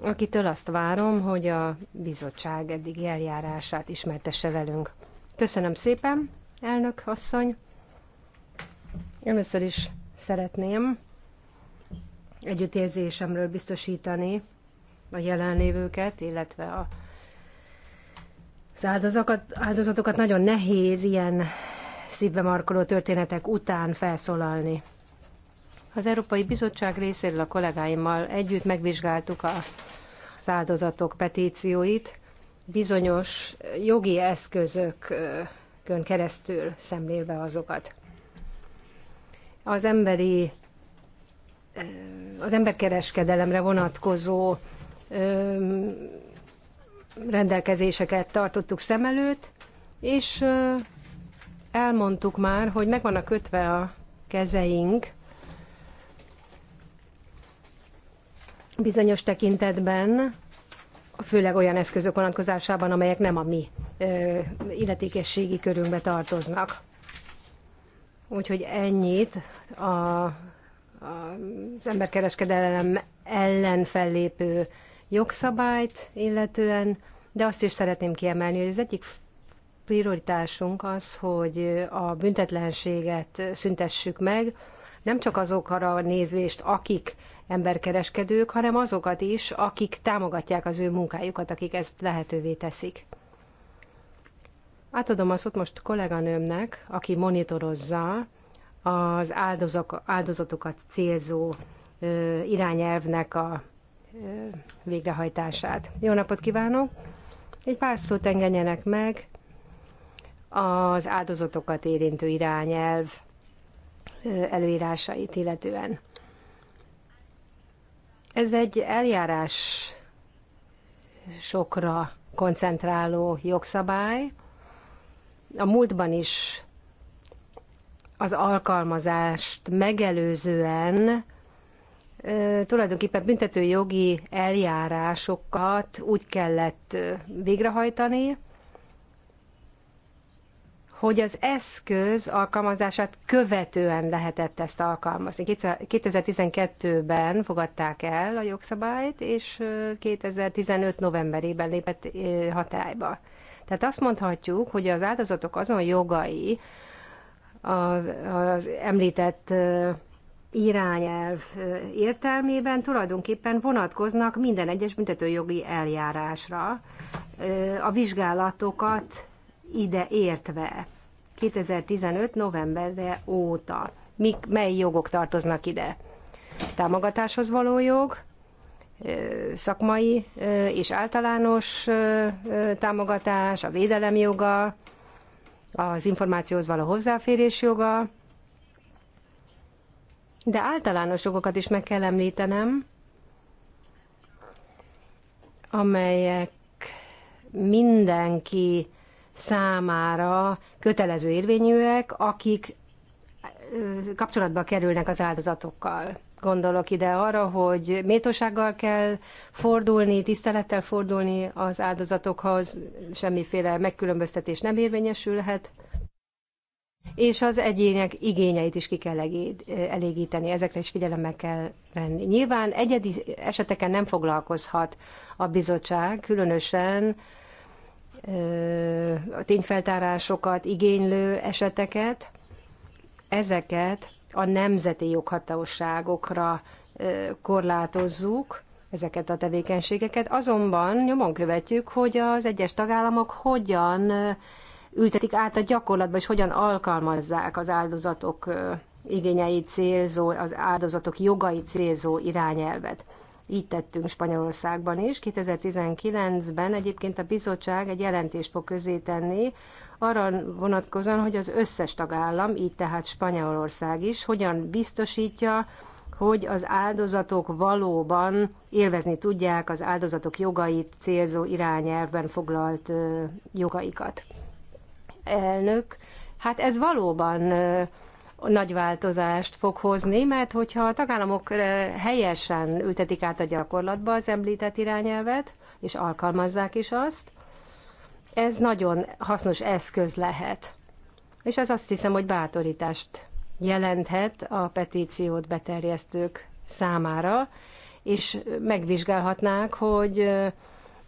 Speaker 2: akitől azt várom, hogy a bizottság eddigi eljárását ismertesse velünk. Köszönöm szépen, elnök asszony. Először is szeretném együttérzésemről biztosítani a jelenlévőket, illetve a, az áldozatokat, áldozatokat nagyon nehéz ilyen szívbe markoló történetek után felszólalni. Az Európai Bizottság részéről a kollégáimmal együtt megvizsgáltuk a az áldozatok petícióit bizonyos jogi eszközökön keresztül szemlélve azokat. Az emberi, eh, az emberkereskedelemre vonatkozó eh, rendelkezéseket tartottuk szem előtt, és eh, elmondtuk már, hogy meg vannak kötve a kezeink bizonyos tekintetben, főleg olyan eszközök vonatkozásában, amelyek nem a mi ö, illetékességi körünkbe tartoznak. Úgyhogy ennyit a, a, az emberkereskedelem ellen fellépő jogszabályt illetően, de azt is szeretném kiemelni, hogy az egyik prioritásunk az, hogy a büntetlenséget szüntessük meg, nem csak azokra a nézvést, akik emberkereskedők, hanem azokat is, akik támogatják az ő munkájukat, akik ezt lehetővé teszik. Átadom a szót most kolléganőmnek, aki monitorozza az áldozok, áldozatokat célzó ö, irányelvnek a ö, végrehajtását. Jó napot kívánok! Egy pár szót engedjenek meg az áldozatokat érintő irányelv előírásait illetően. Ez egy eljárás sokra koncentráló jogszabály. A múltban is az alkalmazást megelőzően tulajdonképpen büntetőjogi eljárásokat úgy kellett végrehajtani, hogy az eszköz alkalmazását követően lehetett ezt alkalmazni. 2012-ben fogadták el a jogszabályt, és 2015 novemberében lépett hatályba. Tehát azt mondhatjuk, hogy az áldozatok azon jogai az említett irányelv értelmében tulajdonképpen vonatkoznak minden egyes büntetőjogi eljárásra. A vizsgálatokat ide értve 2015. novemberre óta? Mik, mely jogok tartoznak ide? Támogatáshoz való jog, szakmai és általános támogatás, a védelem joga, az információhoz való hozzáférés joga, de általános jogokat is meg kell említenem, amelyek mindenki számára kötelező érvényűek, akik kapcsolatba kerülnek az áldozatokkal. Gondolok ide arra, hogy méltósággal kell fordulni, tisztelettel fordulni az áldozatokhoz, semmiféle megkülönböztetés nem érvényesülhet, és az egyének igényeit is ki kell elégíteni, ezekre is figyelemmel kell venni. Nyilván egyedi eseteken nem foglalkozhat a bizottság, különösen a tényfeltárásokat igénylő eseteket, ezeket a nemzeti joghatóságokra korlátozzuk, ezeket a tevékenységeket, azonban nyomon követjük, hogy az egyes tagállamok hogyan ültetik át a gyakorlatba, és hogyan alkalmazzák az áldozatok igényeit célzó, az áldozatok jogai célzó irányelvet. Így tettünk Spanyolországban is. 2019-ben egyébként a bizottság egy jelentést fog közétenni arra vonatkozóan, hogy az összes tagállam, így tehát Spanyolország is, hogyan biztosítja, hogy az áldozatok valóban élvezni tudják az áldozatok jogait célzó irányelvben foglalt jogaikat. Elnök, hát ez valóban nagy változást fog hozni, mert hogyha a tagállamok eh, helyesen ültetik át a gyakorlatba az említett irányelvet, és alkalmazzák is azt, ez nagyon hasznos eszköz lehet. És ez azt hiszem, hogy bátorítást jelenthet a petíciót beterjesztők számára, és megvizsgálhatnák, hogy ö, eh,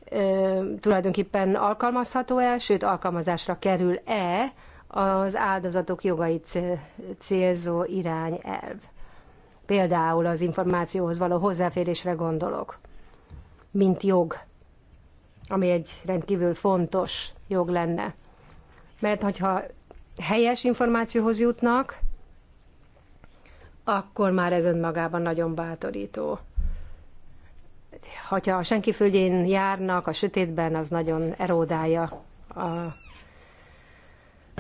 Speaker 2: ö, eh, tulajdonképpen alkalmazható-e, sőt alkalmazásra kerül-e az áldozatok jogait célzó irányelv. Például az információhoz való hozzáférésre gondolok, mint jog, ami egy rendkívül fontos jog lenne. Mert hogyha helyes információhoz jutnak, akkor már ez önmagában nagyon bátorító. Hogyha senki földjén járnak a sötétben, az nagyon erodálja a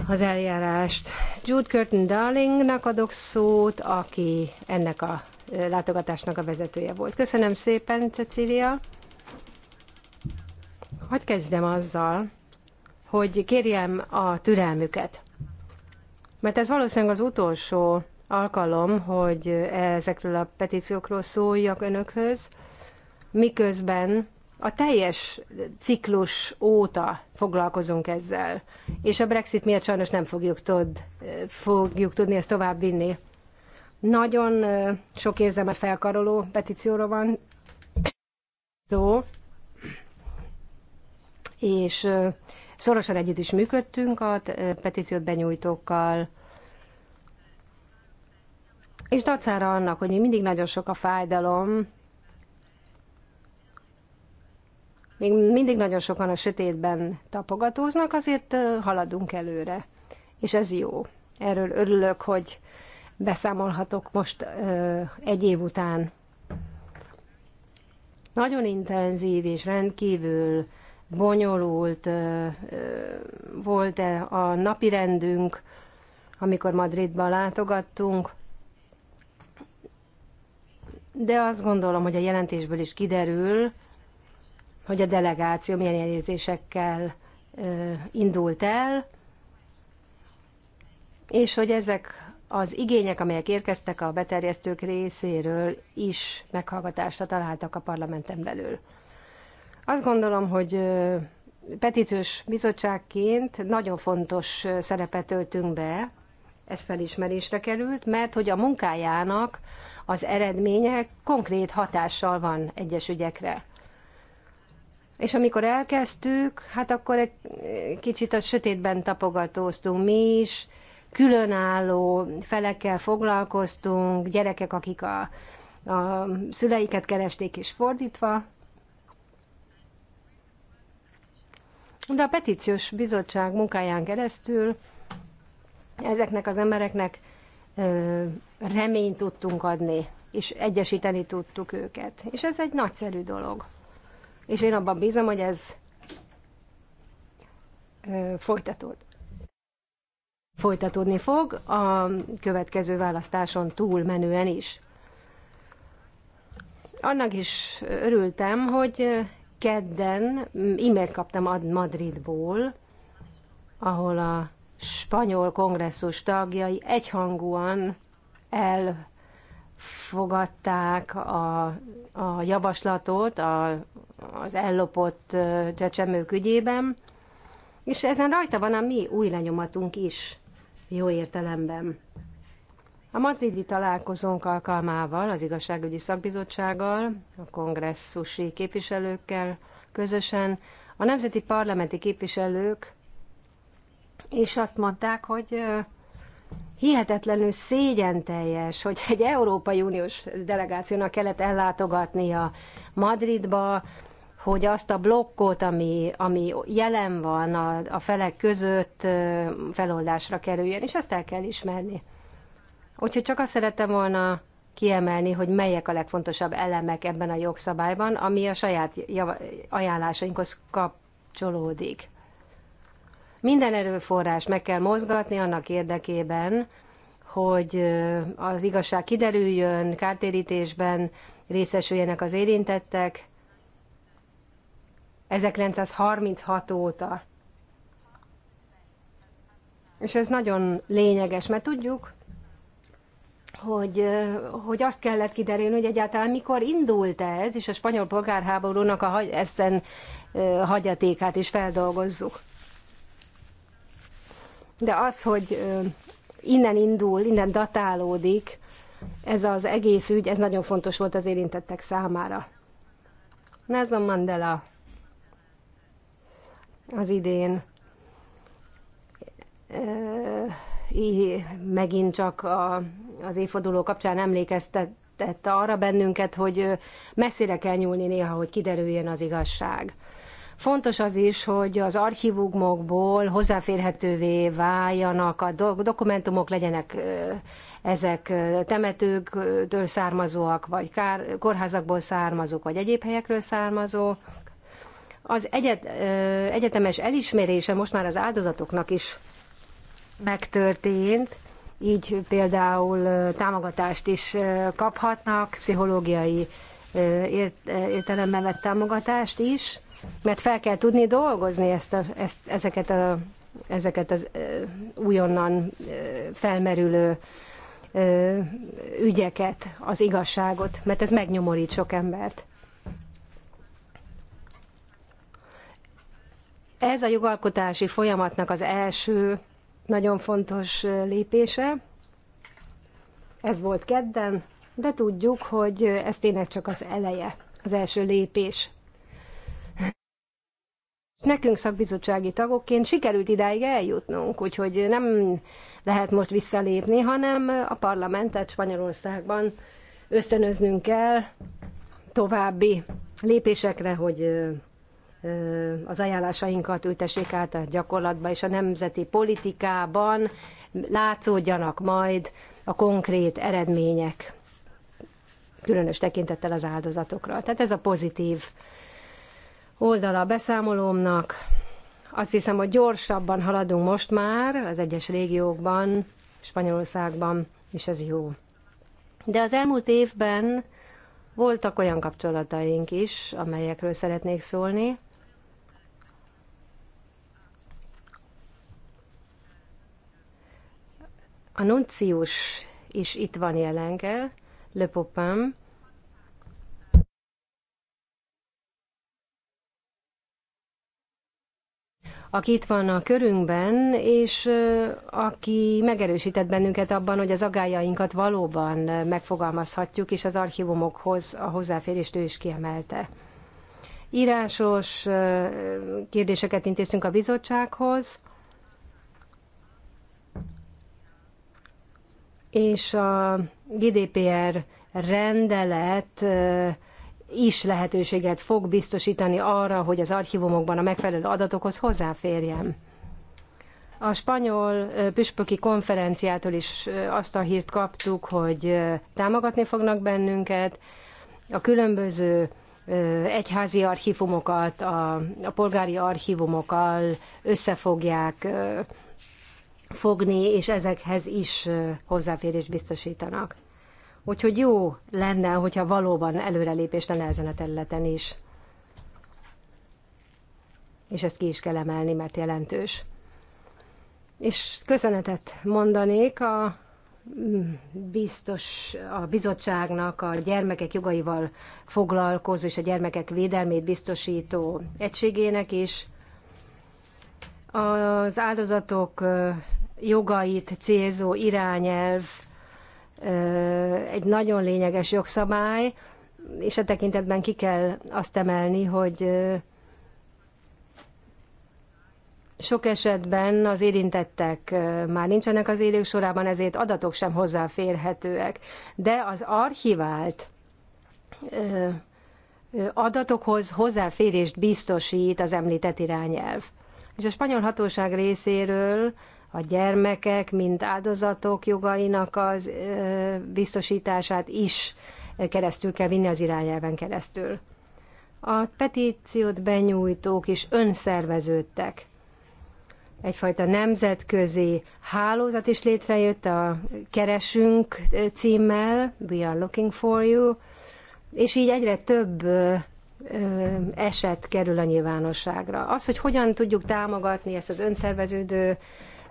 Speaker 2: az eljárást. Jude Curtin Darlingnak adok szót, aki ennek a látogatásnak a vezetője volt. Köszönöm szépen, Cecília. Hogy kezdem azzal, hogy kérjem a türelmüket. Mert ez valószínűleg az utolsó alkalom, hogy ezekről a petíciókról szóljak önökhöz, miközben a teljes ciklus óta foglalkozunk ezzel, és a Brexit miatt sajnos nem fogjuk, tud, fogjuk tudni ezt tovább vinni. Nagyon sok érzelmet felkaroló petícióra van szó, és szorosan együtt is működtünk a petíciót benyújtókkal, és dacára annak, hogy mi mindig nagyon sok a fájdalom, még mindig nagyon sokan a sötétben tapogatóznak, azért haladunk előre. És ez jó. Erről örülök, hogy beszámolhatok most ö, egy év után. Nagyon intenzív és rendkívül bonyolult ö, ö, volt -e a napi rendünk, amikor Madridba látogattunk, de azt gondolom, hogy a jelentésből is kiderül, hogy a delegáció milyen érzésekkel indult el, és hogy ezek az igények, amelyek érkeztek a beterjesztők részéről is meghallgatásra találtak a parlamenten belül. Azt gondolom, hogy petíciós bizottságként nagyon fontos szerepet töltünk be, ez felismerésre került, mert hogy a munkájának az eredménye konkrét hatással van egyes ügyekre. És amikor elkezdtük, hát akkor egy eh, kicsit a sötétben tapogatóztunk mi is, különálló felekkel foglalkoztunk, gyerekek, akik a, a szüleiket keresték, és fordítva. De a petíciós bizottság munkáján keresztül ezeknek az embereknek ö, reményt tudtunk adni, és egyesíteni tudtuk őket. És ez egy nagyszerű dolog és én abban bízom, hogy ez folytatód. Folytatódni fog a következő választáson túl menően is. Annak is örültem, hogy kedden e-mailt kaptam Madridból, ahol a spanyol kongresszus tagjai egyhangúan el fogadták a, a javaslatot a, az ellopott csecsemők ügyében, és ezen rajta van a mi új lenyomatunk is, jó értelemben. A madridi találkozónk alkalmával, az igazságügyi szakbizottsággal, a kongresszusi képviselőkkel közösen a nemzeti parlamenti képviselők és azt mondták, hogy hihetetlenül teljes, hogy egy Európai Uniós delegációnak kellett ellátogatnia Madridba, hogy azt a blokkot, ami, ami jelen van a, a felek között, feloldásra kerüljön, és ezt el kell ismerni. Úgyhogy csak azt szerettem volna kiemelni, hogy melyek a legfontosabb elemek ebben a jogszabályban, ami a saját ajánlásainkhoz kapcsolódik. Minden erőforrás meg kell mozgatni annak érdekében, hogy az igazság kiderüljön, kártérítésben részesüljenek az érintettek. 1936 óta. És ez nagyon lényeges, mert tudjuk, hogy, hogy azt kellett kiderülni, hogy egyáltalán mikor indult ez, és a spanyol polgárháborúnak a, eszen hagyatékát is feldolgozzuk de az, hogy innen indul, innen datálódik, ez az egész ügy, ez nagyon fontos volt az érintettek számára. Nelson Mandela az idén megint csak a, az évforduló kapcsán emlékeztetett arra bennünket, hogy messzire kell nyúlni néha, hogy kiderüljön az igazság. Fontos az is, hogy az archívumokból hozzáférhetővé váljanak a dokumentumok, legyenek ezek temetőktől származóak, vagy kár, kórházakból származók, vagy egyéb helyekről származók. Az egyet, egyetemes elismerése most már az áldozatoknak is megtörtént, így például támogatást is kaphatnak, pszichológiai értelemben vett támogatást is mert fel kell tudni dolgozni ezt a, ezt, ezeket, a, ezeket az újonnan felmerülő ügyeket, az igazságot, mert ez megnyomorít sok embert. Ez a jogalkotási folyamatnak az első nagyon fontos lépése. Ez volt kedden, de tudjuk, hogy ez tényleg csak az eleje, az első lépés. Nekünk szakbizottsági tagokként sikerült idáig eljutnunk, úgyhogy nem lehet most visszalépni, hanem a parlamentet Spanyolországban ösztönöznünk kell további lépésekre, hogy az ajánlásainkat ültessék át a gyakorlatba, és a nemzeti politikában látszódjanak majd a konkrét eredmények, különös tekintettel az áldozatokra. Tehát ez a pozitív oldala a beszámolómnak. Azt hiszem, hogy gyorsabban haladunk most már az egyes régiókban, Spanyolországban, és ez jó. De az elmúlt évben voltak olyan kapcsolataink is, amelyekről szeretnék szólni. A nuncius is itt van jelenke, Le Popin, aki itt van a körünkben, és aki megerősített bennünket abban, hogy az agályainkat valóban megfogalmazhatjuk, és az archívumokhoz a hozzáférést ő is kiemelte. Írásos kérdéseket intéztünk a bizottsághoz, és a GDPR rendelet is lehetőséget fog biztosítani arra, hogy az archívumokban a megfelelő adatokhoz hozzáférjem. A spanyol püspöki konferenciától is azt a hírt kaptuk, hogy támogatni fognak bennünket. A különböző egyházi archívumokat, a, a polgári archívumokkal összefogják fogni, és ezekhez is hozzáférés biztosítanak. Úgyhogy jó lenne, hogyha valóban előrelépés lenne ezen a területen is. És ezt ki is kell emelni, mert jelentős. És köszönetet mondanék a mm, biztos a bizottságnak a gyermekek jogaival foglalkozó és a gyermekek védelmét biztosító egységének is. Az áldozatok jogait célzó irányelv egy nagyon lényeges jogszabály, és a tekintetben ki kell azt emelni, hogy sok esetben az érintettek már nincsenek az élők sorában, ezért adatok sem hozzáférhetőek. De az archivált adatokhoz hozzáférést biztosít az említett irányelv. És a spanyol hatóság részéről a gyermekek, mint áldozatok jogainak az biztosítását is keresztül kell vinni az irányelven keresztül. A petíciót benyújtók is önszerveződtek. Egyfajta nemzetközi hálózat is létrejött a Keresünk címmel, We are looking for you, és így egyre több eset kerül a nyilvánosságra. Az, hogy hogyan tudjuk támogatni ezt az önszerveződő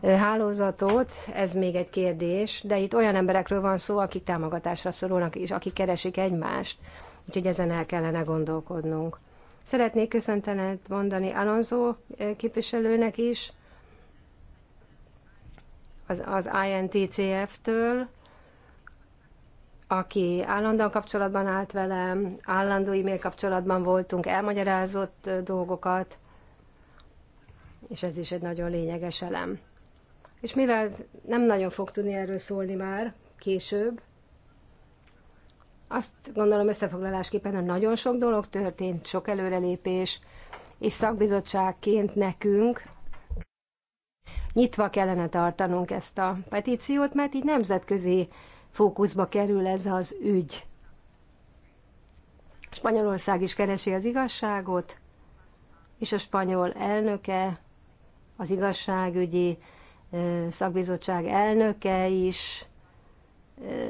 Speaker 2: hálózatot, ez még egy kérdés, de itt olyan emberekről van szó, akik támogatásra szorulnak, és akik keresik egymást. Úgyhogy ezen el kellene gondolkodnunk. Szeretnék köszöntenet mondani Alonso eh, képviselőnek is, az, az INTCF-től, aki állandóan kapcsolatban állt velem, állandó e-mail kapcsolatban voltunk, elmagyarázott eh, dolgokat, és ez is egy nagyon lényeges elem. És mivel nem nagyon fog tudni erről szólni már később, azt gondolom összefoglalásképpen, hogy nagyon sok dolog történt, sok előrelépés, és szakbizottságként nekünk nyitva kellene tartanunk ezt a petíciót, mert így nemzetközi fókuszba kerül ez az ügy. Spanyolország is keresi az igazságot, és a spanyol elnöke, az igazságügyi szakbizottság elnöke is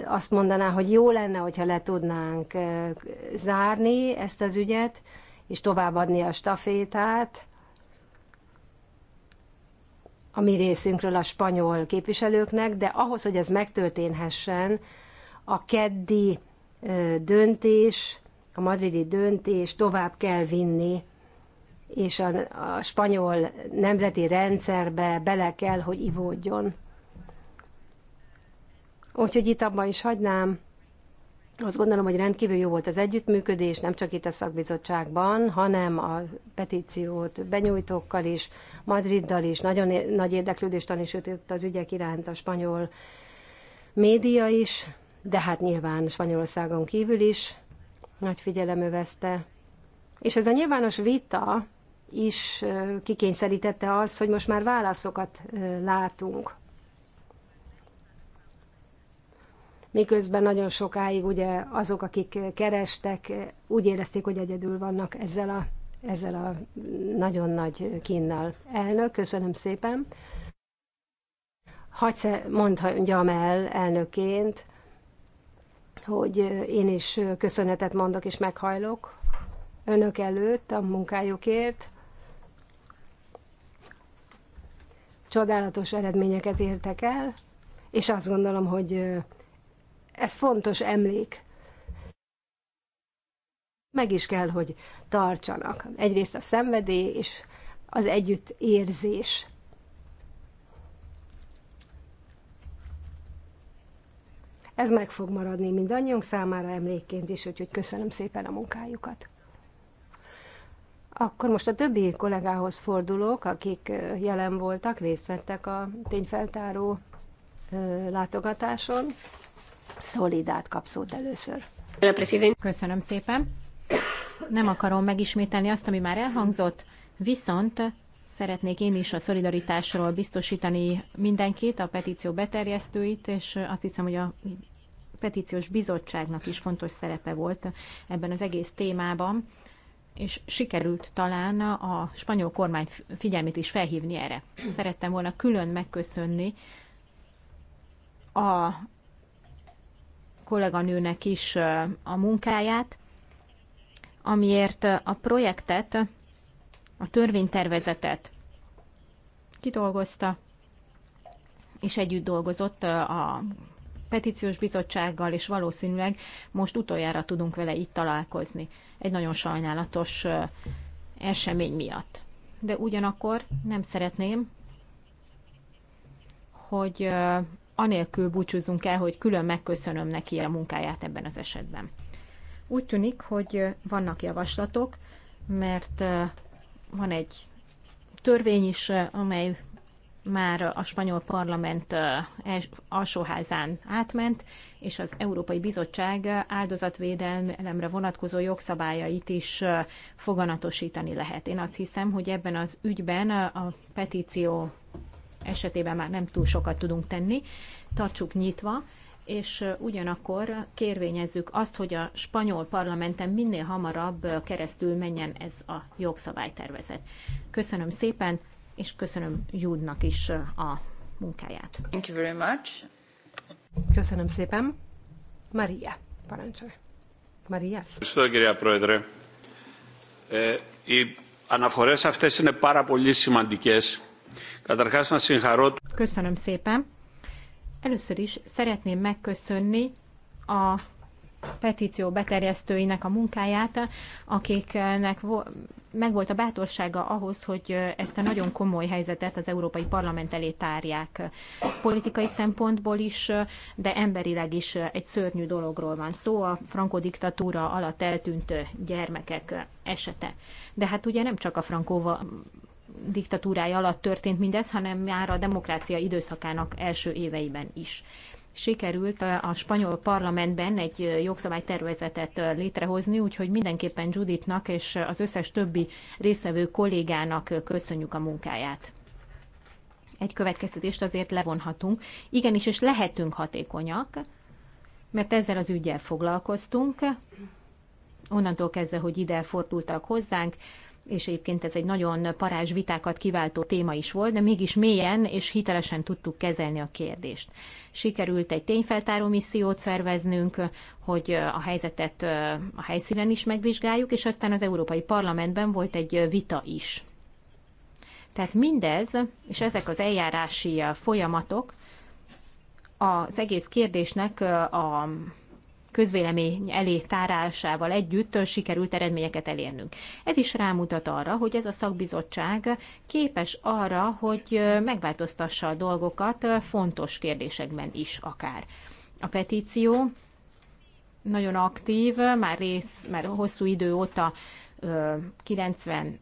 Speaker 2: azt mondaná, hogy jó lenne, hogyha le tudnánk zárni ezt az ügyet, és továbbadni a stafétát a mi részünkről a spanyol képviselőknek, de ahhoz, hogy ez megtörténhessen, a keddi döntés, a madridi döntés tovább kell vinni és a, a spanyol nemzeti rendszerbe bele kell, hogy ivódjon. Úgyhogy itt abban is hagynám. Azt gondolom, hogy rendkívül jó volt az együttműködés, nem csak itt a szakbizottságban, hanem a petíciót benyújtókkal is, Madriddal is. Nagyon nagy érdeklődést tanított, az ügyek iránt a spanyol média is, de hát nyilván Spanyolországon kívül is nagy figyelem övezte. És ez a nyilvános vita is kikényszerítette az, hogy most már válaszokat látunk. Miközben nagyon sokáig ugye azok, akik kerestek, úgy érezték, hogy egyedül vannak ezzel a, ezzel a nagyon nagy kínnal. Elnök, köszönöm szépen. Hagysz mondjam el elnökként, hogy én is köszönetet mondok és meghajlok önök előtt a munkájukért, csodálatos eredményeket értek el, és azt gondolom, hogy ez fontos emlék. Meg is kell, hogy tartsanak. Egyrészt a szenvedély és az együttérzés. Ez meg fog maradni mindannyiunk számára emlékként is, úgyhogy köszönöm szépen a munkájukat. Akkor most a többi kollégához fordulok, akik jelen voltak, részt vettek a tényfeltáró látogatáson. Szolidát kapszót először.
Speaker 4: Köszönöm szépen. Nem akarom megismételni azt, ami már elhangzott, viszont szeretnék én is a szolidaritásról biztosítani mindenkit, a petíció beterjesztőit, és azt hiszem, hogy a petíciós bizottságnak is fontos szerepe volt ebben az egész témában és sikerült talán a spanyol kormány figyelmét is felhívni erre. Szerettem volna külön megköszönni a kolléganőnek is a munkáját, amiért a projektet, a törvénytervezetet kidolgozta, és együtt dolgozott a petíciós bizottsággal, és valószínűleg most utoljára tudunk vele itt találkozni. Egy nagyon sajnálatos esemény miatt. De ugyanakkor nem szeretném, hogy anélkül búcsúzunk el, hogy külön megköszönöm neki a munkáját ebben az esetben. Úgy tűnik, hogy vannak javaslatok, mert van egy törvény is, amely már a spanyol parlament alsóházán átment, és az Európai Bizottság áldozatvédelemre vonatkozó jogszabályait is foganatosítani lehet. Én azt hiszem, hogy ebben az ügyben a petíció esetében már nem túl sokat tudunk tenni. Tartsuk nyitva, és ugyanakkor kérvényezzük azt, hogy a spanyol parlamenten minél hamarabb keresztül menjen ez a jogszabálytervezet. Köszönöm szépen, és köszönöm
Speaker 2: Júdnak is a munkáját. Thank you very much. Köszönöm szépen. Maria, parancsolj. Maria.
Speaker 3: Ευχαριστώ κυρία Πρόεδρε. αναφορές αυτές είναι πάρα πολύ σημαντικές. Καταρχάς να συγχαρώ...
Speaker 4: Köszönöm szépen. Először is szeretném megköszönni a petíció beterjesztőinek a munkáját, akiknek megvolt a bátorsága ahhoz, hogy ezt a nagyon komoly helyzetet az Európai Parlament elé tárják. Politikai szempontból is, de emberileg is egy szörnyű dologról van szó, a frankó diktatúra alatt eltűnt gyermekek esete. De hát ugye nem csak a frankóva diktatúrája alatt történt mindez, hanem már a demokrácia időszakának első éveiben is sikerült a spanyol parlamentben egy jogszabálytervezetet létrehozni, úgyhogy mindenképpen Juditnak és az összes többi részvevő kollégának köszönjük a munkáját. Egy következtetést azért levonhatunk. Igenis, és lehetünk hatékonyak, mert ezzel az ügyel foglalkoztunk, onnantól kezdve, hogy ide fordultak hozzánk, és egyébként ez egy nagyon parázs vitákat kiváltó téma is volt, de mégis mélyen és hitelesen tudtuk kezelni a kérdést. Sikerült egy tényfeltáró missziót szerveznünk, hogy a helyzetet a helyszínen is megvizsgáljuk, és aztán az Európai Parlamentben volt egy vita is. Tehát mindez, és ezek az eljárási folyamatok az egész kérdésnek a közvélemény elé tárásával együtt sikerült eredményeket elérnünk. Ez is rámutat arra, hogy ez a szakbizottság képes arra, hogy megváltoztassa a dolgokat fontos kérdésekben is akár. A petíció nagyon aktív, már, rész, már hosszú idő óta 93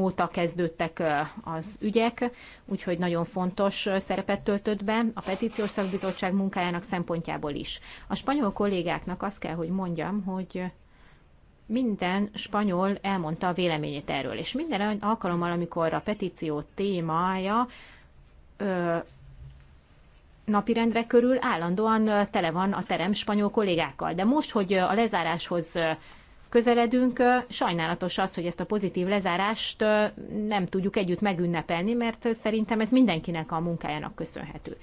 Speaker 4: óta kezdődtek az ügyek, úgyhogy nagyon fontos szerepet töltött be a petíciós szakbizottság munkájának szempontjából is. A spanyol kollégáknak azt kell, hogy mondjam, hogy minden spanyol elmondta a véleményét erről, és minden alkalommal, amikor a petíció témája napirendre körül állandóan tele van a terem spanyol kollégákkal. De most, hogy a lezáráshoz közeledünk. Sajnálatos az, hogy ezt a pozitív lezárást nem tudjuk együtt megünnepelni, mert szerintem ez mindenkinek a munkájának köszönhető.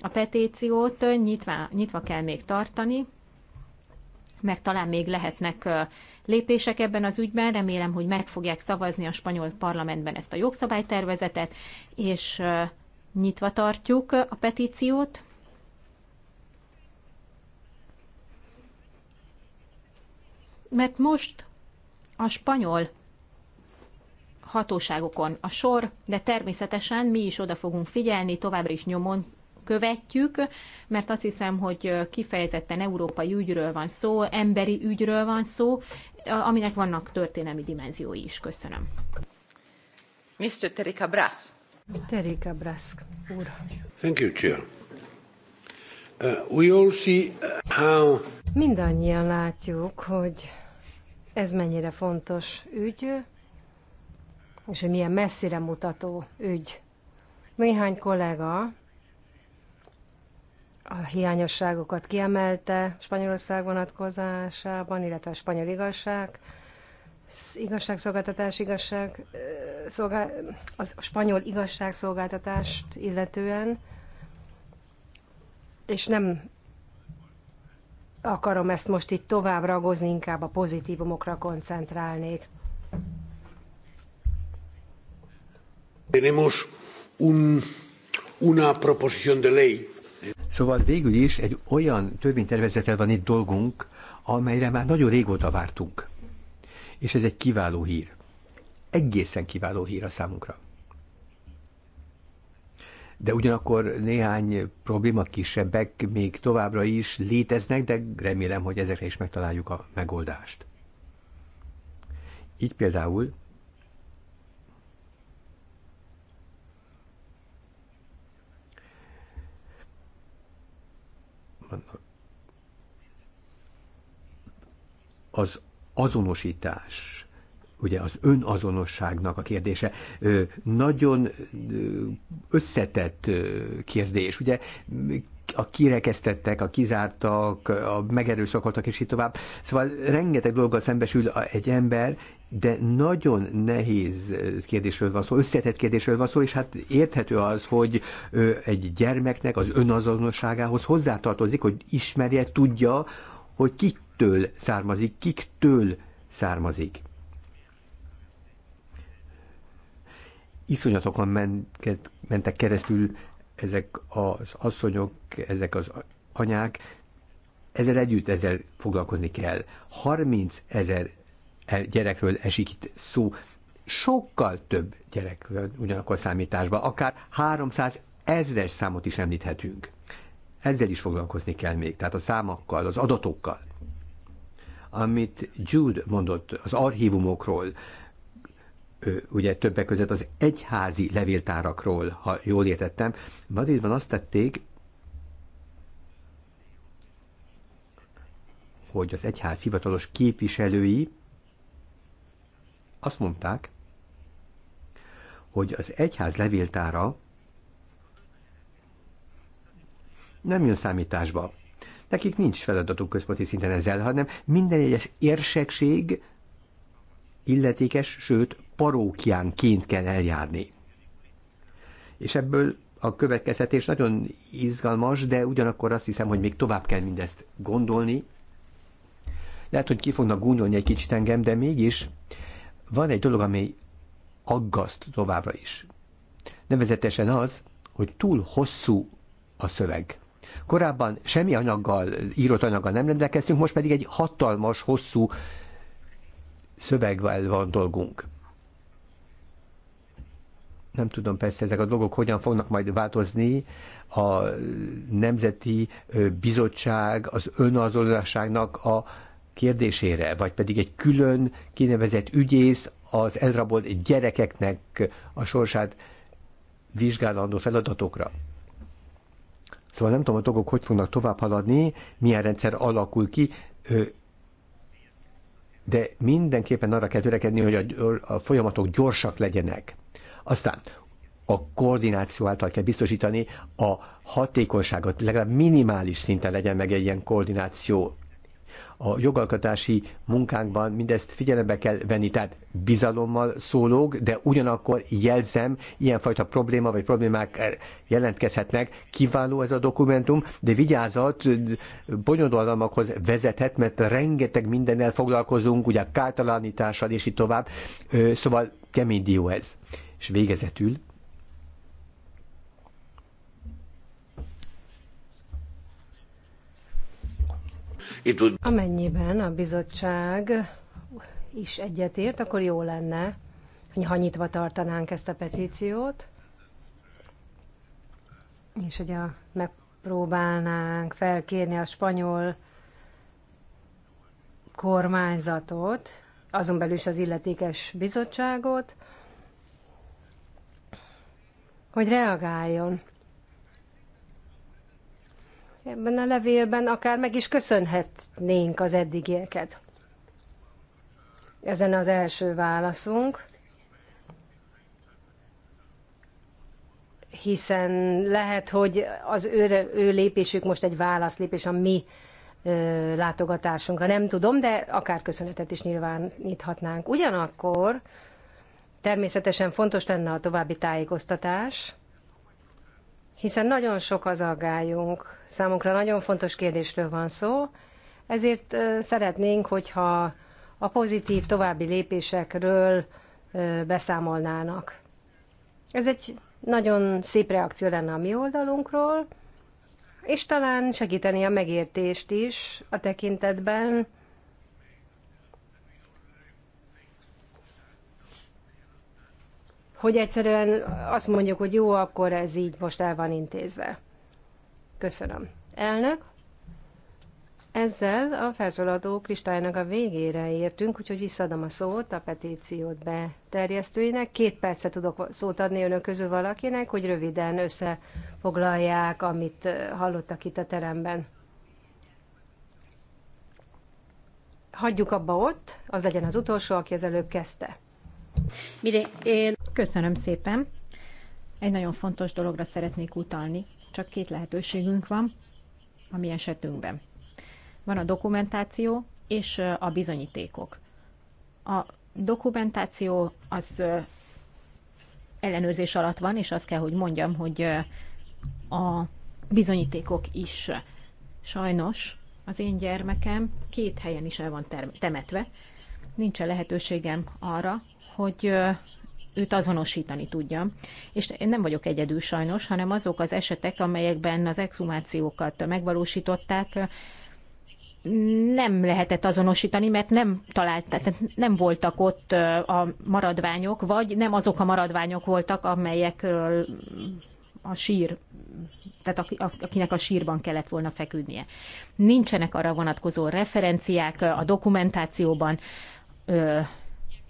Speaker 4: A petíciót nyitva, nyitva kell még tartani, mert talán még lehetnek lépések ebben az ügyben. Remélem, hogy meg fogják szavazni a spanyol parlamentben ezt a jogszabálytervezetet, és nyitva tartjuk a petíciót. mert most a spanyol hatóságokon a sor, de természetesen mi is oda fogunk figyelni, továbbra is nyomon követjük, mert azt hiszem, hogy kifejezetten európai ügyről van szó, emberi ügyről van szó, aminek vannak történelmi dimenziói is. Köszönöm. Mr. Terika Brass.
Speaker 2: Terika Brass úr.
Speaker 3: Thank you, Chair. Uh, we all see uh, how...
Speaker 2: Mindannyian látjuk, hogy ez mennyire fontos ügy, és hogy milyen messzire mutató ügy. Néhány kollega a hiányosságokat kiemelte Spanyolország vonatkozásában, illetve a spanyol igazság, igazságszolgáltatás, igazság, szolgál, az spanyol igazságszolgáltatást illetően, és nem akarom ezt most itt tovább ragozni, inkább a pozitívumokra koncentrálnék.
Speaker 3: Tenemos un, una proposición de ley.
Speaker 5: Szóval végül is egy olyan törvénytervezettel van itt dolgunk, amelyre már nagyon régóta vártunk. És ez egy kiváló hír. Egészen kiváló hír a számunkra de ugyanakkor néhány probléma kisebbek még továbbra is léteznek, de remélem, hogy ezekre is megtaláljuk a megoldást. Így például az azonosítás ugye az önazonosságnak a kérdése nagyon összetett kérdés. Ugye a kirekesztettek, a kizártak, a megerőszakoltak, és így tovább. Szóval rengeteg dolggal szembesül egy ember, de nagyon nehéz kérdésről van szó, összetett kérdésről van szó, és hát érthető az, hogy egy gyermeknek az önazonosságához hozzátartozik, hogy ismerje, tudja, hogy kiktől származik, kiktől származik. iszonyatokon mentek, mentek keresztül ezek az asszonyok, ezek az anyák, ezzel együtt ezzel foglalkozni kell. 30 ezer gyerekről esik itt szó, sokkal több gyerekről ugyanakkor számításban, akár 300 ezres számot is említhetünk. Ezzel is foglalkozni kell még, tehát a számakkal, az adatokkal. Amit Jude mondott az archívumokról, ugye többek között az egyházi levéltárakról, ha jól értettem. Madridban azt tették, hogy az egyház hivatalos képviselői azt mondták, hogy az egyház levéltára nem jön számításba. Nekik nincs feladatuk központi szinten ezzel, hanem minden egyes érsekség illetékes, sőt parókiánként kell eljárni. És ebből a következtetés nagyon izgalmas, de ugyanakkor azt hiszem, hogy még tovább kell mindezt gondolni. Lehet, hogy ki fognak gúnyolni egy kicsit engem, de mégis van egy dolog, ami aggaszt továbbra is. Nevezetesen az, hogy túl hosszú a szöveg. Korábban semmi anyaggal, írott anyaggal nem rendelkeztünk, most pedig egy hatalmas, hosszú szöveggel van dolgunk nem tudom persze ezek a dolgok hogyan fognak majd változni, a Nemzeti Bizottság az önazonosságnak a kérdésére, vagy pedig egy külön kinevezett ügyész az elrabolt gyerekeknek a sorsát vizsgálandó feladatokra. Szóval nem tudom, a dolgok hogy fognak tovább haladni, milyen rendszer alakul ki, de mindenképpen arra kell törekedni, hogy a, a folyamatok gyorsak legyenek. Aztán a koordináció által kell biztosítani a hatékonyságot, legalább minimális szinten legyen meg egy ilyen koordináció. A jogalkotási munkánkban mindezt figyelembe kell venni, tehát bizalommal szólók, de ugyanakkor jelzem, ilyenfajta probléma vagy problémák jelentkezhetnek. Kiváló ez a dokumentum, de vigyázat, bonyodalmakhoz vezethet, mert rengeteg mindennel foglalkozunk, ugye kártalanítással és így tovább. Szóval kemény dió ez. És végezetül
Speaker 2: Amennyiben a bizottság is egyetért, akkor jó lenne, ha nyitva tartanánk ezt a petíciót, és hogy a, megpróbálnánk felkérni a spanyol kormányzatot, azon belül is az illetékes bizottságot, hogy reagáljon. Ebben a levélben akár meg is köszönhetnénk az eddigieket. Ezen az első válaszunk. hiszen lehet, hogy az ő, ő lépésük most egy válaszlépés a mi ö, látogatásunkra. Nem tudom, de akár köszönetet is nyilváníthatnánk. Ugyanakkor Természetesen fontos lenne a további tájékoztatás, hiszen nagyon sok az aggályunk, számunkra nagyon fontos kérdésről van szó, ezért szeretnénk, hogyha a pozitív további lépésekről beszámolnának. Ez egy nagyon szép reakció lenne a mi oldalunkról, és talán segíteni a megértést is a tekintetben, hogy egyszerűen azt mondjuk, hogy jó, akkor ez így most el van intézve. Köszönöm. Elnök, ezzel a felszólaló kristálynak a végére értünk, úgyhogy visszadom a szót a petíciót beterjesztőinek. Két percet tudok szót adni önök közül valakinek, hogy röviden összefoglalják, amit eh, hallottak itt a teremben. Hagyjuk abba ott, az legyen az utolsó, aki az előbb kezdte. Mire, én... Köszönöm szépen. Egy nagyon fontos
Speaker 4: dologra szeretnék utalni. Csak két lehetőségünk van a mi esetünkben. Van a dokumentáció és a bizonyítékok. A dokumentáció az ellenőrzés alatt van, és azt kell, hogy mondjam, hogy a bizonyítékok is sajnos az én gyermekem két helyen is el van temetve. Nincs lehetőségem arra, hogy őt azonosítani tudja. És én nem vagyok egyedül sajnos, hanem azok az esetek, amelyekben az exhumációkat megvalósították, nem lehetett azonosítani, mert nem talált, tehát nem voltak ott a maradványok, vagy nem azok a maradványok voltak, amelyek a sír, tehát akinek a sírban kellett volna feküdnie. Nincsenek arra vonatkozó referenciák a dokumentációban,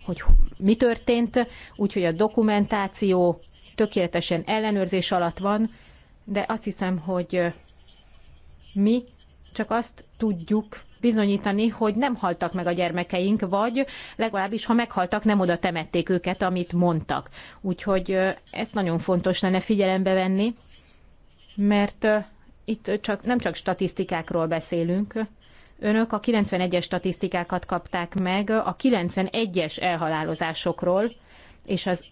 Speaker 4: hogy mi történt, úgyhogy a dokumentáció tökéletesen ellenőrzés alatt van, de azt hiszem, hogy mi csak azt tudjuk bizonyítani, hogy nem haltak meg a gyermekeink, vagy legalábbis, ha meghaltak, nem oda temették őket, amit mondtak. Úgyhogy ezt nagyon fontos lenne figyelembe venni, mert itt csak, nem csak statisztikákról beszélünk, Önök a 91-es statisztikákat kapták meg a 91-es elhalálozásokról, és az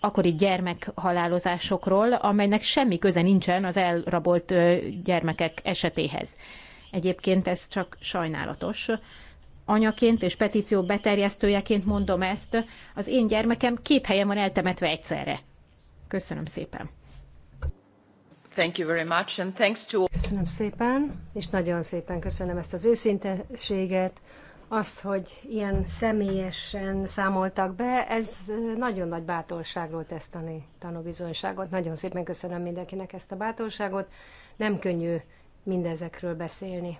Speaker 4: akkori gyermekhalálozásokról, amelynek semmi köze nincsen az elrabolt gyermekek esetéhez. Egyébként ez csak sajnálatos. Anyaként és petíció beterjesztőjeként mondom ezt, az én gyermekem két helyen van eltemetve egyszerre. Köszönöm szépen.
Speaker 2: Thank you very much, and thanks to... Köszönöm szépen, és nagyon szépen köszönöm ezt az őszinteséget. Az, hogy ilyen személyesen számoltak be, ez nagyon nagy bátorságról tesz tani, tanúbizonyságot. Nagyon szépen köszönöm mindenkinek ezt a bátorságot. Nem könnyű mindezekről beszélni.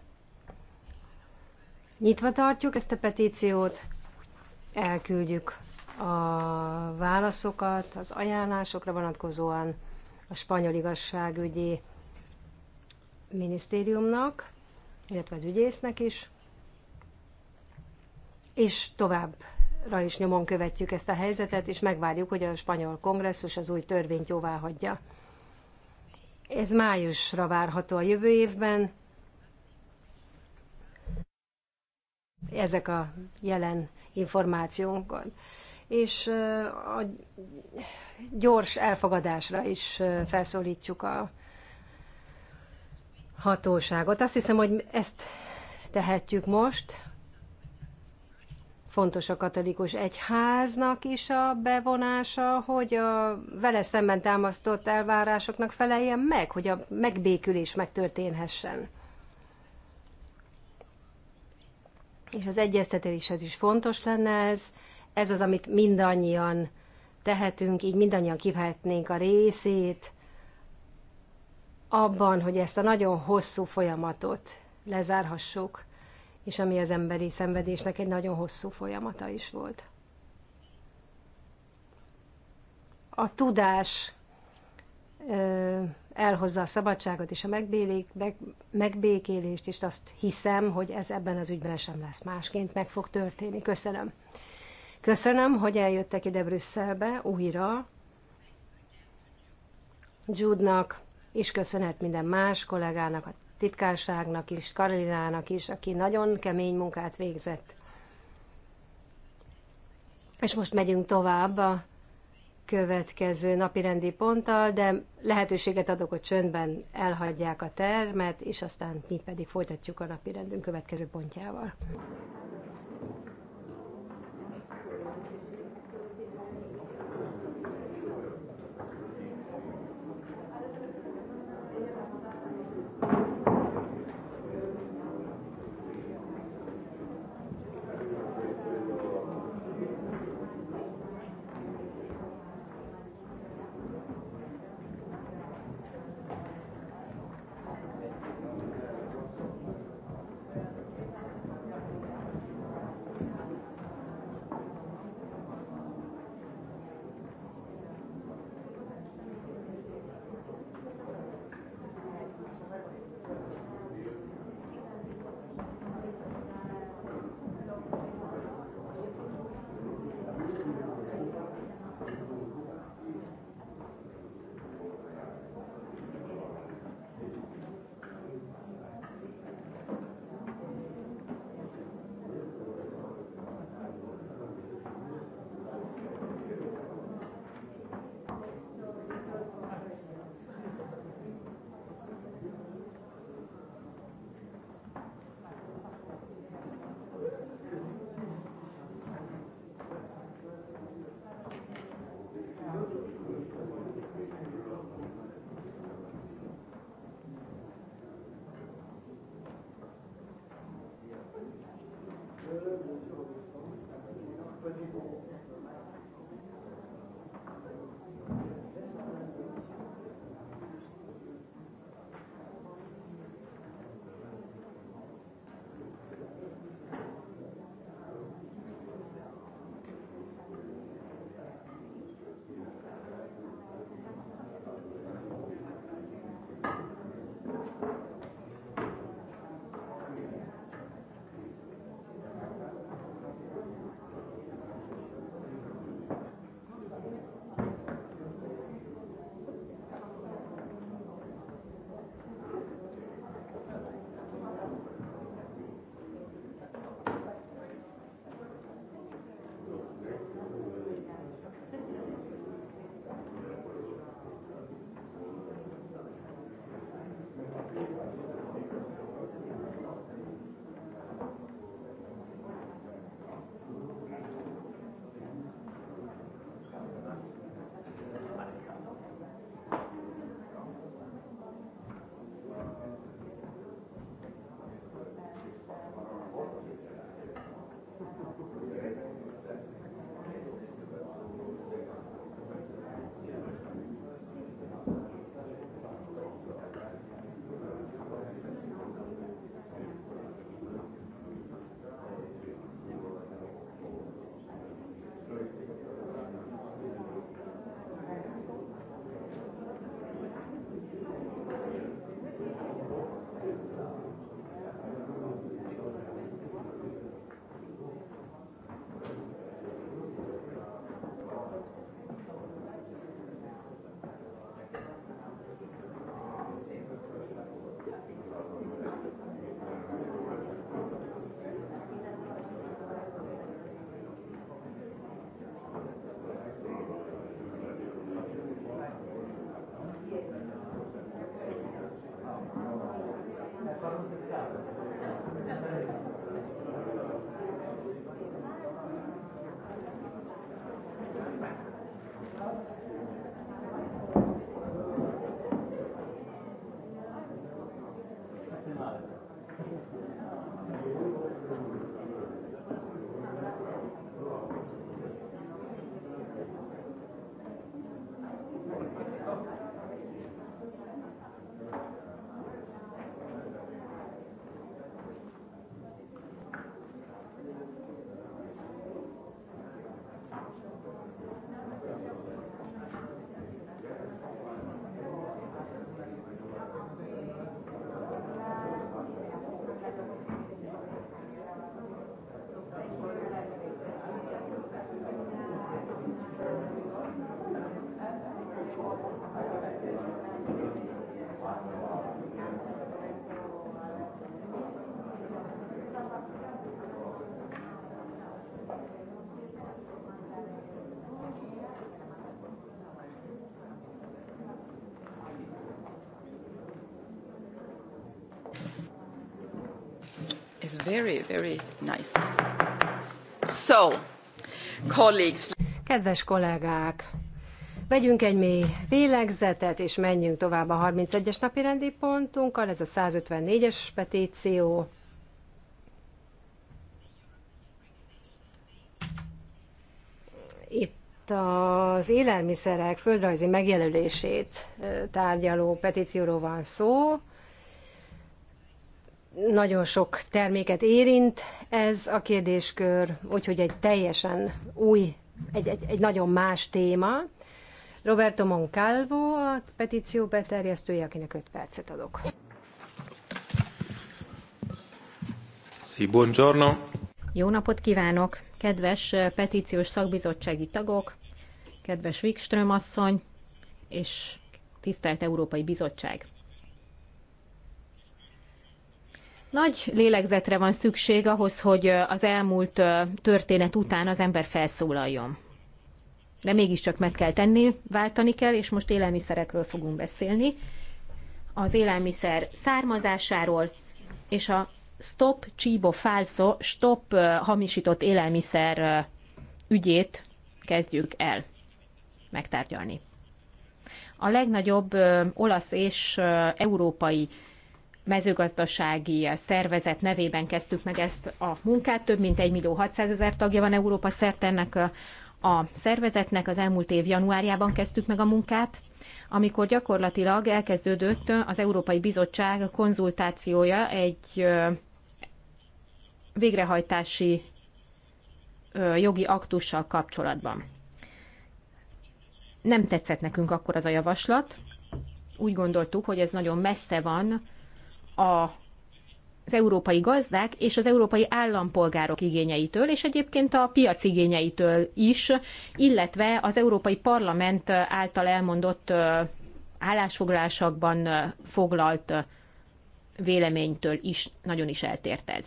Speaker 2: Nyitva tartjuk ezt a petíciót, elküldjük a válaszokat az ajánlásokra vonatkozóan a spanyol igazságügyi minisztériumnak, illetve az ügyésznek is, és továbbra is nyomon követjük ezt a helyzetet, és megvárjuk, hogy a spanyol kongresszus az új törvényt jóvá hagyja. Ez májusra várható a jövő évben. Ezek a jelen információnkon és a gyors elfogadásra is felszólítjuk a hatóságot. Azt hiszem, hogy ezt tehetjük most. Fontos a katolikus egyháznak is a bevonása, hogy a vele szemben támasztott elvárásoknak feleljen meg, hogy a megbékülés megtörténhessen. És az egyeztetéshez is fontos lenne ez, ez az, amit mindannyian tehetünk, így mindannyian kivehetnénk a részét abban, hogy ezt a nagyon hosszú folyamatot lezárhassuk, és ami az emberi szenvedésnek egy nagyon hosszú folyamata is volt. A tudás elhozza a szabadságot és a megbélék, meg, megbékélést, és azt hiszem, hogy ez ebben az ügyben sem lesz másként, meg fog történni. Köszönöm. Köszönöm, hogy eljöttek ide Brüsszelbe újra. Judnak és köszönhet minden más kollégának, a titkárságnak is, Karolinának is, aki nagyon kemény munkát végzett. És most megyünk tovább a következő napirendi ponttal, de lehetőséget adok, hogy csöndben elhagyják a termet, és aztán mi pedig folytatjuk a napirendünk következő pontjával.
Speaker 1: is very, very nice. So, colleagues.
Speaker 2: Kedves kollégák, vegyünk egy mély vélegzetet, és menjünk tovább a 31-es napi rendi pontunkkal. Ez a 154-es petíció. Itt az élelmiszerek földrajzi megjelölését eh, tárgyaló petícióról van szó. Nagyon sok terméket érint ez a kérdéskör, úgyhogy egy teljesen új, egy, egy, egy nagyon más téma. Roberto Moncalvo, a petíció beterjesztője, akinek 5 percet adok.
Speaker 3: Sí, buongiorno.
Speaker 4: Jó napot kívánok, kedves eh, petíciós szakbizottsági tagok, kedves Wikström asszony és tisztelt Európai Bizottság. Nagy lélegzetre van szükség ahhoz, hogy az elmúlt történet után az ember felszólaljon. De mégiscsak meg kell tenni, váltani kell, és most élelmiszerekről fogunk beszélni. Az élelmiszer származásáról és a Stop Cibo Falso, Stop hamisított élelmiszer ügyét kezdjük el megtárgyalni. A legnagyobb olasz és európai mezőgazdasági szervezet nevében kezdtük meg ezt a munkát. Több mint 1 millió 600 ezer tagja van Európa szerte ennek a szervezetnek. Az elmúlt év januárjában kezdtük meg a munkát, amikor gyakorlatilag elkezdődött az Európai Bizottság konzultációja egy végrehajtási jogi aktussal kapcsolatban. Nem tetszett nekünk akkor az a javaslat, úgy gondoltuk, hogy ez nagyon messze van a az európai gazdák és az európai állampolgárok igényeitől, és egyébként a piac igényeitől is, illetve az Európai Parlament által elmondott állásfoglalásokban foglalt véleménytől is nagyon is eltért ez.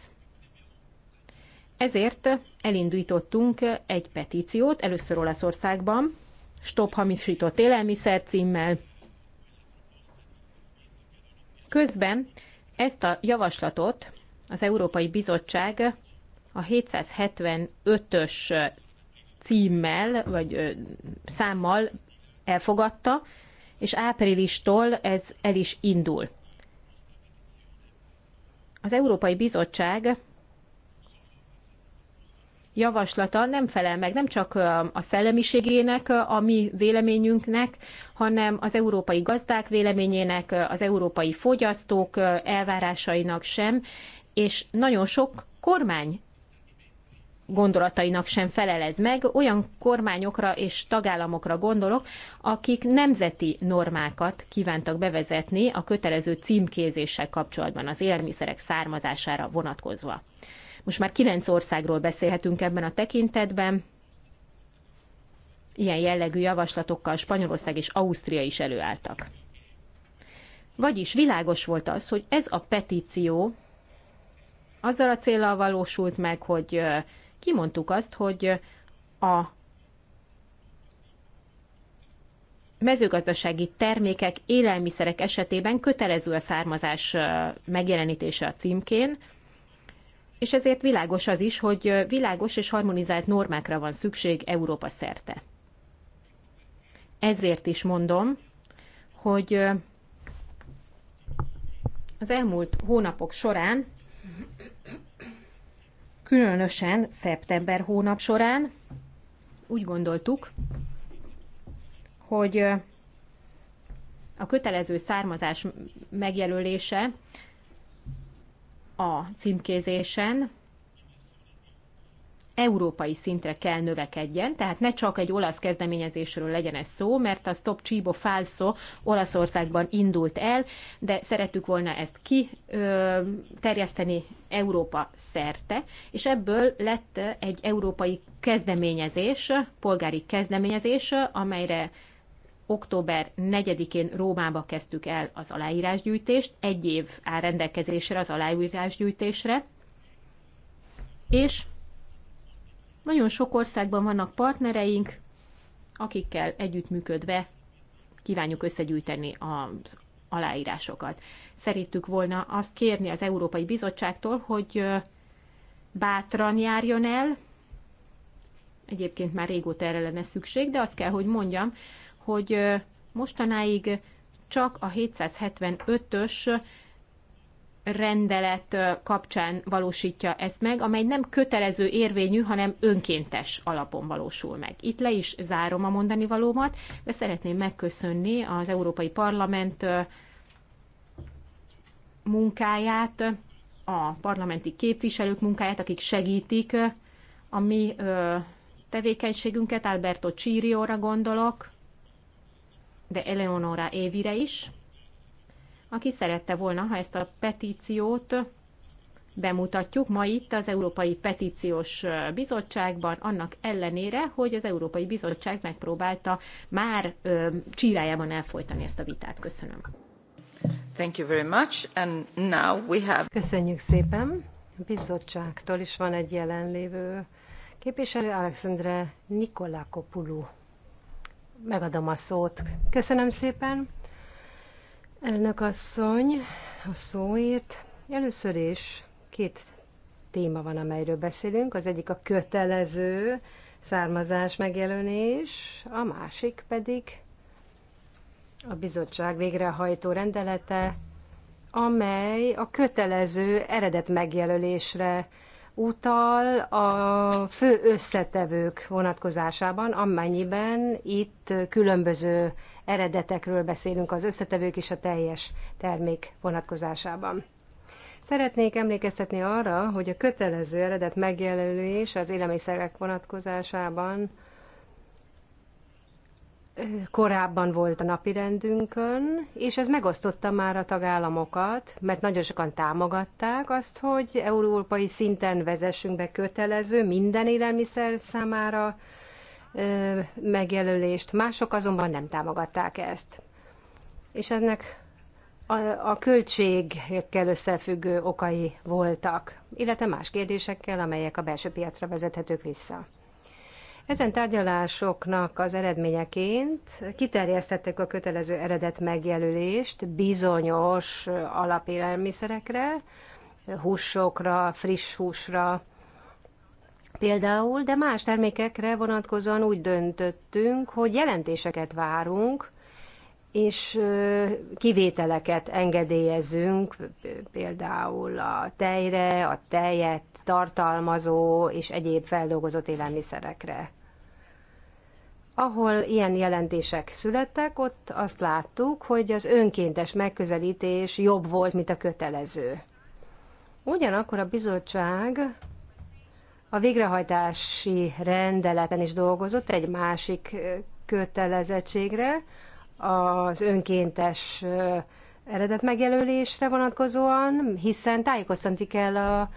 Speaker 4: Ezért elindítottunk egy petíciót, először Olaszországban, Stop hamisított élelmiszer címmel. Közben ezt a javaslatot az Európai Bizottság a 775-ös címmel, vagy számmal elfogadta, és áprilistól ez el is indul. Az Európai Bizottság javaslata nem felel meg nem csak a szellemiségének, a mi véleményünknek, hanem az európai gazdák véleményének, az európai fogyasztók elvárásainak sem, és nagyon sok kormány gondolatainak sem felelez meg. Olyan kormányokra és tagállamokra gondolok, akik nemzeti normákat kívántak bevezetni a kötelező címkézéssel kapcsolatban az élelmiszerek származására vonatkozva. Most már kilenc országról beszélhetünk ebben a tekintetben. Ilyen jellegű javaslatokkal Spanyolország és Ausztria is előálltak. Vagyis világos volt az, hogy ez a petíció azzal a célral valósult meg, hogy kimondtuk azt, hogy a mezőgazdasági termékek, élelmiszerek esetében kötelező a származás megjelenítése a címkén, és ezért világos az is, hogy világos és harmonizált normákra van szükség Európa szerte. Ezért is mondom, hogy az elmúlt hónapok során, különösen szeptember hónap során úgy gondoltuk, hogy a kötelező származás megjelölése a címkézésen európai szintre kell növekedjen, tehát ne csak egy olasz kezdeményezésről legyen ez szó, mert a Stop Cibo Falso Olaszországban indult el, de szerettük volna ezt kiterjeszteni Európa szerte, és ebből lett egy európai kezdeményezés, polgári kezdeményezés, amelyre október 4-én Rómába kezdtük el az aláírásgyűjtést, egy év áll rendelkezésre az aláírásgyűjtésre, és nagyon sok országban vannak partnereink, akikkel együttműködve kívánjuk összegyűjteni az aláírásokat. Szerettük volna azt kérni az Európai Bizottságtól, hogy bátran járjon el, egyébként már régóta erre lenne szükség, de azt kell, hogy mondjam, hogy mostanáig csak a 775-ös rendelet kapcsán valósítja ezt meg, amely nem kötelező érvényű, hanem önkéntes alapon valósul meg. Itt le is zárom a mondani valómat, de szeretném megköszönni az Európai Parlament munkáját, a parlamenti képviselők munkáját, akik segítik a mi tevékenységünket, Alberto Csírióra gondolok, de Eleonora Évire is, aki szerette volna, ha ezt a petíciót bemutatjuk ma itt az Európai Petíciós Bizottságban, annak ellenére, hogy az Európai Bizottság megpróbálta már ö, csírájában elfolytani ezt a vitát. Köszönöm.
Speaker 2: Thank you very much. And now we have... Köszönjük szépen. A bizottságtól is van egy jelenlévő képviselő, Alexandre Nikolakopulu megadom a szót. Köszönöm szépen, elnök asszony, a szóért. Először is két téma van, amelyről beszélünk. Az egyik a kötelező származás megjelölés, a másik pedig a bizottság végrehajtó rendelete, amely a kötelező eredet megjelölésre utal a fő összetevők vonatkozásában, amennyiben itt különböző eredetekről beszélünk az összetevők és a teljes termék vonatkozásában. Szeretnék emlékeztetni arra, hogy a kötelező eredet megjelölés az élelmiszerek vonatkozásában korábban volt a napirendünkön, és ez megosztotta már a tagállamokat, mert nagyon sokan támogatták azt, hogy európai szinten vezessünk be kötelező minden élelmiszer számára megjelölést. Mások azonban nem támogatták ezt. És ennek a, a költségekkel összefüggő okai voltak, illetve más kérdésekkel, amelyek a belső piacra vezethetők vissza. Ezen tárgyalásoknak az eredményeként kiterjesztették a kötelező eredet megjelölést bizonyos alapélelmiszerekre, húsokra, friss húsra, Például, de más termékekre vonatkozóan úgy döntöttünk, hogy jelentéseket várunk és kivételeket engedélyezünk, például a tejre, a tejet tartalmazó és egyéb feldolgozott élelmiszerekre. Ahol ilyen jelentések születtek, ott azt láttuk, hogy az önkéntes megközelítés jobb volt, mint a kötelező. Ugyanakkor a bizottság a végrehajtási rendeleten is dolgozott egy másik kötelezettségre, az önkéntes eredet vonatkozóan, hiszen tájékoztatni kell a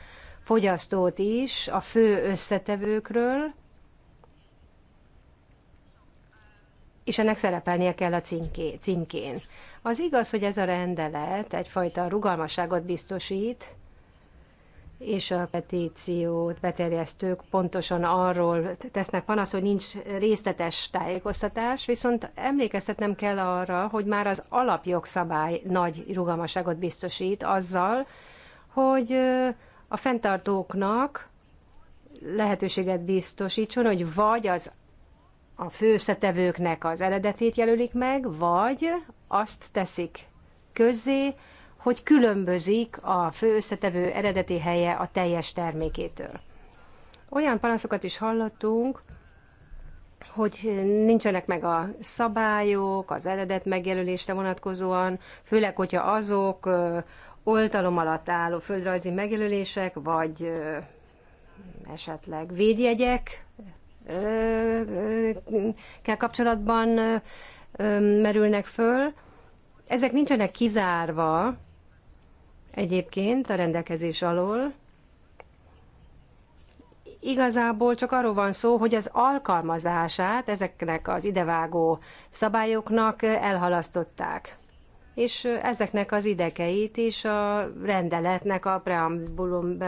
Speaker 2: fogyasztót is a fő összetevőkről, és ennek szerepelnie kell a címké, címkén. Az igaz, hogy ez a rendelet egyfajta rugalmasságot biztosít, és a petíciót beterjesztők pontosan arról tesznek panasz, hogy nincs részletes tájékoztatás, viszont emlékeztetnem kell arra, hogy már az alapjogszabály nagy rugalmasságot biztosít azzal, hogy a fenntartóknak lehetőséget biztosítson, hogy vagy az a főszetevőknek az eredetét jelölik meg, vagy azt teszik közzé, hogy különbözik a fő összetevő eredeti helye a teljes termékétől. Olyan panaszokat is hallottunk, hogy nincsenek meg a szabályok az eredet megjelölésre vonatkozóan, főleg, hogyha azok oltalom alatt álló földrajzi megjelölések, vagy esetleg védjegyek kell kapcsolatban merülnek föl. Ezek nincsenek kizárva egyébként a rendelkezés alól. Igazából csak arról van szó, hogy az alkalmazását ezeknek az idevágó szabályoknak elhalasztották. És ezeknek az idekeit is a rendeletnek a preambulum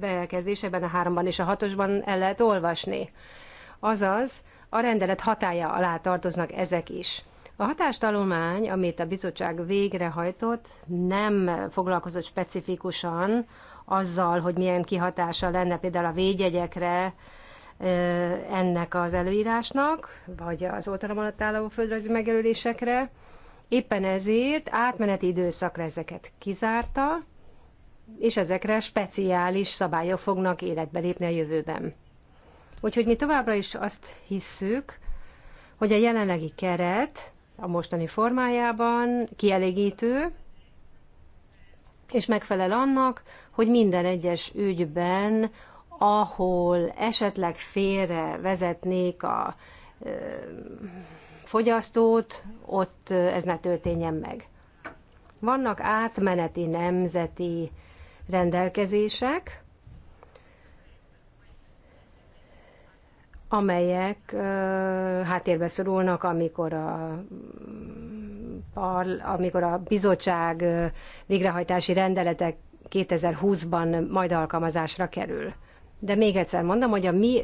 Speaker 2: bekezdésében, a háromban és a hatosban el lehet olvasni. Azaz, a rendelet hatája alá tartoznak ezek is. A hatástalomány, amit a bizottság végrehajtott, nem foglalkozott specifikusan azzal, hogy milyen kihatása lenne például a védjegyekre ennek az előírásnak, vagy az oltalom alatt álló földrajzi megjelölésekre. Éppen ezért átmeneti időszakra ezeket kizárta, és ezekre speciális szabályok fognak életbe lépni a jövőben. Úgyhogy mi továbbra is azt hisszük, hogy a jelenlegi keret a mostani formájában kielégítő, és megfelel annak, hogy minden egyes ügyben, ahol esetleg félre vezetnék a ö, fogyasztót, ott ez ne történjen meg. Vannak átmeneti nemzeti rendelkezések, amelyek háttérbe szorulnak, amikor a, amikor a bizottság végrehajtási rendeletek 2020-ban majd alkalmazásra kerül. De még egyszer mondom, hogy a mi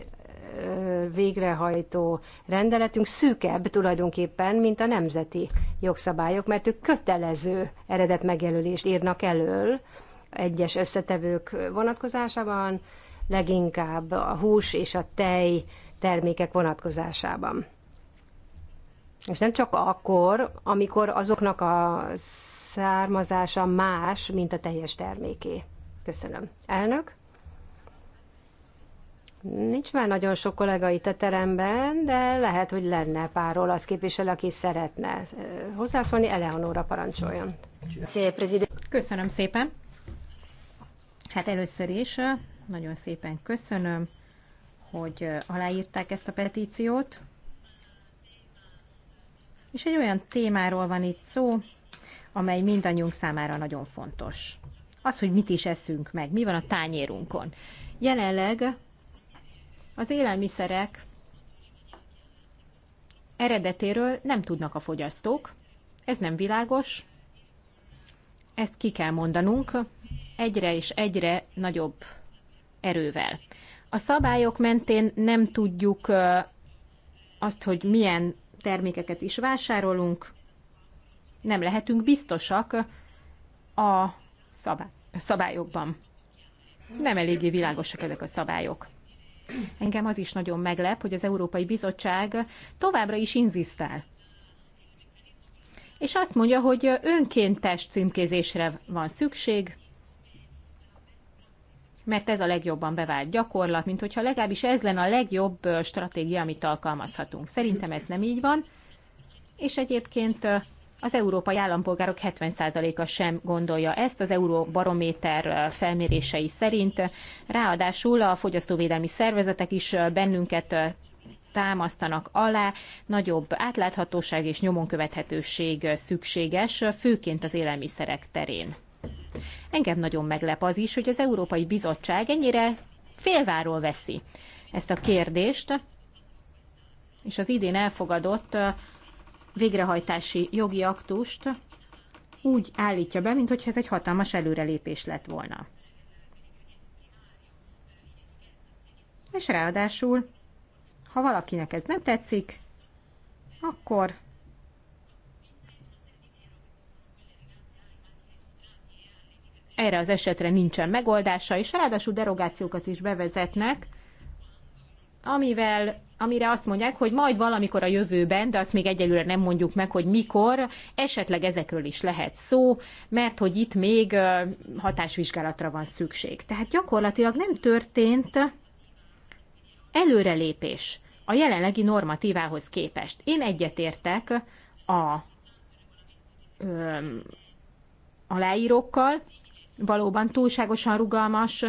Speaker 2: végrehajtó rendeletünk szűkebb tulajdonképpen, mint a nemzeti jogszabályok, mert ők kötelező eredet megjelölést írnak elől egyes összetevők vonatkozásában, leginkább a hús és a tej termékek vonatkozásában. És nem csak akkor, amikor azoknak a származása más, mint a teljes terméké. Köszönöm. Elnök? Nincs már nagyon sok kollega itt a teremben, de lehet, hogy lenne pár az képviselő, aki szeretne hozzászólni. Eleonóra parancsoljon. Köszönöm szépen. Hát először is
Speaker 4: nagyon szépen köszönöm hogy aláírták ezt a petíciót. És egy olyan témáról van itt szó, amely mindannyiunk számára nagyon fontos. Az, hogy mit is eszünk meg, mi van a tányérunkon. Jelenleg az élelmiszerek eredetéről nem tudnak a fogyasztók. Ez nem világos. Ezt ki kell mondanunk egyre és egyre nagyobb erővel. A szabályok mentén nem tudjuk azt, hogy milyen termékeket is vásárolunk, nem lehetünk biztosak a szabályokban. Nem eléggé világosak ezek a szabályok. Engem az is nagyon meglep, hogy az Európai Bizottság továbbra is inzisztál. És azt mondja, hogy önkéntes címkézésre van szükség, mert ez a legjobban bevált gyakorlat, mint hogyha legalábbis ez lenne a legjobb stratégia, amit alkalmazhatunk. Szerintem ez nem így van, és egyébként az európai állampolgárok 70%-a sem gondolja ezt az Euróbarométer felmérései szerint. Ráadásul a fogyasztóvédelmi szervezetek is bennünket támasztanak alá, nagyobb átláthatóság és nyomonkövethetőség szükséges, főként az élelmiszerek terén. Engem nagyon meglep az is, hogy az Európai Bizottság ennyire félváról veszi ezt a kérdést, és az idén elfogadott végrehajtási jogi aktust úgy állítja be, mintha ez egy hatalmas előrelépés lett volna. És ráadásul, ha valakinek ez nem tetszik, akkor erre az esetre nincsen megoldása, és ráadásul derogációkat is bevezetnek, amivel, amire azt mondják, hogy majd valamikor a jövőben, de azt még egyelőre nem mondjuk meg, hogy mikor, esetleg ezekről is lehet szó, mert hogy itt még hatásvizsgálatra van szükség. Tehát gyakorlatilag nem történt előrelépés a jelenlegi normatívához képest. Én egyetértek a öm, aláírókkal, valóban túlságosan rugalmas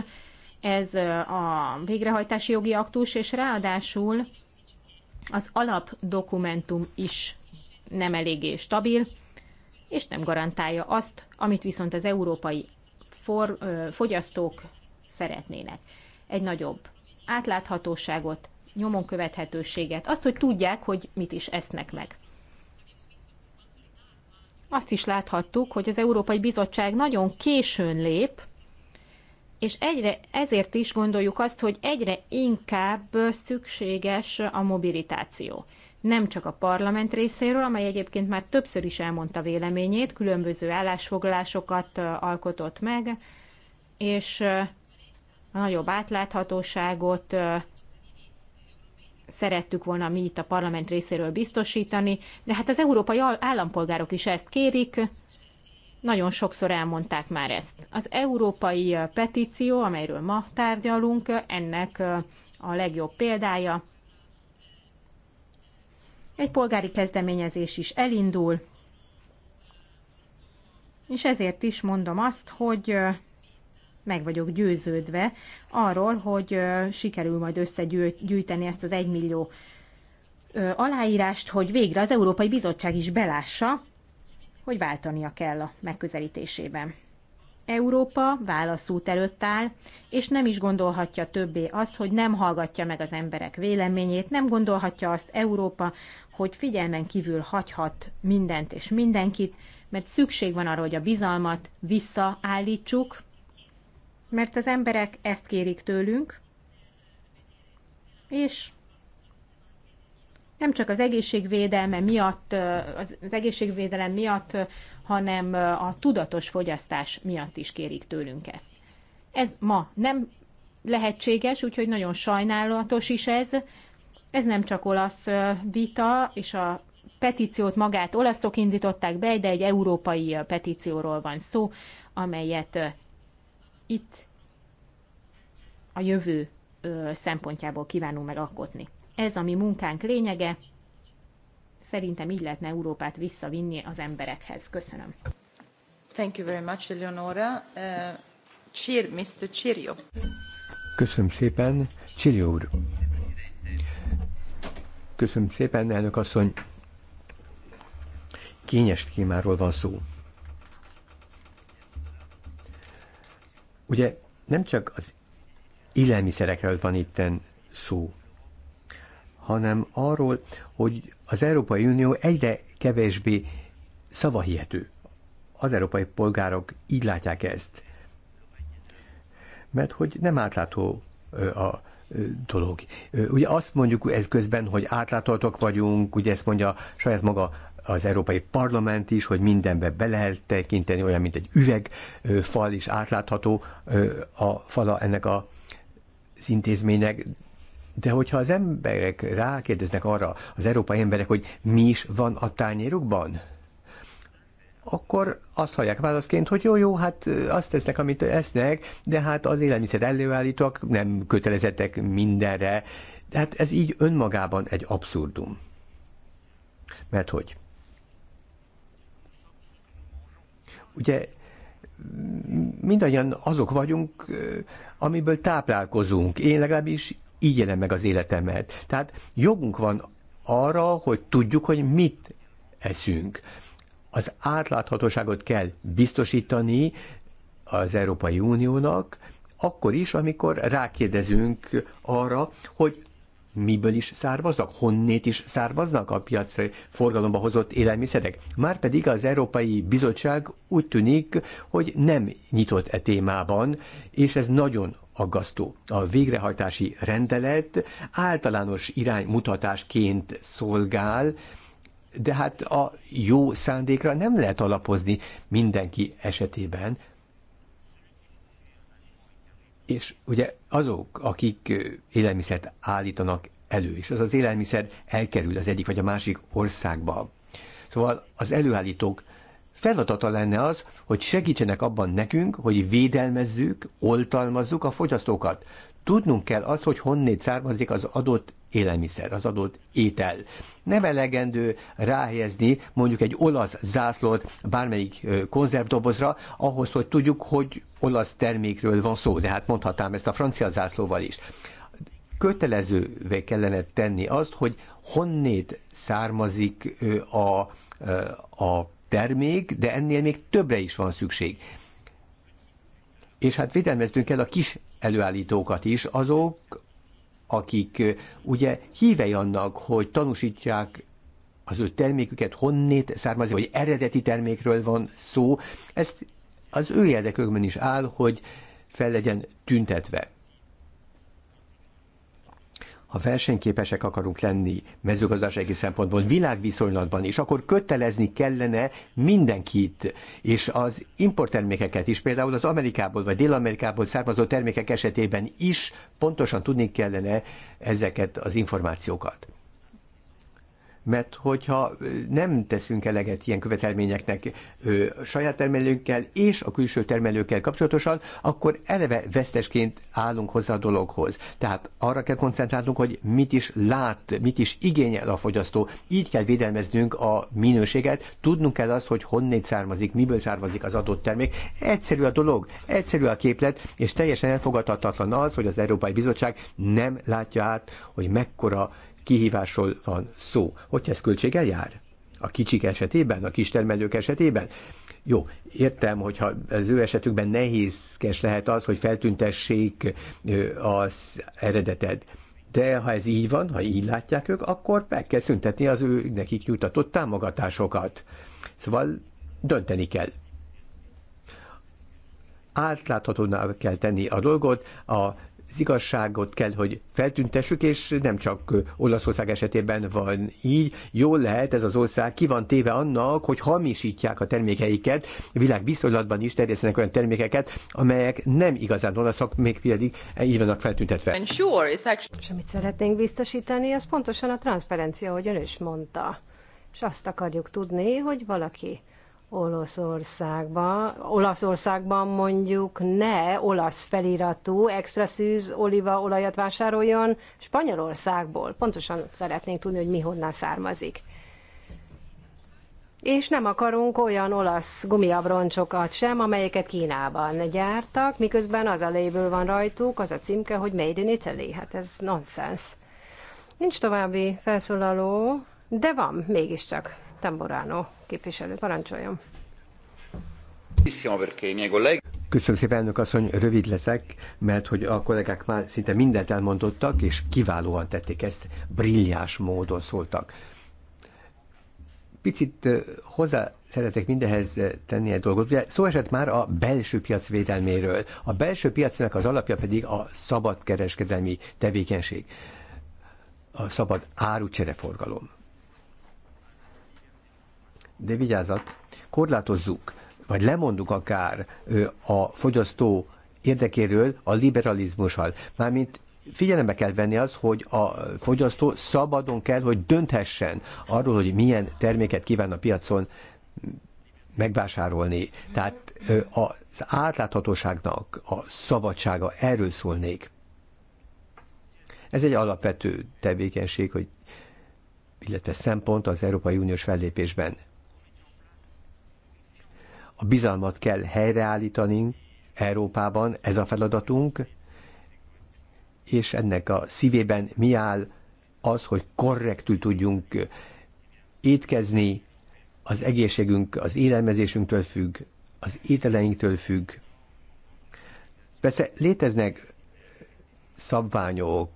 Speaker 4: ez a végrehajtási jogi aktus, és ráadásul az alapdokumentum is nem eléggé stabil, és nem garantálja azt, amit viszont az európai for, fogyasztók szeretnének. Egy nagyobb átláthatóságot, nyomon követhetőséget, azt, hogy tudják, hogy mit is esznek meg azt is láthattuk, hogy az Európai Bizottság nagyon későn lép, és egyre, ezért is gondoljuk azt, hogy egyre inkább szükséges a mobilitáció. Nem csak a parlament részéről, amely egyébként már többször is elmondta véleményét, különböző állásfoglalásokat alkotott meg, és a nagyobb átláthatóságot, szerettük volna mi itt a parlament részéről biztosítani, de hát az európai állampolgárok is ezt kérik, nagyon sokszor elmondták már ezt. Az európai petíció, amelyről ma tárgyalunk, ennek a legjobb példája. Egy polgári kezdeményezés is elindul, és ezért is mondom azt, hogy meg vagyok győződve arról, hogy sikerül majd összegyűjteni ezt az egymillió aláírást, hogy végre az Európai Bizottság is belássa, hogy váltania kell a megközelítésében. Európa válaszút előtt áll, és nem is gondolhatja többé azt, hogy nem hallgatja meg az emberek véleményét, nem gondolhatja azt Európa, hogy figyelmen kívül hagyhat mindent és mindenkit, mert szükség van arra, hogy a bizalmat visszaállítsuk, mert az emberek ezt kérik tőlünk, és nem csak az egészségvédelme miatt, az egészségvédelem miatt, hanem a tudatos fogyasztás miatt is kérik tőlünk ezt. Ez ma nem lehetséges, úgyhogy nagyon sajnálatos is ez. Ez nem csak olasz vita, és a petíciót magát olaszok indították be, de egy európai petícióról van szó, amelyet itt a jövő szempontjából kívánunk megalkotni. Ez a mi munkánk lényege. Szerintem így lehetne Európát visszavinni az emberekhez. Köszönöm. Thank you very much, Eleonora. Uh, cheer, Mr. Cheerio.
Speaker 5: Köszönöm szépen, Csirio úr. Köszönöm szépen, elnök asszony. Kényes témáról van szó. Ugye nem csak az élelmiszerekről van itten szó, hanem arról, hogy az Európai Unió egyre kevésbé szavahihető. Az európai polgárok így látják ezt. Mert hogy nem átlátó a dolog. Ugye azt mondjuk ez közben, hogy átlátoltok vagyunk, ugye ezt mondja saját maga az Európai Parlament is, hogy mindenbe be lehet tekinteni, olyan, mint egy üvegfal is átlátható a fala ennek a az intézménynek, de hogyha az emberek rákérdeznek arra, az európai emberek, hogy mi is van a tányérukban, akkor azt hallják válaszként, hogy jó, jó, hát azt tesznek, amit esznek, de hát az élelmiszer előállítók nem kötelezettek mindenre. hát ez így önmagában egy abszurdum. Mert hogy Ugye mindannyian azok vagyunk, amiből táplálkozunk. Én legalábbis így élem meg az életemet. Tehát jogunk van arra, hogy tudjuk, hogy mit eszünk. Az átláthatóságot kell biztosítani az Európai Uniónak, akkor is, amikor rákérdezünk arra, hogy miből is származnak, honnét is származnak a piacra forgalomba hozott élelmiszerek. Márpedig az Európai Bizottság úgy tűnik, hogy nem nyitott e témában, és ez nagyon aggasztó. A végrehajtási rendelet általános iránymutatásként szolgál, de hát a jó szándékra nem lehet alapozni mindenki esetében, és ugye azok, akik élelmiszert állítanak elő, és az az élelmiszer elkerül az egyik vagy a másik országba. Szóval az előállítók feladata lenne az, hogy segítsenek abban nekünk, hogy védelmezzük, oltalmazzuk a fogyasztókat. Tudnunk kell azt, hogy honnét származik az adott élelmiszer, az adott étel. Nem elegendő ráhelyezni mondjuk egy olasz zászlót bármelyik konzervdobozra, ahhoz, hogy tudjuk, hogy olasz termékről van szó, de hát mondhatnám ezt a francia zászlóval is kötelezővé kellene tenni azt, hogy honnét származik a, a termék, de ennél még többre is van szükség. És hát védelmeztünk kell a kis előállítókat is, azok, akik ugye hívei annak, hogy tanúsítják az ő terméküket, honnét származik, vagy eredeti termékről van szó, ezt az ő érdekökben is áll, hogy fel legyen tüntetve ha versenyképesek akarunk lenni mezőgazdasági szempontból világviszonylatban is, akkor kötelezni kellene mindenkit, és az importtermékeket is, például az Amerikából vagy Dél-Amerikából származó termékek esetében is pontosan tudni kellene ezeket az információkat mert hogyha nem teszünk eleget ilyen követelményeknek ö, saját termelőkkel és a külső termelőkkel kapcsolatosan, akkor eleve vesztesként állunk hozzá a dologhoz. Tehát arra kell koncentrálnunk, hogy mit is lát, mit is igényel a fogyasztó. Így kell védelmeznünk a minőséget, tudnunk kell azt, hogy honnét származik, miből származik az adott termék. Egyszerű a dolog, egyszerű a képlet, és teljesen elfogadhatatlan az, hogy az Európai Bizottság nem látja át, hogy mekkora kihívásról van szó. Hogy ez költséggel jár? A kicsik esetében, a kistermelők esetében? Jó, értem, hogyha az ő esetükben nehézkes lehet az, hogy feltüntessék az eredeted. De ha ez így van, ha így látják ők, akkor meg kell szüntetni az ő nekik nyújtatott támogatásokat. Szóval dönteni kell átláthatóvá kell tenni a dolgot, a igazságot kell, hogy feltüntessük, és nem csak Olaszország esetében van így. Jól lehet ez az ország ki van téve annak, hogy hamisítják a termékeiket, világviszonylatban is terjesztenek olyan termékeket, amelyek nem igazán olaszak, még pedig így vannak
Speaker 2: feltüntetve. Sure, actually... És amit szeretnénk biztosítani, az pontosan a transzparencia, ahogy ön is mondta. És azt akarjuk tudni, hogy valaki Olaszországban, Olaszországban mondjuk ne olasz feliratú extra szűz olívaolajat vásároljon Spanyolországból. Pontosan szeretnénk tudni, hogy mi honnan származik. És nem akarunk olyan olasz gumiabroncsokat sem, amelyeket Kínában gyártak, miközben az a label van rajtuk, az a címke, hogy Made in Italy. Hát ez nonsens. Nincs további felszólaló, de van mégiscsak Tamburano képviselő, parancsoljon.
Speaker 5: Köszönöm szépen, elnök asszony, rövid leszek, mert hogy a kollégák már szinte mindent elmondottak, és kiválóan tették ezt, brilliás módon szóltak. Picit hozzá szeretek mindehez tenni egy dolgot. Ugye szó esett már a belső piac védelméről. A belső piacnak az alapja pedig a szabad kereskedelmi tevékenység, a szabad árucsereforgalom de vigyázat, korlátozzuk, vagy lemondunk akár a fogyasztó érdekéről a liberalizmussal. Mármint figyelembe kell venni az, hogy a fogyasztó szabadon kell, hogy dönthessen arról, hogy milyen terméket kíván a piacon megvásárolni. Tehát az átláthatóságnak a szabadsága, erről szólnék. Ez egy alapvető tevékenység, hogy illetve szempont az Európai Uniós fellépésben. A bizalmat kell helyreállítani Európában, ez a feladatunk, és ennek a szívében mi áll az, hogy korrektül tudjunk étkezni, az egészségünk az élelmezésünktől függ, az ételeinktől függ. Persze léteznek szabványok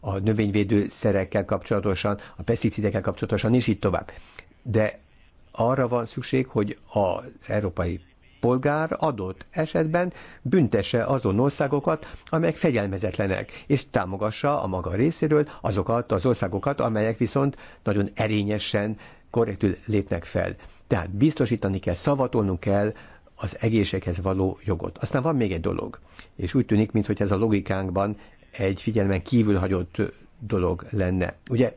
Speaker 5: a növényvédőszerekkel szerekkel kapcsolatosan, a peszticidekkel kapcsolatosan, és így tovább. De arra van szükség, hogy az európai polgár adott esetben büntesse azon országokat, amelyek fegyelmezetlenek, és támogassa a maga részéről azokat az országokat, amelyek viszont nagyon erényesen, korrektül lépnek fel. Tehát biztosítani kell, szavatolnunk kell az egészséghez való jogot. Aztán van még egy dolog, és úgy tűnik, mintha ez a logikánkban egy figyelmen kívül hagyott dolog lenne. Ugye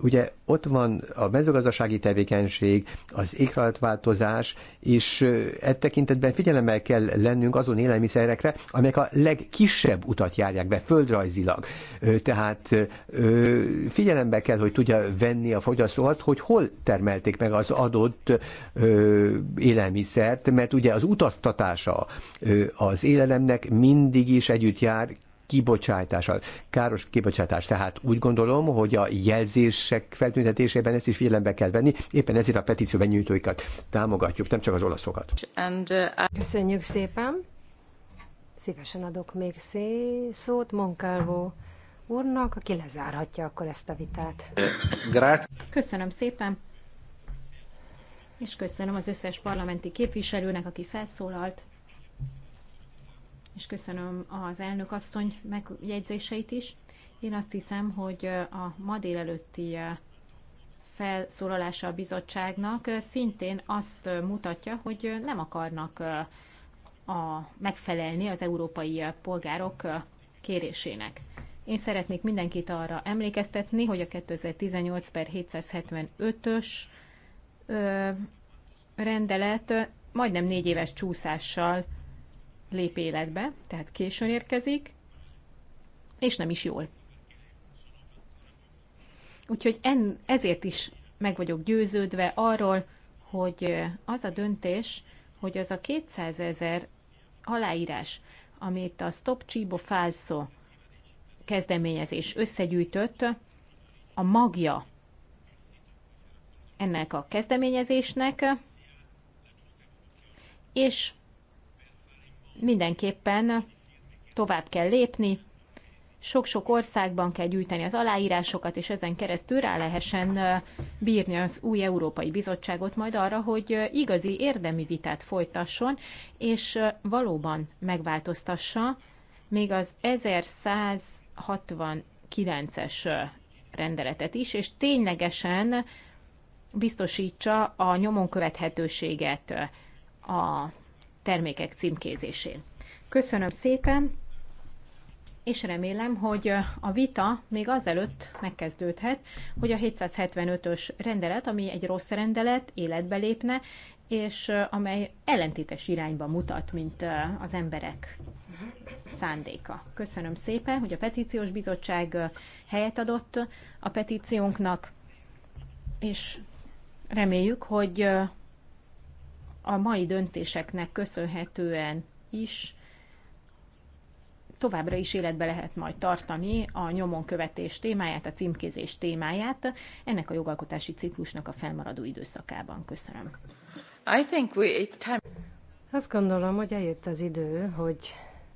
Speaker 5: Ugye ott van a mezőgazdasági tevékenység, az éghajlatváltozás, és e tekintetben figyelemmel kell lennünk azon élelmiszerekre, amelyek a legkisebb utat járják be földrajzilag. Tehát figyelembe kell, hogy tudja venni a fogyasztó azt, hogy hol termelték meg az adott élelmiszert, mert ugye az utaztatása az élelemnek mindig is együtt jár kibocsátása, káros kibocsátás. Tehát úgy gondolom, hogy a jelzések feltüntetésében ezt is figyelembe kell venni, éppen ezért a petíció benyújtóikat támogatjuk, nem csak az olaszokat.
Speaker 2: And, uh, I... Köszönjük szépen! Szívesen adok még szé szót Monkálvó úrnak, aki lezárhatja akkor ezt a vitát. Grát. Köszönöm szépen! És köszönöm az összes parlamenti képviselőnek,
Speaker 4: aki felszólalt és köszönöm az elnök asszony megjegyzéseit is. Én azt hiszem, hogy a ma délelőtti felszólalása a bizottságnak szintén azt mutatja, hogy nem akarnak a, megfelelni az európai polgárok kérésének. Én szeretnék mindenkit arra emlékeztetni, hogy a 2018 per 775-ös rendelet majdnem négy éves csúszással lép életbe, tehát későn érkezik, és nem is jól. Úgyhogy en, ezért is meg vagyok győződve arról, hogy az a döntés, hogy az a 200 ezer aláírás, amit a Stop Csibo Falso kezdeményezés összegyűjtött, a magja ennek a kezdeményezésnek, és mindenképpen tovább kell lépni, sok-sok országban kell gyűjteni az aláírásokat, és ezen keresztül rá lehessen bírni az új Európai Bizottságot majd arra, hogy igazi érdemi vitát folytasson, és valóban megváltoztassa még az 1169-es rendeletet is, és ténylegesen biztosítsa a nyomon követhetőséget a termékek címkézésén. Köszönöm szépen, és remélem, hogy a vita még azelőtt megkezdődhet, hogy a 775-ös rendelet, ami egy rossz rendelet, életbe lépne, és amely ellentétes irányba mutat, mint az emberek szándéka. Köszönöm szépen, hogy a petíciós bizottság helyet adott a petíciónknak, és reméljük, hogy a mai döntéseknek köszönhetően is továbbra is életbe lehet majd tartani a nyomonkövetés témáját, a címkézés témáját ennek a jogalkotási ciklusnak a
Speaker 2: felmaradó időszakában. Köszönöm.
Speaker 4: I think we, time...
Speaker 2: Azt gondolom, hogy eljött az idő, hogy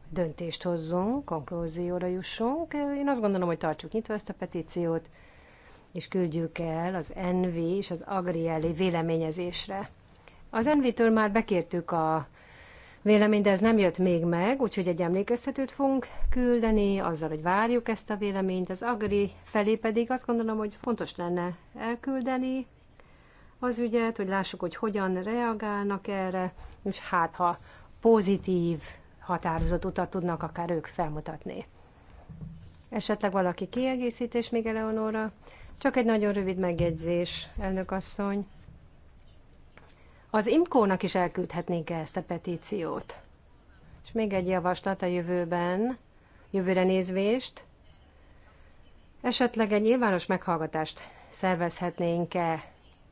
Speaker 2: döntést hozzunk, konklúzióra jussunk. Én azt gondolom, hogy tartsuk nyitva ezt a petíciót, és küldjük el az NV és az Agrieli véleményezésre. Az Envitől már bekértük a véleményt, de ez nem jött még meg, úgyhogy egy emlékeztetőt fogunk küldeni, azzal, hogy várjuk ezt a véleményt. Az Agri felé pedig azt gondolom, hogy fontos lenne elküldeni az ügyet, hogy lássuk, hogy hogyan reagálnak erre, és hát ha pozitív határozott utat tudnak akár ők felmutatni. Esetleg valaki kiegészítés még eleonora, Csak egy nagyon rövid megjegyzés, elnök asszony. Az Imkónak is elküldhetnénk -e ezt a petíciót. És még egy javaslat a jövőben, jövőre nézvést. Esetleg egy nyilvános meghallgatást szervezhetnénk-e,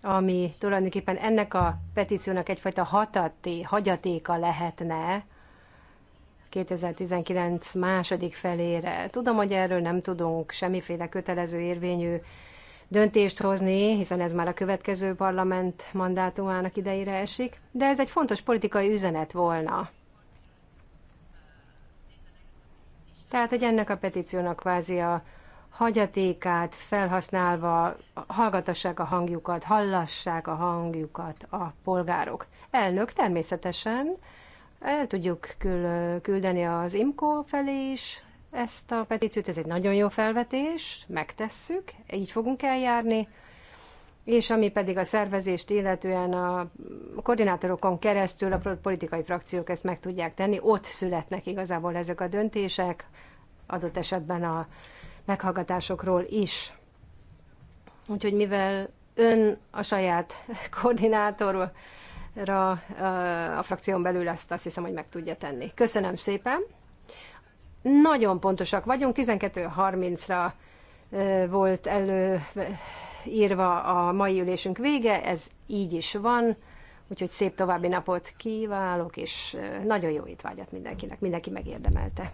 Speaker 2: ami tulajdonképpen ennek a petíciónak egyfajta hatati, hagyatéka lehetne 2019 második felére. Tudom, hogy erről nem tudunk semmiféle kötelező érvényű döntést hozni, hiszen ez már a következő parlament mandátumának idejére esik, de ez egy fontos politikai üzenet volna. Tehát, hogy ennek a petíciónak kvázi a hagyatékát felhasználva hallgatassák a hangjukat, hallassák a hangjukat a polgárok. Elnök természetesen el tudjuk küldeni az IMCO felé is, ezt a petíciót, ez egy nagyon jó felvetés, megtesszük, így fogunk eljárni, és ami pedig a szervezést illetően a koordinátorokon keresztül a politikai frakciók ezt meg tudják tenni, ott születnek igazából ezek a döntések, adott esetben a meghallgatásokról is. Úgyhogy mivel ön a saját koordinátorra a frakción belül ezt azt hiszem, hogy meg tudja tenni. Köszönöm szépen! Nagyon pontosak vagyunk, 12.30-ra volt előírva a mai ülésünk vége, ez így is van, úgyhogy szép további napot kívánok, és nagyon jó étvágyat mindenkinek, mindenki megérdemelte.